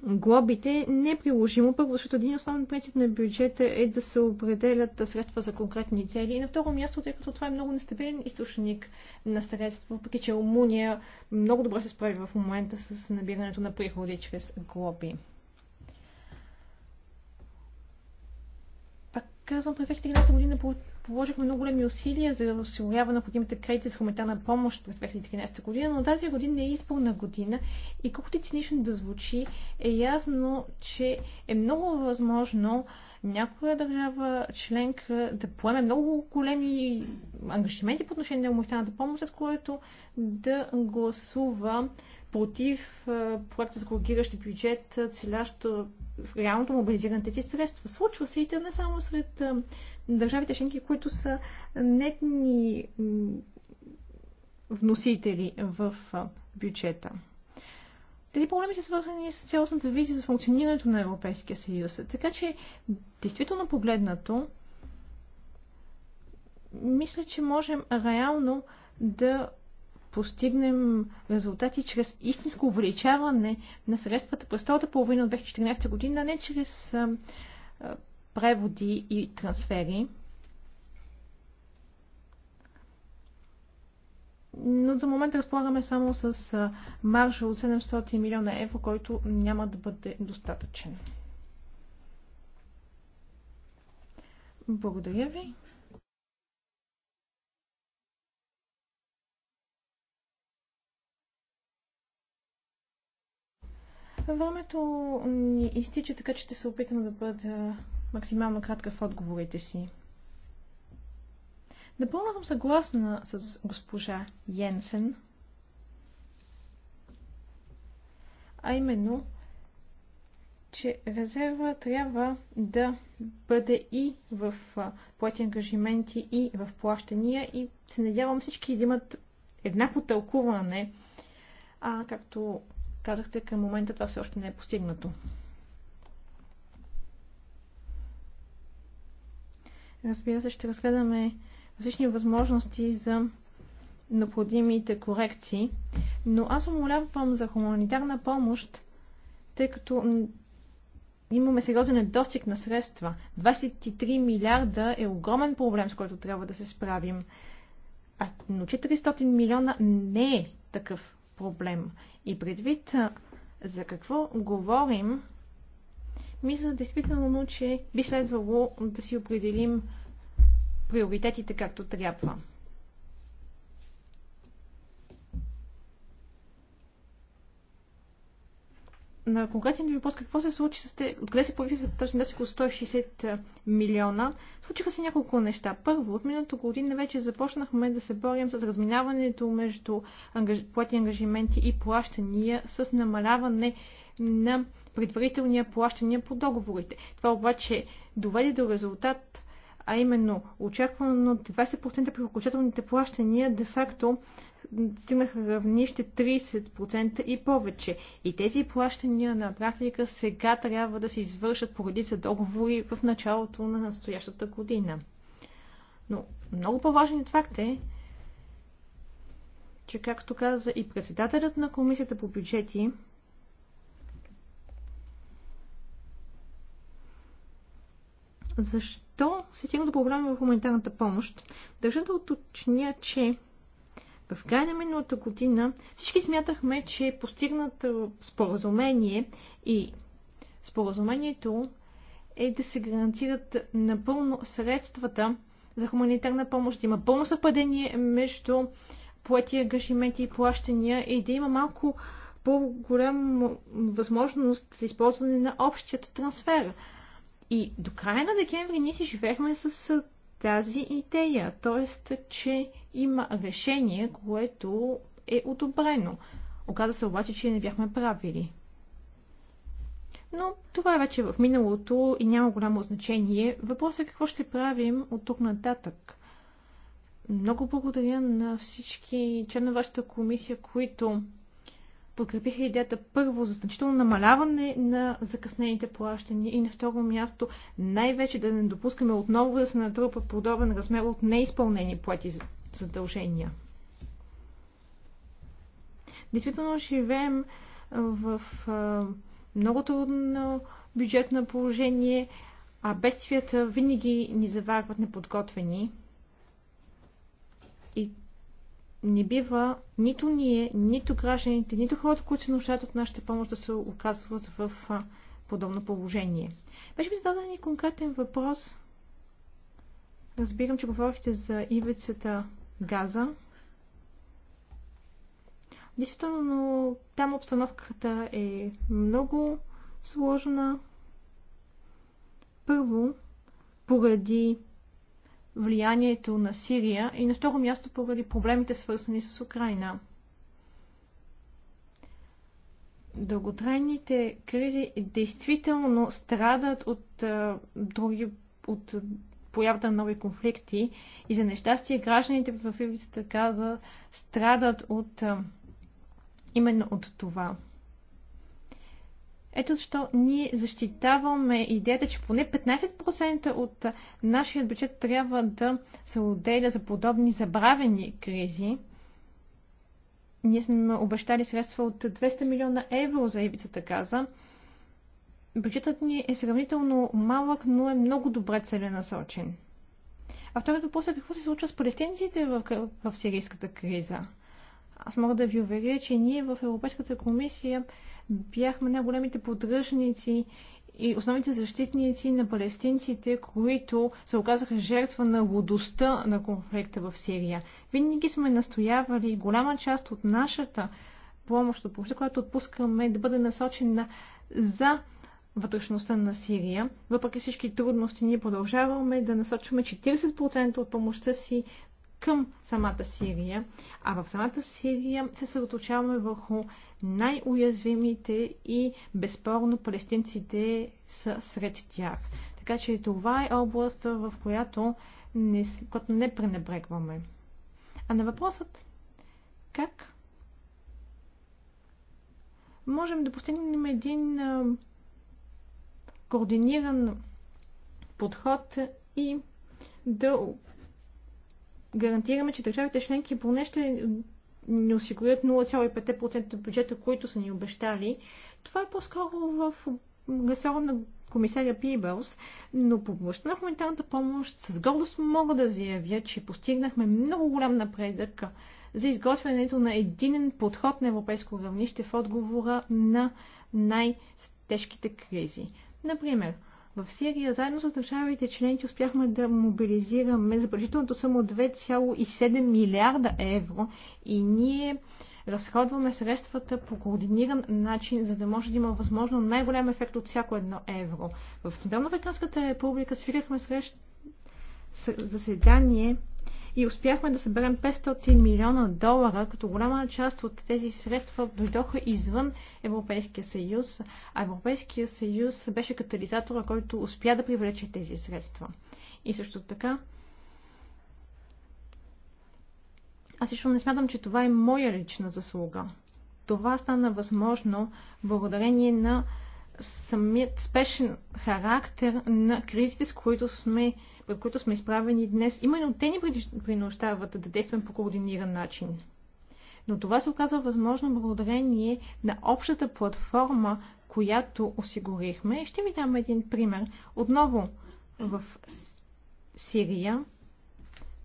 глобите не е приложимо. Първо, защото един основен принцип на бюджета е да се определят средства за конкретни цели. И на второ място, тъй като това е много нестабилен източник на средства, въпреки че Румуния много добре се справи в момента с набирането на приходи чрез глоби. казвам, през 2013 година положихме много големи усилия за осигуряване на необходимите кредити с хуманитарна помощ през 2013 година, но тази година е изборна година и колкото и цинично да звучи, е ясно, че е много възможно някоя държава членка да поеме много големи ангажименти по отношение на хуманитарната помощ, с което да гласува против проекта за коригиращи бюджет, целящ реалното мобилизиране тези средства. Случва се и не само сред държавите членки, които са нетни вносители в бюджета. Тези проблеми са свързани с цялостната визия за функционирането на Европейския съюз. Така че, действително погледнато, мисля, че можем реално да постигнем резултати чрез истинско увеличаване на средствата през втората половина от 2014 година, не чрез а, а, преводи и трансфери. Но за момента разполагаме само с а, маржа от 700 милиона евро, който няма да бъде достатъчен. Благодаря ви. Времето ни изтича, така че ще се опитам да бъда максимално кратка в отговорите си. Напълно съм съгласна с госпожа Йенсен, а именно, че резерва трябва да бъде и в плати ангажименти, и в плащания и се надявам всички да имат еднакво тълкуване, а както казахте, към момента това все още не е постигнато. Разбира се, ще разгледаме различни възможности за необходимите корекции, но аз умолявам за хуманитарна помощ, тъй като имаме сериозен недостиг на средства. 23 милиарда е огромен проблем, с който трябва да се справим. А, но 400 милиона не е такъв проблем. И предвид за какво говорим, мисля действително, че би следвало да си определим приоритетите както трябва. на конкретен въпрос какво се случи с те, откъде се появиха точно да около 160 милиона, случиха се няколко неща. Първо, от миналото година вече започнахме да се борим с разминаването между ангаж... плати ангажименти и плащания с намаляване на предварителния плащания по договорите. Това обаче доведе до резултат, а именно очаквано 20% при окончателните плащания де-факто стигнаха равнище 30% и повече. И тези плащания на практика сега трябва да се извършат по редица договори в началото на настоящата година. Но много по важен факт е, че както каза и председателят на комисията по бюджети, защо се стигна до проблеми в хуманитарната помощ. Държа да уточня, че в края на миналата година всички смятахме, че е постигнато споразумение и споразумението е да се гарантират напълно средствата за хуманитарна помощ, да има пълно съвпадение между поети ангажименти и плащания и да има малко по-голяма възможност за използване на общият трансфер. И до края на декември ние си живеехме с тази идея, т.е. че има решение, което е одобрено. Оказа се обаче, че не бяхме правили. Но това е вече в миналото и няма голямо значение. Въпросът е какво ще правим от тук нататък. Много благодаря на всички членове на вашата комисия, които подкрепиха идеята първо за значително намаляване на закъснените плащания и на второ място най-вече да не допускаме отново да се натрупа подобен размер от неизпълнени плати за задължения. Действително живеем в много трудно бюджетно положение, а бедствията винаги ни заварват неподготвени. И не бива нито ние, нито гражданите, нито хората, които се нуждаят от нашата помощ да се оказват в подобно положение. Беше ми зададен и конкретен въпрос. Разбирам, че говорихте за ивицата Газа. Действително, но там обстановката е много сложна. Първо, поради влиянието на Сирия и на второ място поради проблемите свързани с Украина. Дълготрайните кризи действително страдат от, а, други, от появата на нови конфликти и за нещастие гражданите в Ивицата Каза страдат от, а, именно от това. Ето защо ние защитаваме идеята, че поне 15% от нашия бюджет трябва да се отделя за подобни забравени кризи. Ние сме обещали средства от 200 милиона евро за ивицата каза. Бюджетът ни е сравнително малък, но е много добре целенасочен. А вторият въпрос е какво се случва с палестинците в, в сирийската криза. Аз мога да ви уверя, че ние в Европейската комисия бяхме най-големите поддръжници и основните защитници на палестинците, които се оказаха жертва на лудостта на конфликта в Сирия. Винаги сме настоявали голяма част от нашата помощ, от помощта, която отпускаме, да бъде насочена за вътрешността на Сирия. Въпреки всички трудности, ние продължаваме да насочваме 40% от помощта си към самата Сирия, а в самата Сирия се съсредоточаваме върху най-уязвимите и безспорно палестинците са сред тях. Така че това е област, в която не, която не пренебрегваме. А на въпросът как можем да постигнем един а, координиран подход и да гарантираме, че държавите членки поне ще не осигурят 0,5% от бюджета, които са ни обещали. Това е по-скоро в гасала на комисаря Пибелс, но по областта на хуманитарната помощ с гордост мога да заявя, че постигнахме много голям напредък за изготвянето на единен подход на европейско равнище в отговора на най-тежките кризи. Например, в Сирия, заедно с държавите членки, успяхме да мобилизираме забележителното само 2,7 милиарда евро и ние разходваме средствата по координиран начин, за да може да има възможно най-голям ефект от всяко едно евро. В Африканската република свирихме срещ... заседание и успяхме да съберем 500 милиона долара, като голяма част от тези средства дойдоха извън Европейския съюз, а Европейския съюз беше катализатора, който успя да привлече тези средства. И също така, аз лично не смятам, че това е моя лична заслуга. Това стана възможно благодарение на самият спешен характер на кризите, с които сме, пред които сме изправени днес. Именно те ни принуждават да действаме по координиран начин. Но това се оказва възможно благодарение на общата платформа, която осигурихме. Ще ви дам един пример. Отново в Сирия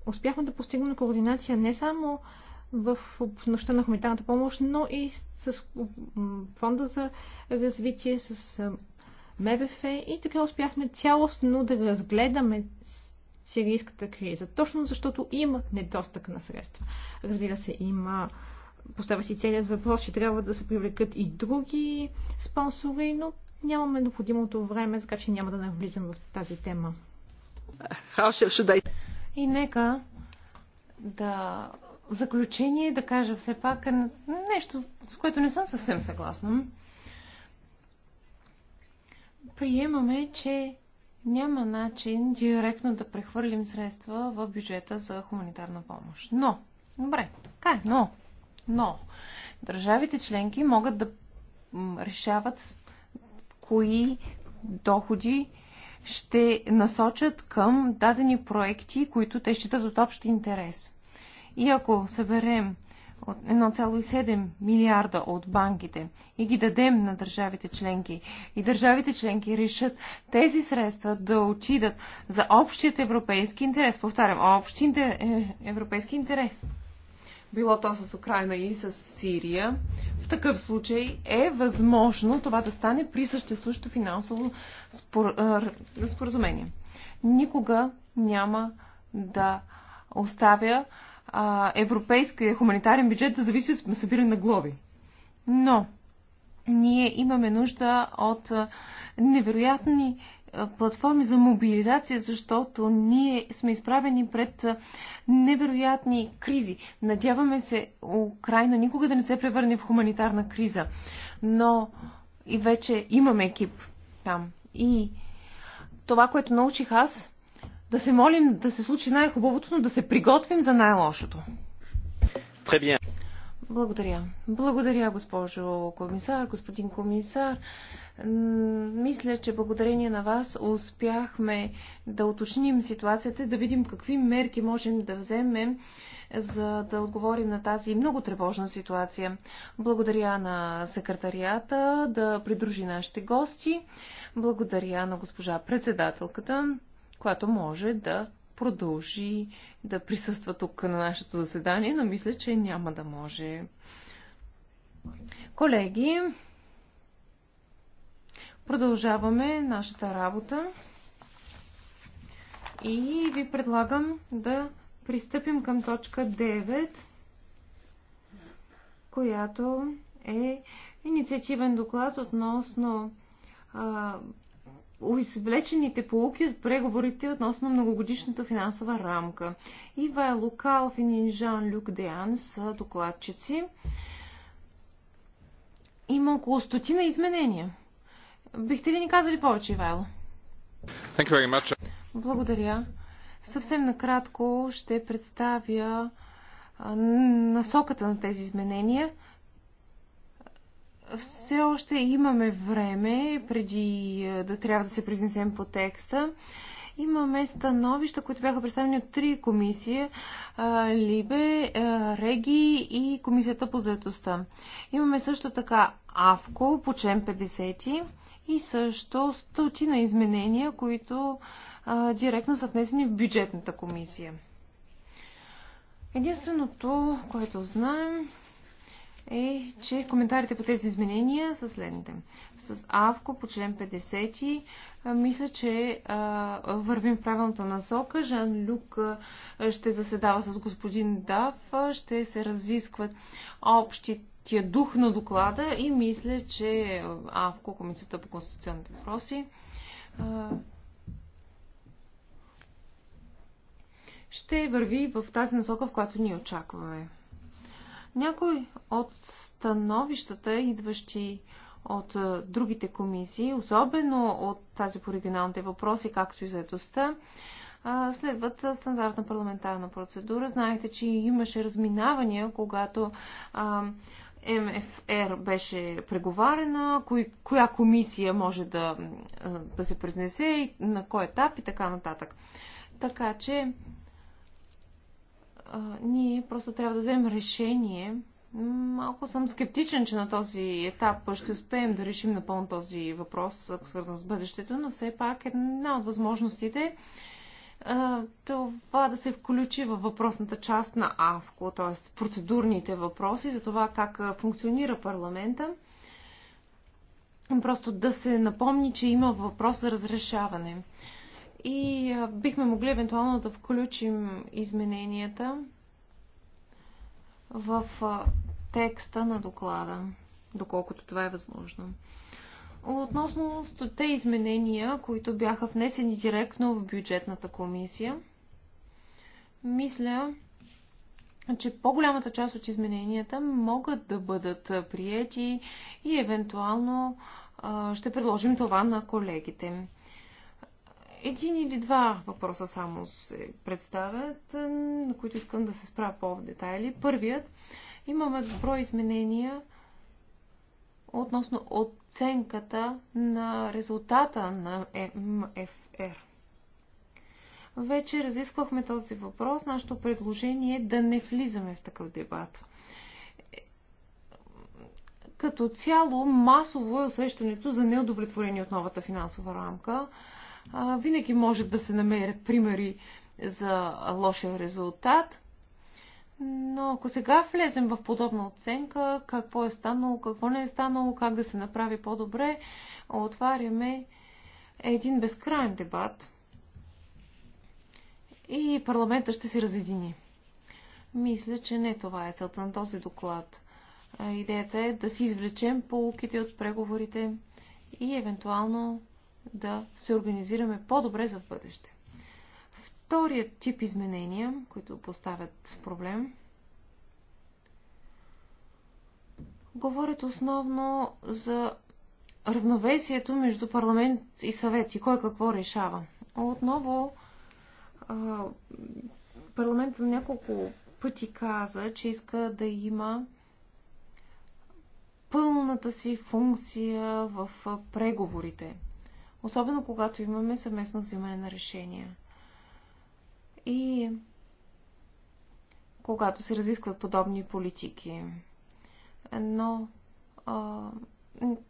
успяхме да постигнем координация не само в нощта на хуманитарната помощ, но и с фонда за развитие, с МВФ и така успяхме цялостно да разгледаме сирийската криза, точно защото има недостъг на средства. Разбира се, има Поставя си целият въпрос, че трябва да се привлекат и други спонсори, но нямаме необходимото време, така че няма да навлизам в тази тема. И нека да в заключение да кажа все пак е нещо, с което не съм съвсем съгласна. Приемаме, че няма начин директно да прехвърлим средства в бюджета за хуманитарна помощ. Но, добре, така е, но, но, държавите членки могат да решават кои доходи ще насочат към дадени проекти, които те считат от общ интерес. И ако съберем 1,7 милиарда от банките и ги дадем на държавите членки и държавите членки решат тези средства да отидат за общият европейски интерес, повтарям, общи е, европейски интерес, било то с Украина и с Сирия, в такъв случай е възможно това да стане при съществуващо финансово споразумение. Никога няма да оставя а, европейския хуманитарен бюджет да зависи от събиране на глоби. Но ние имаме нужда от невероятни платформи за мобилизация, защото ние сме изправени пред невероятни кризи. Надяваме се Украина никога да не се превърне в хуманитарна криза, но и вече имаме екип там. И това, което научих аз, да се молим да се случи най-хубавото, но да се приготвим за най-лошото. Благодаря. Благодаря, госпожо комисар, господин комисар. Мисля, че благодарение на вас успяхме да уточним ситуацията, да видим какви мерки можем да вземем, за да отговорим на тази много тревожна ситуация. Благодаря на секретарията да придружи нашите гости. Благодаря на госпожа председателката която може да продължи да присъства тук на нашето заседание, но мисля, че няма да може. Колеги, продължаваме нашата работа и ви предлагам да пристъпим към точка 9, която е инициативен доклад относно извлечените полуки от преговорите относно многогодишната финансова рамка. Ивай Калфин и Жан Люк Деан са докладчици. Има около стотина изменения. Бихте ли ни казали повече, Ивайло? Благодаря. Съвсем накратко ще представя насоката на тези изменения – все още имаме време преди е, да трябва да се произнесем по текста. Имаме становища, които бяха представени от три комисии е, Либе, е, Реги и Комисията по заедостта. Имаме също така АВКО по чем 50 и също стотина изменения, които директно са внесени в бюджетната комисия. Единственото, което знаем, е, че коментарите по тези изменения са следните. С АВКО по член 50 мисля, че вървим в правилната насока. Жан-Люк ще заседава с господин Дав, ще се разискват общия дух на доклада и мисля, че АВКО, Комисията по конституционните въпроси, ще върви в тази насока, в която ние очакваме. Някои от становищата, идващи от другите комисии, особено от тази по регионалните въпроси, както и заедостта, следват стандартна парламентарна процедура. Знаете, че имаше разминавания, когато МФР беше преговарена, коя комисия може да, да се произнесе, на кой етап и така нататък. Така че а, ние просто трябва да вземем решение. Малко съм скептичен, че на този етап ще успеем да решим напълно този въпрос, свързан с бъдещето, но все пак една от възможностите а, това да се включи във въпросната част на АВКО, т.е. процедурните въпроси за това как функционира парламента. Просто да се напомни, че има въпрос за разрешаване и бихме могли евентуално да включим измененията в текста на доклада, доколкото това е възможно. Относно те изменения, които бяха внесени директно в бюджетната комисия, мисля, че по-голямата част от измененията могат да бъдат приети и евентуално ще предложим това на колегите един или два въпроса само се представят, на които искам да се спра по-детайли. Първият, имаме добро изменения относно оценката на резултата на МФР. Вече разисквахме този въпрос. Нашето предложение е да не влизаме в такъв дебат. Като цяло, масово е усещането за неудовлетворение от новата финансова рамка – а, винаги може да се намерят примери за лошия резултат. Но ако сега влезем в подобна оценка, какво е станало, какво не е станало, как да се направи по-добре, отваряме един безкрайен дебат и парламента ще се разедини. Мисля, че не това е целта на този доклад. Идеята е да си извлечем полуките от преговорите и евентуално да се организираме по-добре за бъдеще. Вторият тип изменения, които поставят проблем, говорят основно за равновесието между парламент и съвет и кой какво решава. Отново парламентът няколко пъти каза, че иска да има пълната си функция в преговорите – Особено когато имаме съвместно взимане на решения. И когато се разискват подобни политики. Но а,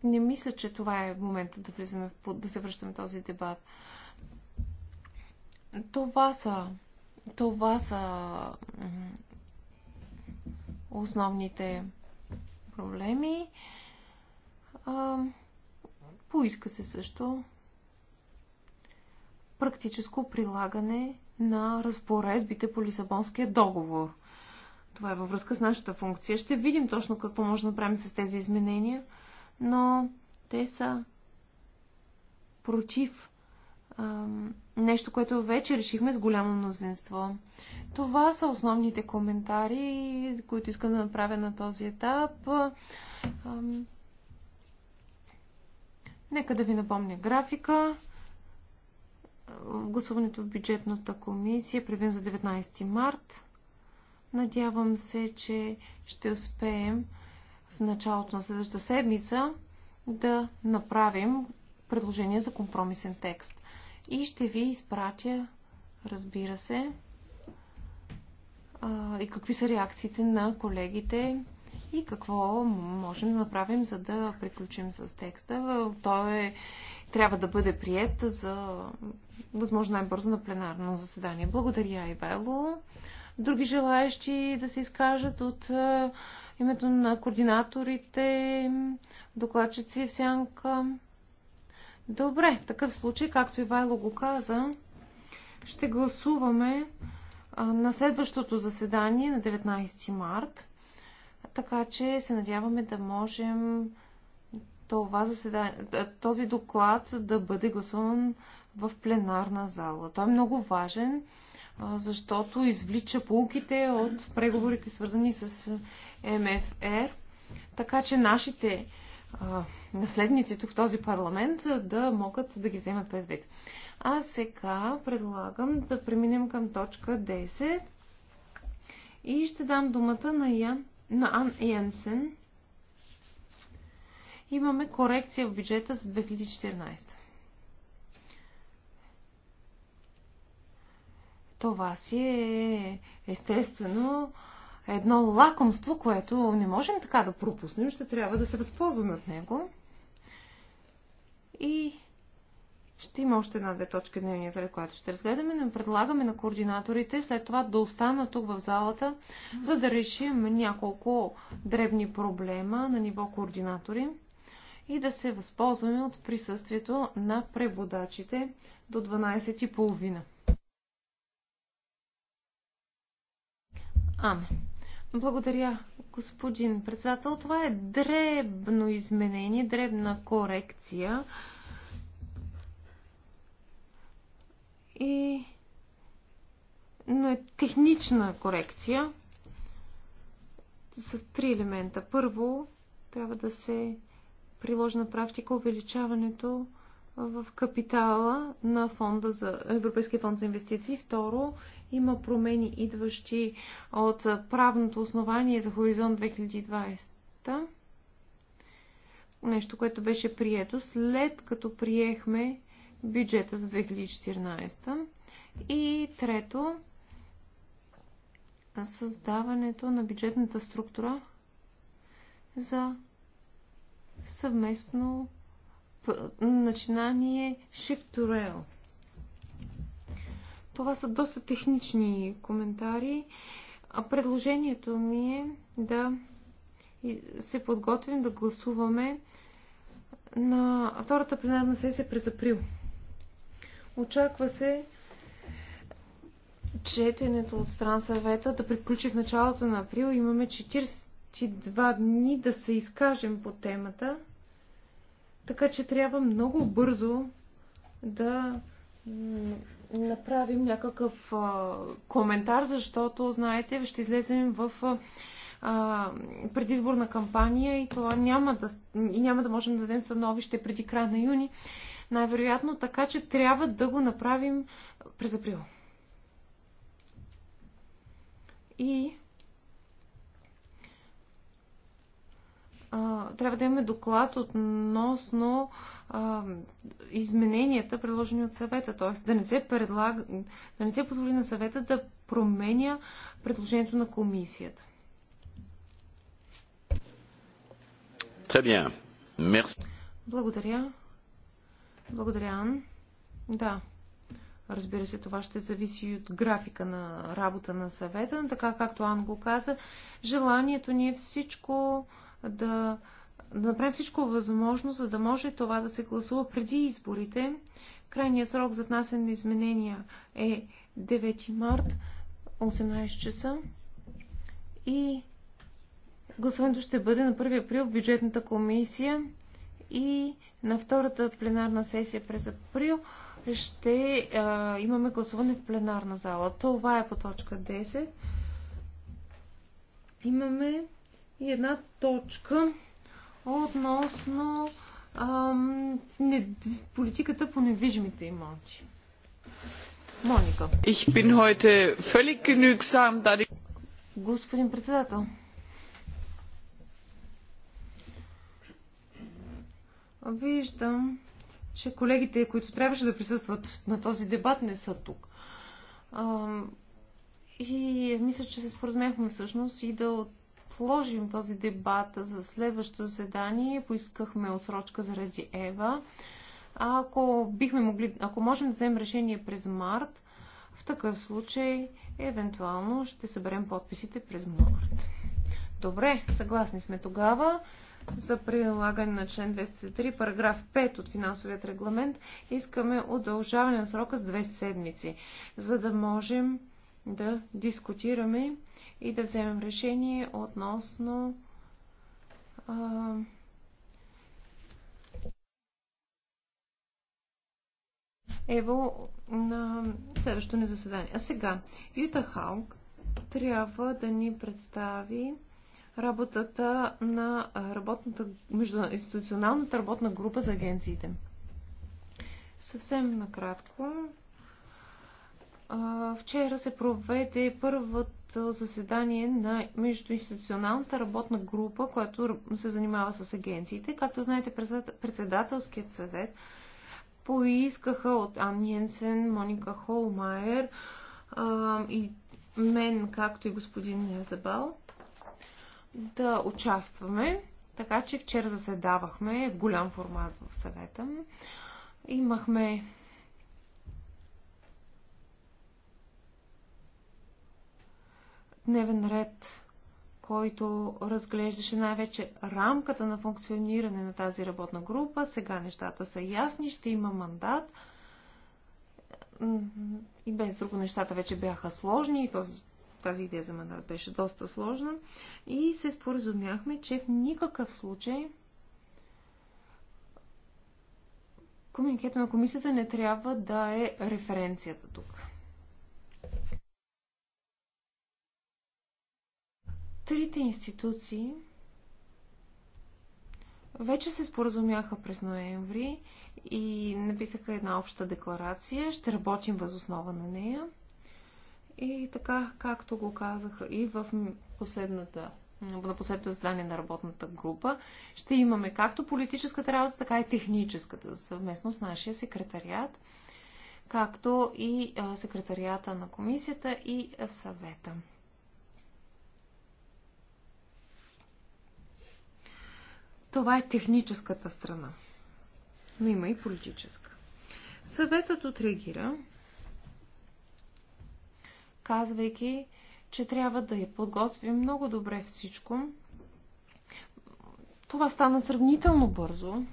не мисля, че това е момента да, влизаме в, да се връщаме в този дебат. Това са, това са основните проблеми. А, поиска се също практическо прилагане на разпоредбите по Лисабонския договор. Това е във връзка с нашата функция. Ще видим точно какво може да направим с тези изменения, но те са против ам, нещо, което вече решихме с голямо мнозинство. Това са основните коментари, които искам да направя на този етап. Ам, нека да ви напомня графика гласуването в бюджетната комисия, предвидено за 19 март. Надявам се, че ще успеем в началото на следващата седмица да направим предложение за компромисен текст. И ще ви изпратя, разбира се, и какви са реакциите на колегите и какво можем да направим, за да приключим с текста. Той е трябва да бъде прият за възможно най-бързо на пленарно заседание. Благодаря, Ивело. Други желаящи да се изкажат от е, името на координаторите, докладчици в е сянка. Добре, в такъв случай, както Ивайло го каза, ще гласуваме на следващото заседание на 19 март. Така че се надяваме да можем това заседание, този доклад да бъде гласуван в пленарна зала. Той е много важен, защото извлича полуките от преговорите, свързани с МФР, така че нашите наследници тук в този парламент да могат да ги вземат предвид. А сега предлагам да преминем към точка 10 и ще дам думата на, Ян, на Ан Янсен имаме корекция в бюджета за 2014. Това си е естествено едно лакомство, което не можем така да пропуснем, ще трябва да се възползваме от него. И ще има още една-две точки дневния ред, която ще разгледаме, но предлагаме на координаторите след това да остана тук в залата, за да решим няколко дребни проблема на ниво координатори и да се възползваме от присъствието на преводачите до 12.30. Ана. Благодаря, господин председател. Това е дребно изменение, дребна корекция. И... Но е технична корекция с три елемента. Първо, трябва да се приложена практика увеличаването в капитала на фонда за, Европейския фонд за инвестиции. Второ, има промени идващи от правното основание за Хоризонт 2020. Нещо, което беше прието след като приехме бюджета за 2014. И трето, създаването на бюджетната структура за съвместно начинание Shift to Rail. Това са доста технични коментари. А предложението ми е да се подготвим да гласуваме на втората пленарна сесия през април. Очаква се четенето от стран съвета да приключи в началото на април. Имаме 40 два дни да се изкажем по темата, така че трябва много бързо да направим някакъв а, коментар, защото, знаете, ще излезем в а, предизборна кампания и това няма да, и няма да можем да дадем становище преди края на юни. Най-вероятно, така че трябва да го направим през април. И а, трябва да имаме доклад относно а, измененията, предложени от съвета, т.е. Да, не се предлага, да не се позволи на съвета да променя предложението на комисията. Très bien. Merci. Благодаря. Благодаря, Ан. Да. Разбира се, това ще зависи от графика на работа на съвета, но така както Ан го каза, желанието ни е всичко да, да направим всичко възможно, за да може това да се гласува преди изборите. Крайният срок за внасяне на изменения е 9 март, 18 часа. И гласуването ще бъде на 1 април в бюджетната комисия и на втората пленарна сесия през април ще а, имаме гласуване в пленарна зала. Това е по точка 10. Имаме и една точка относно ам, политиката по недвижимите имоти. Моника. Ich bin heute völlig genügsam, da die... Господин председател. Виждам, че колегите, които трябваше да присъстват на този дебат, не са тук. Ам, и мисля, че се споразмяхме всъщност и да от отложим този дебат за следващото заседание. Поискахме отсрочка заради Ева. Ако, бихме могли, ако можем да вземем решение през март, в такъв случай, евентуално, ще съберем подписите през март. Добре, съгласни сме тогава за прилагане на член 203, параграф 5 от финансовият регламент, искаме удължаване на срока с две седмици, за да можем да дискутираме и да вземем решение относно а, Ево на следващото ни заседание. А сега, Юта Халк трябва да ни представи работата на работната, междуинституционалната работна група за агенциите. Съвсем накратко Вчера се проведе първото заседание на междуинституционалната работна група, която се занимава с агенциите. Както знаете, председателският съвет поискаха от Ан Йенсен, Моника Холмайер и мен, както и господин Незабал, да участваме. Така че вчера заседавахме в голям формат в съвета. Имахме дневен ред, който разглеждаше най-вече рамката на функциониране на тази работна група. Сега нещата са ясни, ще има мандат. И без друго нещата вече бяха сложни и този, тази идея за мандат беше доста сложна. И се споразумяхме, че в никакъв случай комуникето на комисията не трябва да е референцията тук. Трите институции вече се споразумяха през ноември и написаха една обща декларация. Ще работим възоснова на нея. И така, както го казах и в последната на последното заседание на работната група, ще имаме както политическата работа, така и техническата, съвместно с нашия секретариат, както и секретарията на комисията и съвета. Това е техническата страна. Но има и политическа. Съветът отреагира, казвайки, че трябва да я подготвим много добре всичко. Това стана сравнително бързо.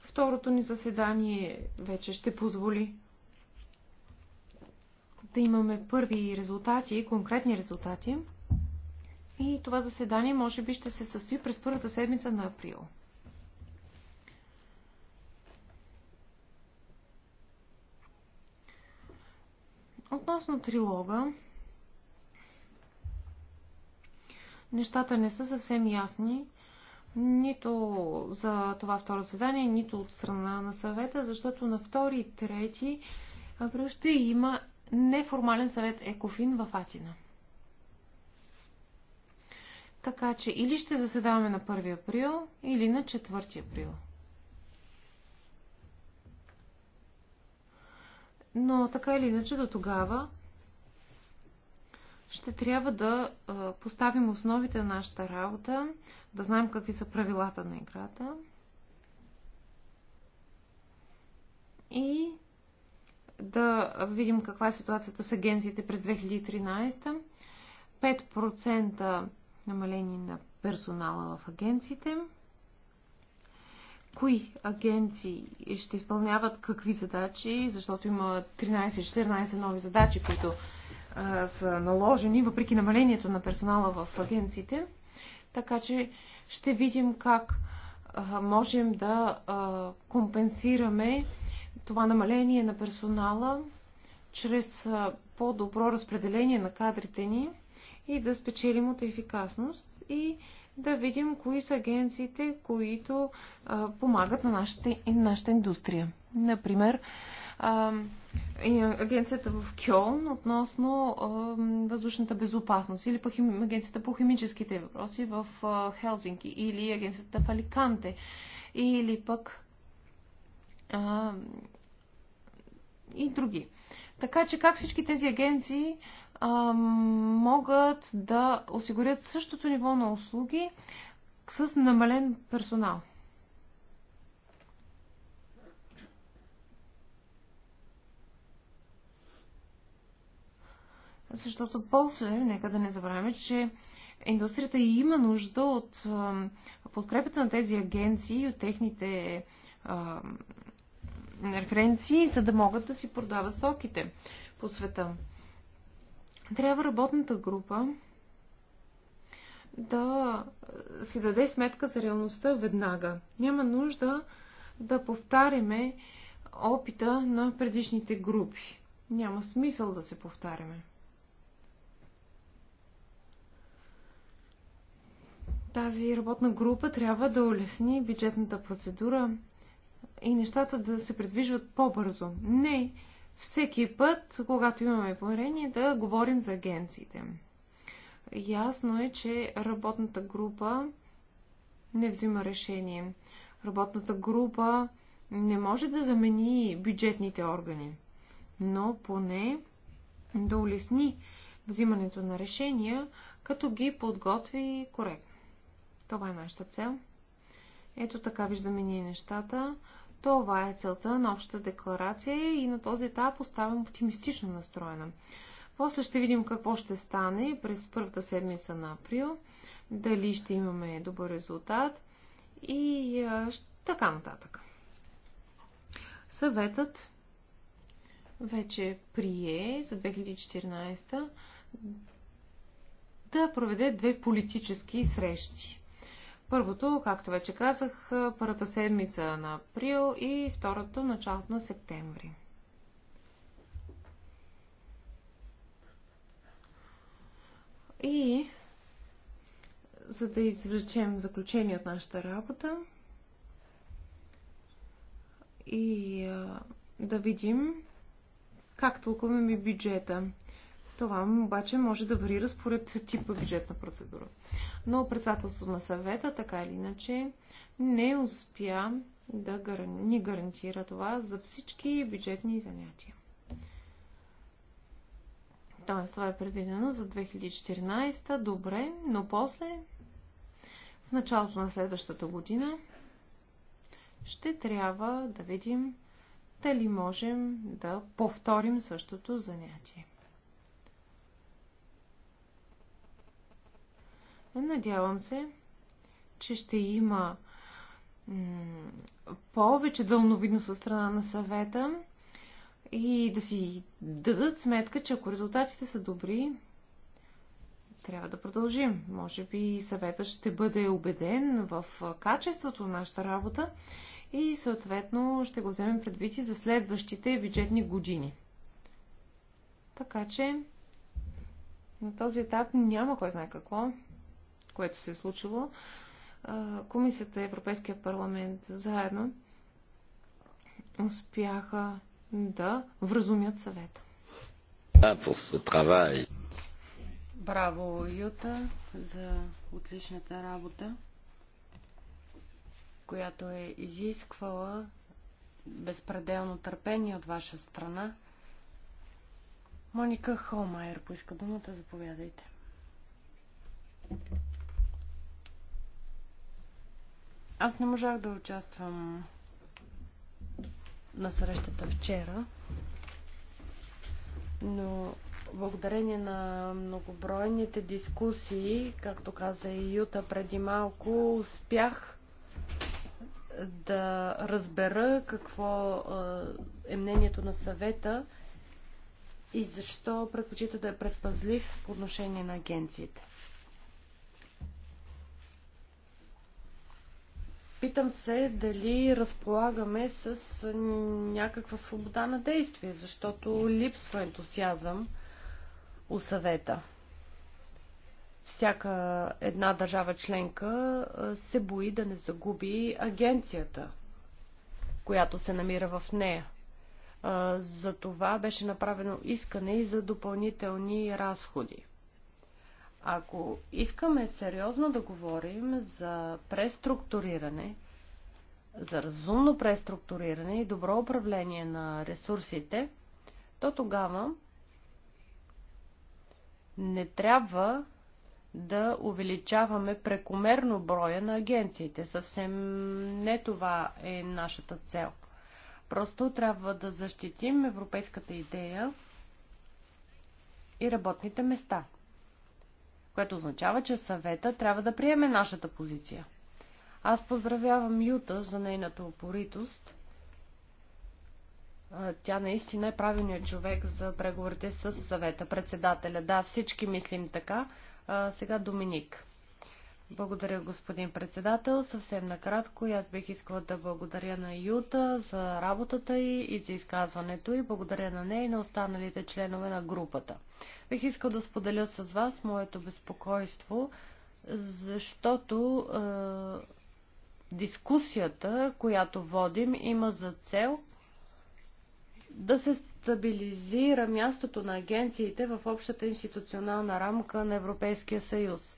Второто ни заседание вече ще позволи да имаме първи резултати, конкретни резултати – и това заседание може би ще се състои през първата седмица на април. Относно трилога, нещата не са съвсем ясни, нито за това второ заседание, нито от страна на съвета, защото на втори и трети април ще има неформален съвет Екофин в Атина. Така че или ще заседаваме на 1 април, или на 4 април. Но така или иначе до тогава ще трябва да поставим основите на нашата работа, да знаем какви са правилата на играта. И да видим каква е ситуацията с агенциите през 2013. 5% намаление на персонала в агенциите. Кои агенции ще изпълняват какви задачи, защото има 13-14 нови задачи, които а, са наложени, въпреки намалението на персонала в агенциите. Така че ще видим как а, можем да а, компенсираме това намаление на персонала чрез по-добро разпределение на кадрите ни и да спечелим от ефикасност и да видим кои са агенциите, които а, помагат на нашата, нашата индустрия. Например, а, агенцията в Кьон относно а, въздушната безопасност или пък агенцията по химическите въпроси в а, Хелзинки или агенцията в Аликанте или пък а, и други. Така че как всички тези агенции а, могат да осигурят същото ниво на услуги с намален персонал. Защото после, нека да не забравяме, че индустрията има нужда от а, подкрепата на тези агенции, от техните а, референции, за да могат да си продават стоките по света. Трябва работната група да си даде сметка за реалността веднага. Няма нужда да повтаряме опита на предишните групи. Няма смисъл да се повтаряме. Тази работна група трябва да улесни бюджетната процедура и нещата да се предвижват по-бързо. Не всеки път, когато имаме поверение, да говорим за агенциите. Ясно е, че работната група не взима решение. Работната група не може да замени бюджетните органи, но поне да улесни взимането на решения, като ги подготви коректно. Това е нашата цел. Ето така виждаме ние нещата. Това е целта на общата декларация и на този етап оставам оптимистично настроена. После ще видим какво ще стане през първата седмица на април, дали ще имаме добър резултат и така нататък. Съветът вече прие за 2014 да проведе две политически срещи. Първото, както вече казах, е, първата седмица на април и второто началото на септември. И за да извлечем заключение от нашата работа и а, е, да видим как тълкуваме бюджета. Това обаче може да варира според типа бюджетна процедура. Но председателството на съвета, така или иначе, не успя да ни гарантира това за всички бюджетни занятия. Тоест, това е предвидено за 2014, добре, но после, в началото на следващата година, ще трябва да видим дали можем да повторим същото занятие. Надявам се, че ще има повече дълновидност от страна на съвета и да си дадат сметка, че ако резултатите са добри, трябва да продължим. Може би съветът ще бъде убеден в качеството на нашата работа и съответно ще го вземем предвид и за следващите бюджетни години. Така че на този етап няма кой знае какво което се е случило, Комисията и Европейския парламент заедно успяха да вразумят съвета. Браво, Юта, за отличната работа, която е изисквала безпределно търпение от ваша страна. Моника Холмайер поиска думата, заповядайте. Аз не можах да участвам на срещата вчера, но благодарение на многобройните дискусии, както каза и Юта преди малко, успях да разбера какво е мнението на съвета и защо предпочита да е предпазлив по отношение на агенциите. Питам се дали разполагаме с някаква свобода на действие, защото липсва ентусиазъм у съвета. Всяка една държава членка се бои да не загуби агенцията, която се намира в нея. За това беше направено искане и за допълнителни разходи. Ако искаме сериозно да говорим за преструктуриране, за разумно преструктуриране и добро управление на ресурсите, то тогава не трябва да увеличаваме прекомерно броя на агенциите. Съвсем не това е нашата цел. Просто трябва да защитим европейската идея и работните места което означава, че съвета трябва да приеме нашата позиция. Аз поздравявам Юта за нейната опоритост. Тя наистина е правилният човек за преговорите с съвета, председателя. Да, всички мислим така. Сега Доминик. Благодаря, господин председател. Съвсем накратко, аз бих искала да благодаря на Юта за работата й и за изказването и благодаря на нея и на останалите членове на групата. Бих искал да споделя с вас моето безпокойство, защото е, дискусията, която водим, има за цел да се стабилизира мястото на агенциите в общата институционална рамка на Европейския съюз.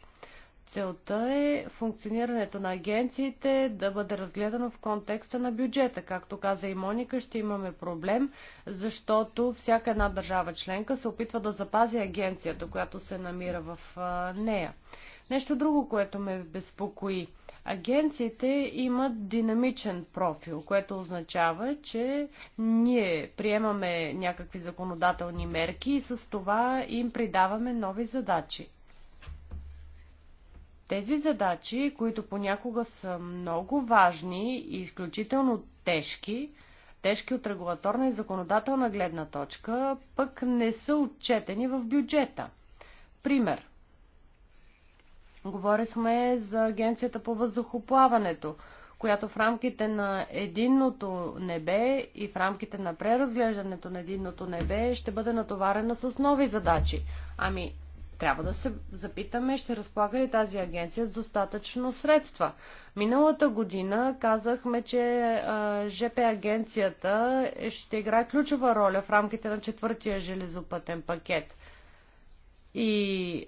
Целта е функционирането на агенциите да бъде разгледано в контекста на бюджета. Както каза и Моника, ще имаме проблем, защото всяка една държава членка се опитва да запази агенцията, която се намира в нея. Нещо друго, което ме безпокои. Агенциите имат динамичен профил, което означава, че ние приемаме някакви законодателни мерки и с това им придаваме нови задачи. Тези задачи, които понякога са много важни и изключително тежки, тежки от регулаторна и законодателна гледна точка, пък не са отчетени в бюджета. Пример. Говорихме за Агенцията по въздухоплаването, която в рамките на единното небе и в рамките на преразглеждането на единното небе ще бъде натоварена с нови задачи. Ами, трябва да се запитаме, ще разполага ли тази агенция с достатъчно средства. Миналата година казахме, че ЖП агенцията е, ще играе ключова роля в рамките на четвъртия железопътен пакет. И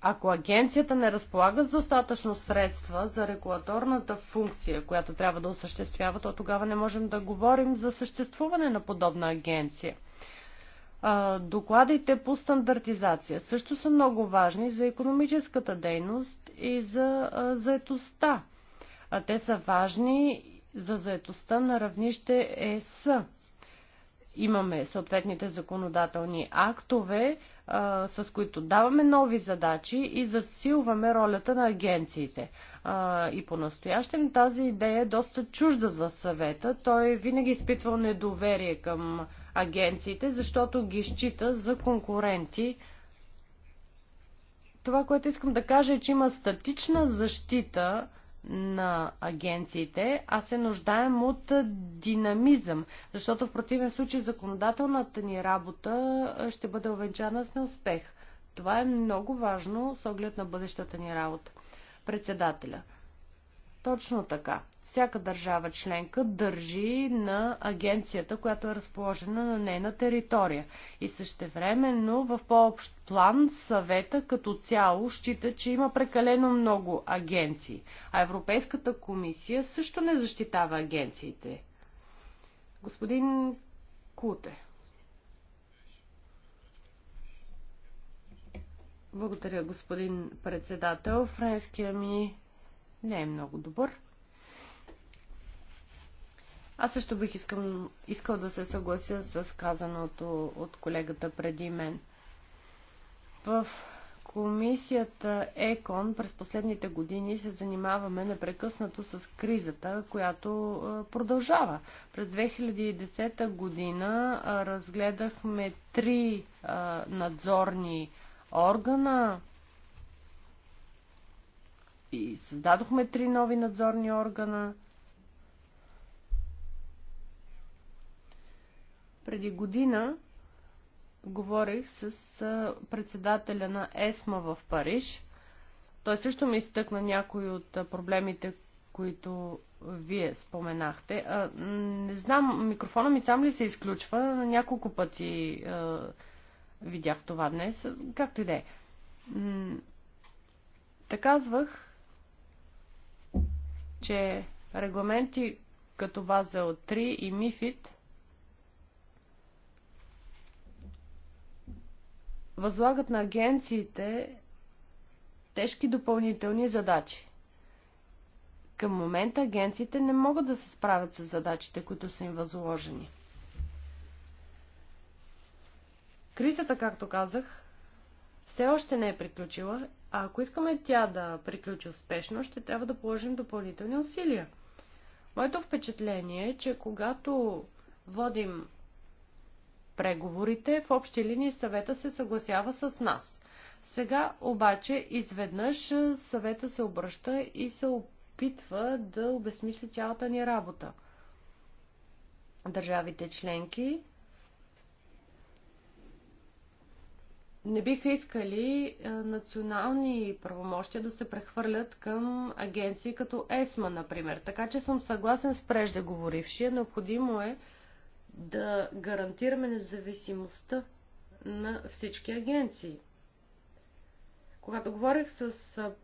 ако агенцията не разполага с достатъчно средства за регулаторната функция, която трябва да осъществява, то тогава не можем да говорим за съществуване на подобна агенция. Докладите по стандартизация също са много важни за економическата дейност и за заетостта. Те са важни за заетостта на равнище ЕС. Имаме съответните законодателни актове, с които даваме нови задачи и засилваме ролята на агенциите. и по-настоящем тази идея е доста чужда за съвета. Той е винаги изпитвал недоверие към агенциите, защото ги счита за конкуренти. Това, което искам да кажа е, че има статична защита на агенциите, а се нуждаем от динамизъм, защото в противен случай законодателната ни работа ще бъде увенчана с неуспех. Това е много важно с оглед на бъдещата ни работа. Председателя. Точно така. Всяка държава членка държи на агенцията, която е разположена на нейна територия. И същевременно в по-общ план съвета като цяло счита, че има прекалено много агенции. А Европейската комисия също не защитава агенциите. Господин Куте. Благодаря, господин председател. Френския ми не е много добър. Аз също бих искал, искал да се съглася с казаното от колегата преди мен. В комисията ЕКОН през последните години се занимаваме непрекъснато с кризата, която продължава. През 2010 година разгледахме три надзорни органа и създадохме три нови надзорни органа – Преди година говорих с председателя на ЕСМА в Париж. Той също ми изтъкна някои от проблемите, които вие споменахте. А, не знам, микрофона ми сам ли се изключва? Няколко пъти а, видях това днес. Както и да е. Та казвах, че регламенти като от 3 и Мифит възлагат на агенциите тежки допълнителни задачи. Към момента агенциите не могат да се справят с задачите, които са им възложени. Кризата, както казах, все още не е приключила, а ако искаме тя да приключи успешно, ще трябва да положим допълнителни усилия. Моето впечатление е, че когато водим преговорите, в общи линии съвета се съгласява с нас. Сега обаче изведнъж съвета се обръща и се опитва да обесмисли цялата ни работа. Държавите членки не биха искали национални правомощия да се прехвърлят към агенции като ЕСМА, например. Така че съм съгласен с преждеговорившия. Необходимо е да гарантираме независимостта на всички агенции. Когато говорих с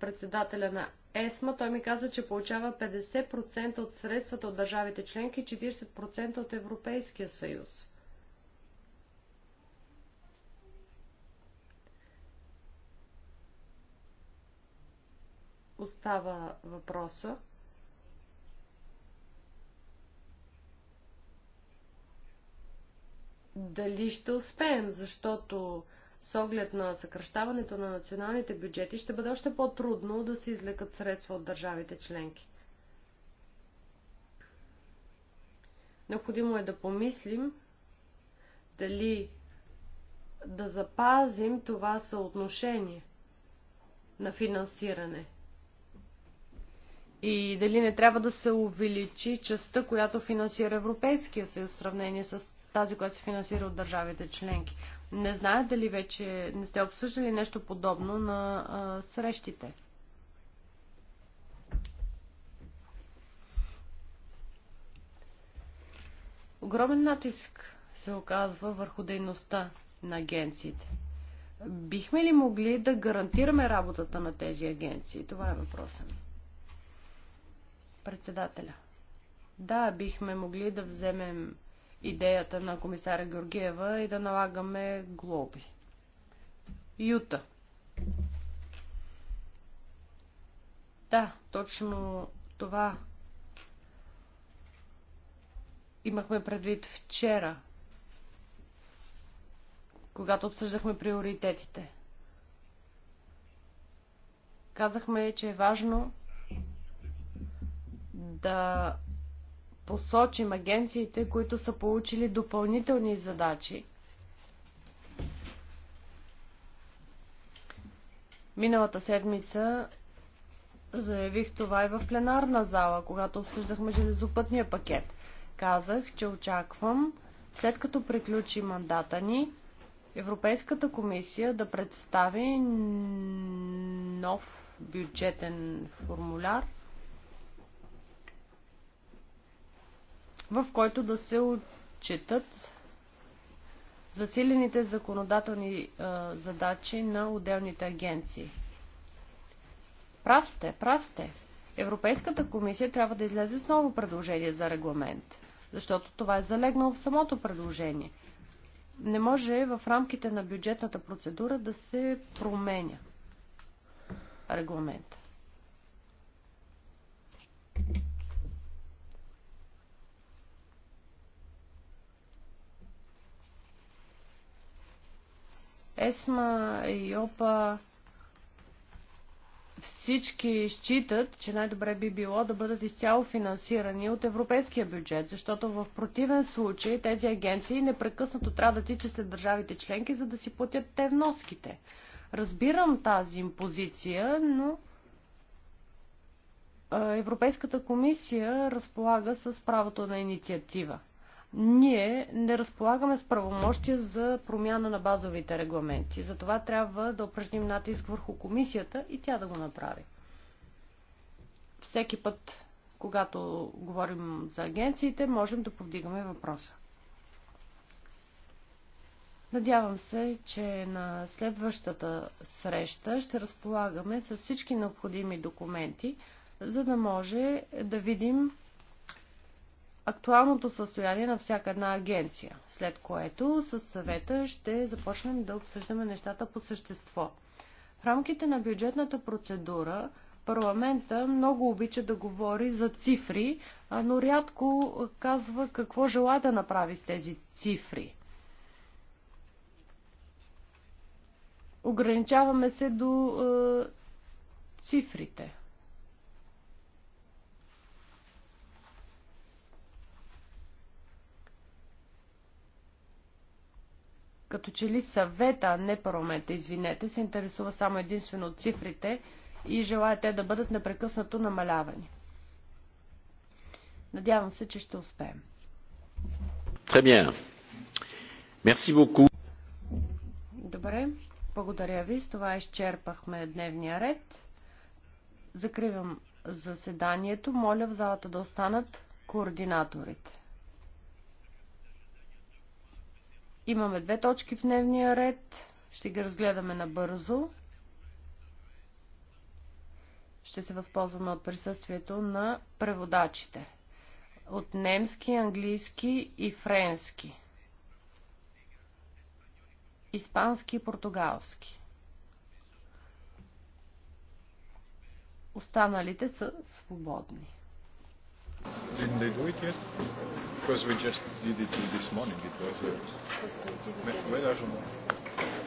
председателя на ЕСМА, той ми каза, че получава 50% от средствата от държавите членки и 40% от Европейския съюз. Остава въпроса дали ще успеем, защото с оглед на съкръщаването на националните бюджети ще бъде още по-трудно да се излекат средства от държавите членки. Необходимо е да помислим дали да запазим това съотношение на финансиране. И дали не трябва да се увеличи частта, която финансира Европейския съюз в сравнение с тази, която се финансира от държавите членки. Не знаете дали вече, не сте обсъждали нещо подобно на а, срещите? Огромен натиск се оказва върху дейността на агенциите. Бихме ли могли да гарантираме работата на тези агенции? Това е въпросът ми. Председателя. Да, бихме могли да вземем идеята на комисаря Георгиева и е да налагаме глоби. Юта. Да, точно това имахме предвид вчера, когато обсъждахме приоритетите. Казахме, че е важно да посочим агенциите, които са получили допълнителни задачи. Миналата седмица заявих това и в пленарна зала, когато обсъждахме железопътния пакет. Казах, че очаквам, след като приключи мандата ни, Европейската комисия да представи нов бюджетен формуляр – в който да се отчитат засилените законодателни а, е, задачи на отделните агенции. Прав сте, прав сте. Европейската комисия трябва да излезе с ново предложение за регламент, защото това е залегнало в самото предложение. Не може в рамките на бюджетната процедура да се променя регламента. ЕСМА и ОПА всички считат, че най-добре би било да бъдат изцяло финансирани от европейския бюджет, защото в противен случай тези агенции непрекъснато трябва да тича след държавите членки, за да си платят те вноските. Разбирам тази им позиция, но Европейската комисия разполага с правото на инициатива ние не разполагаме с правомощия за промяна на базовите регламенти. Затова трябва да упражним натиск върху комисията и тя да го направи. Всеки път, когато говорим за агенциите, можем да повдигаме въпроса. Надявам се, че на следващата среща ще разполагаме с всички необходими документи, за да може да видим актуалното състояние на всяка една агенция, след което с съвета ще започнем да обсъждаме нещата по същество. В рамките на бюджетната процедура парламента много обича да говори за цифри, но рядко казва какво желая да направи с тези цифри. Ограничаваме се до е, цифрите. Като че ли съвета, а не парламента, извинете, се интересува само единствено от цифрите и желая те да бъдат непрекъснато намалявани. Надявам се, че ще успеем. Très bien. Merci beaucoup. Добре, благодаря ви. С това изчерпахме дневния ред. Закривам заседанието. Моля в залата да останат координаторите. Имаме две точки в дневния ред. Ще ги разгледаме набързо. Ще се възползваме от присъствието на преводачите. От немски, английски и френски. Испански и португалски. Останалите са свободни. Didn't they do it yet? Because we just did it this morning. It was. Uh,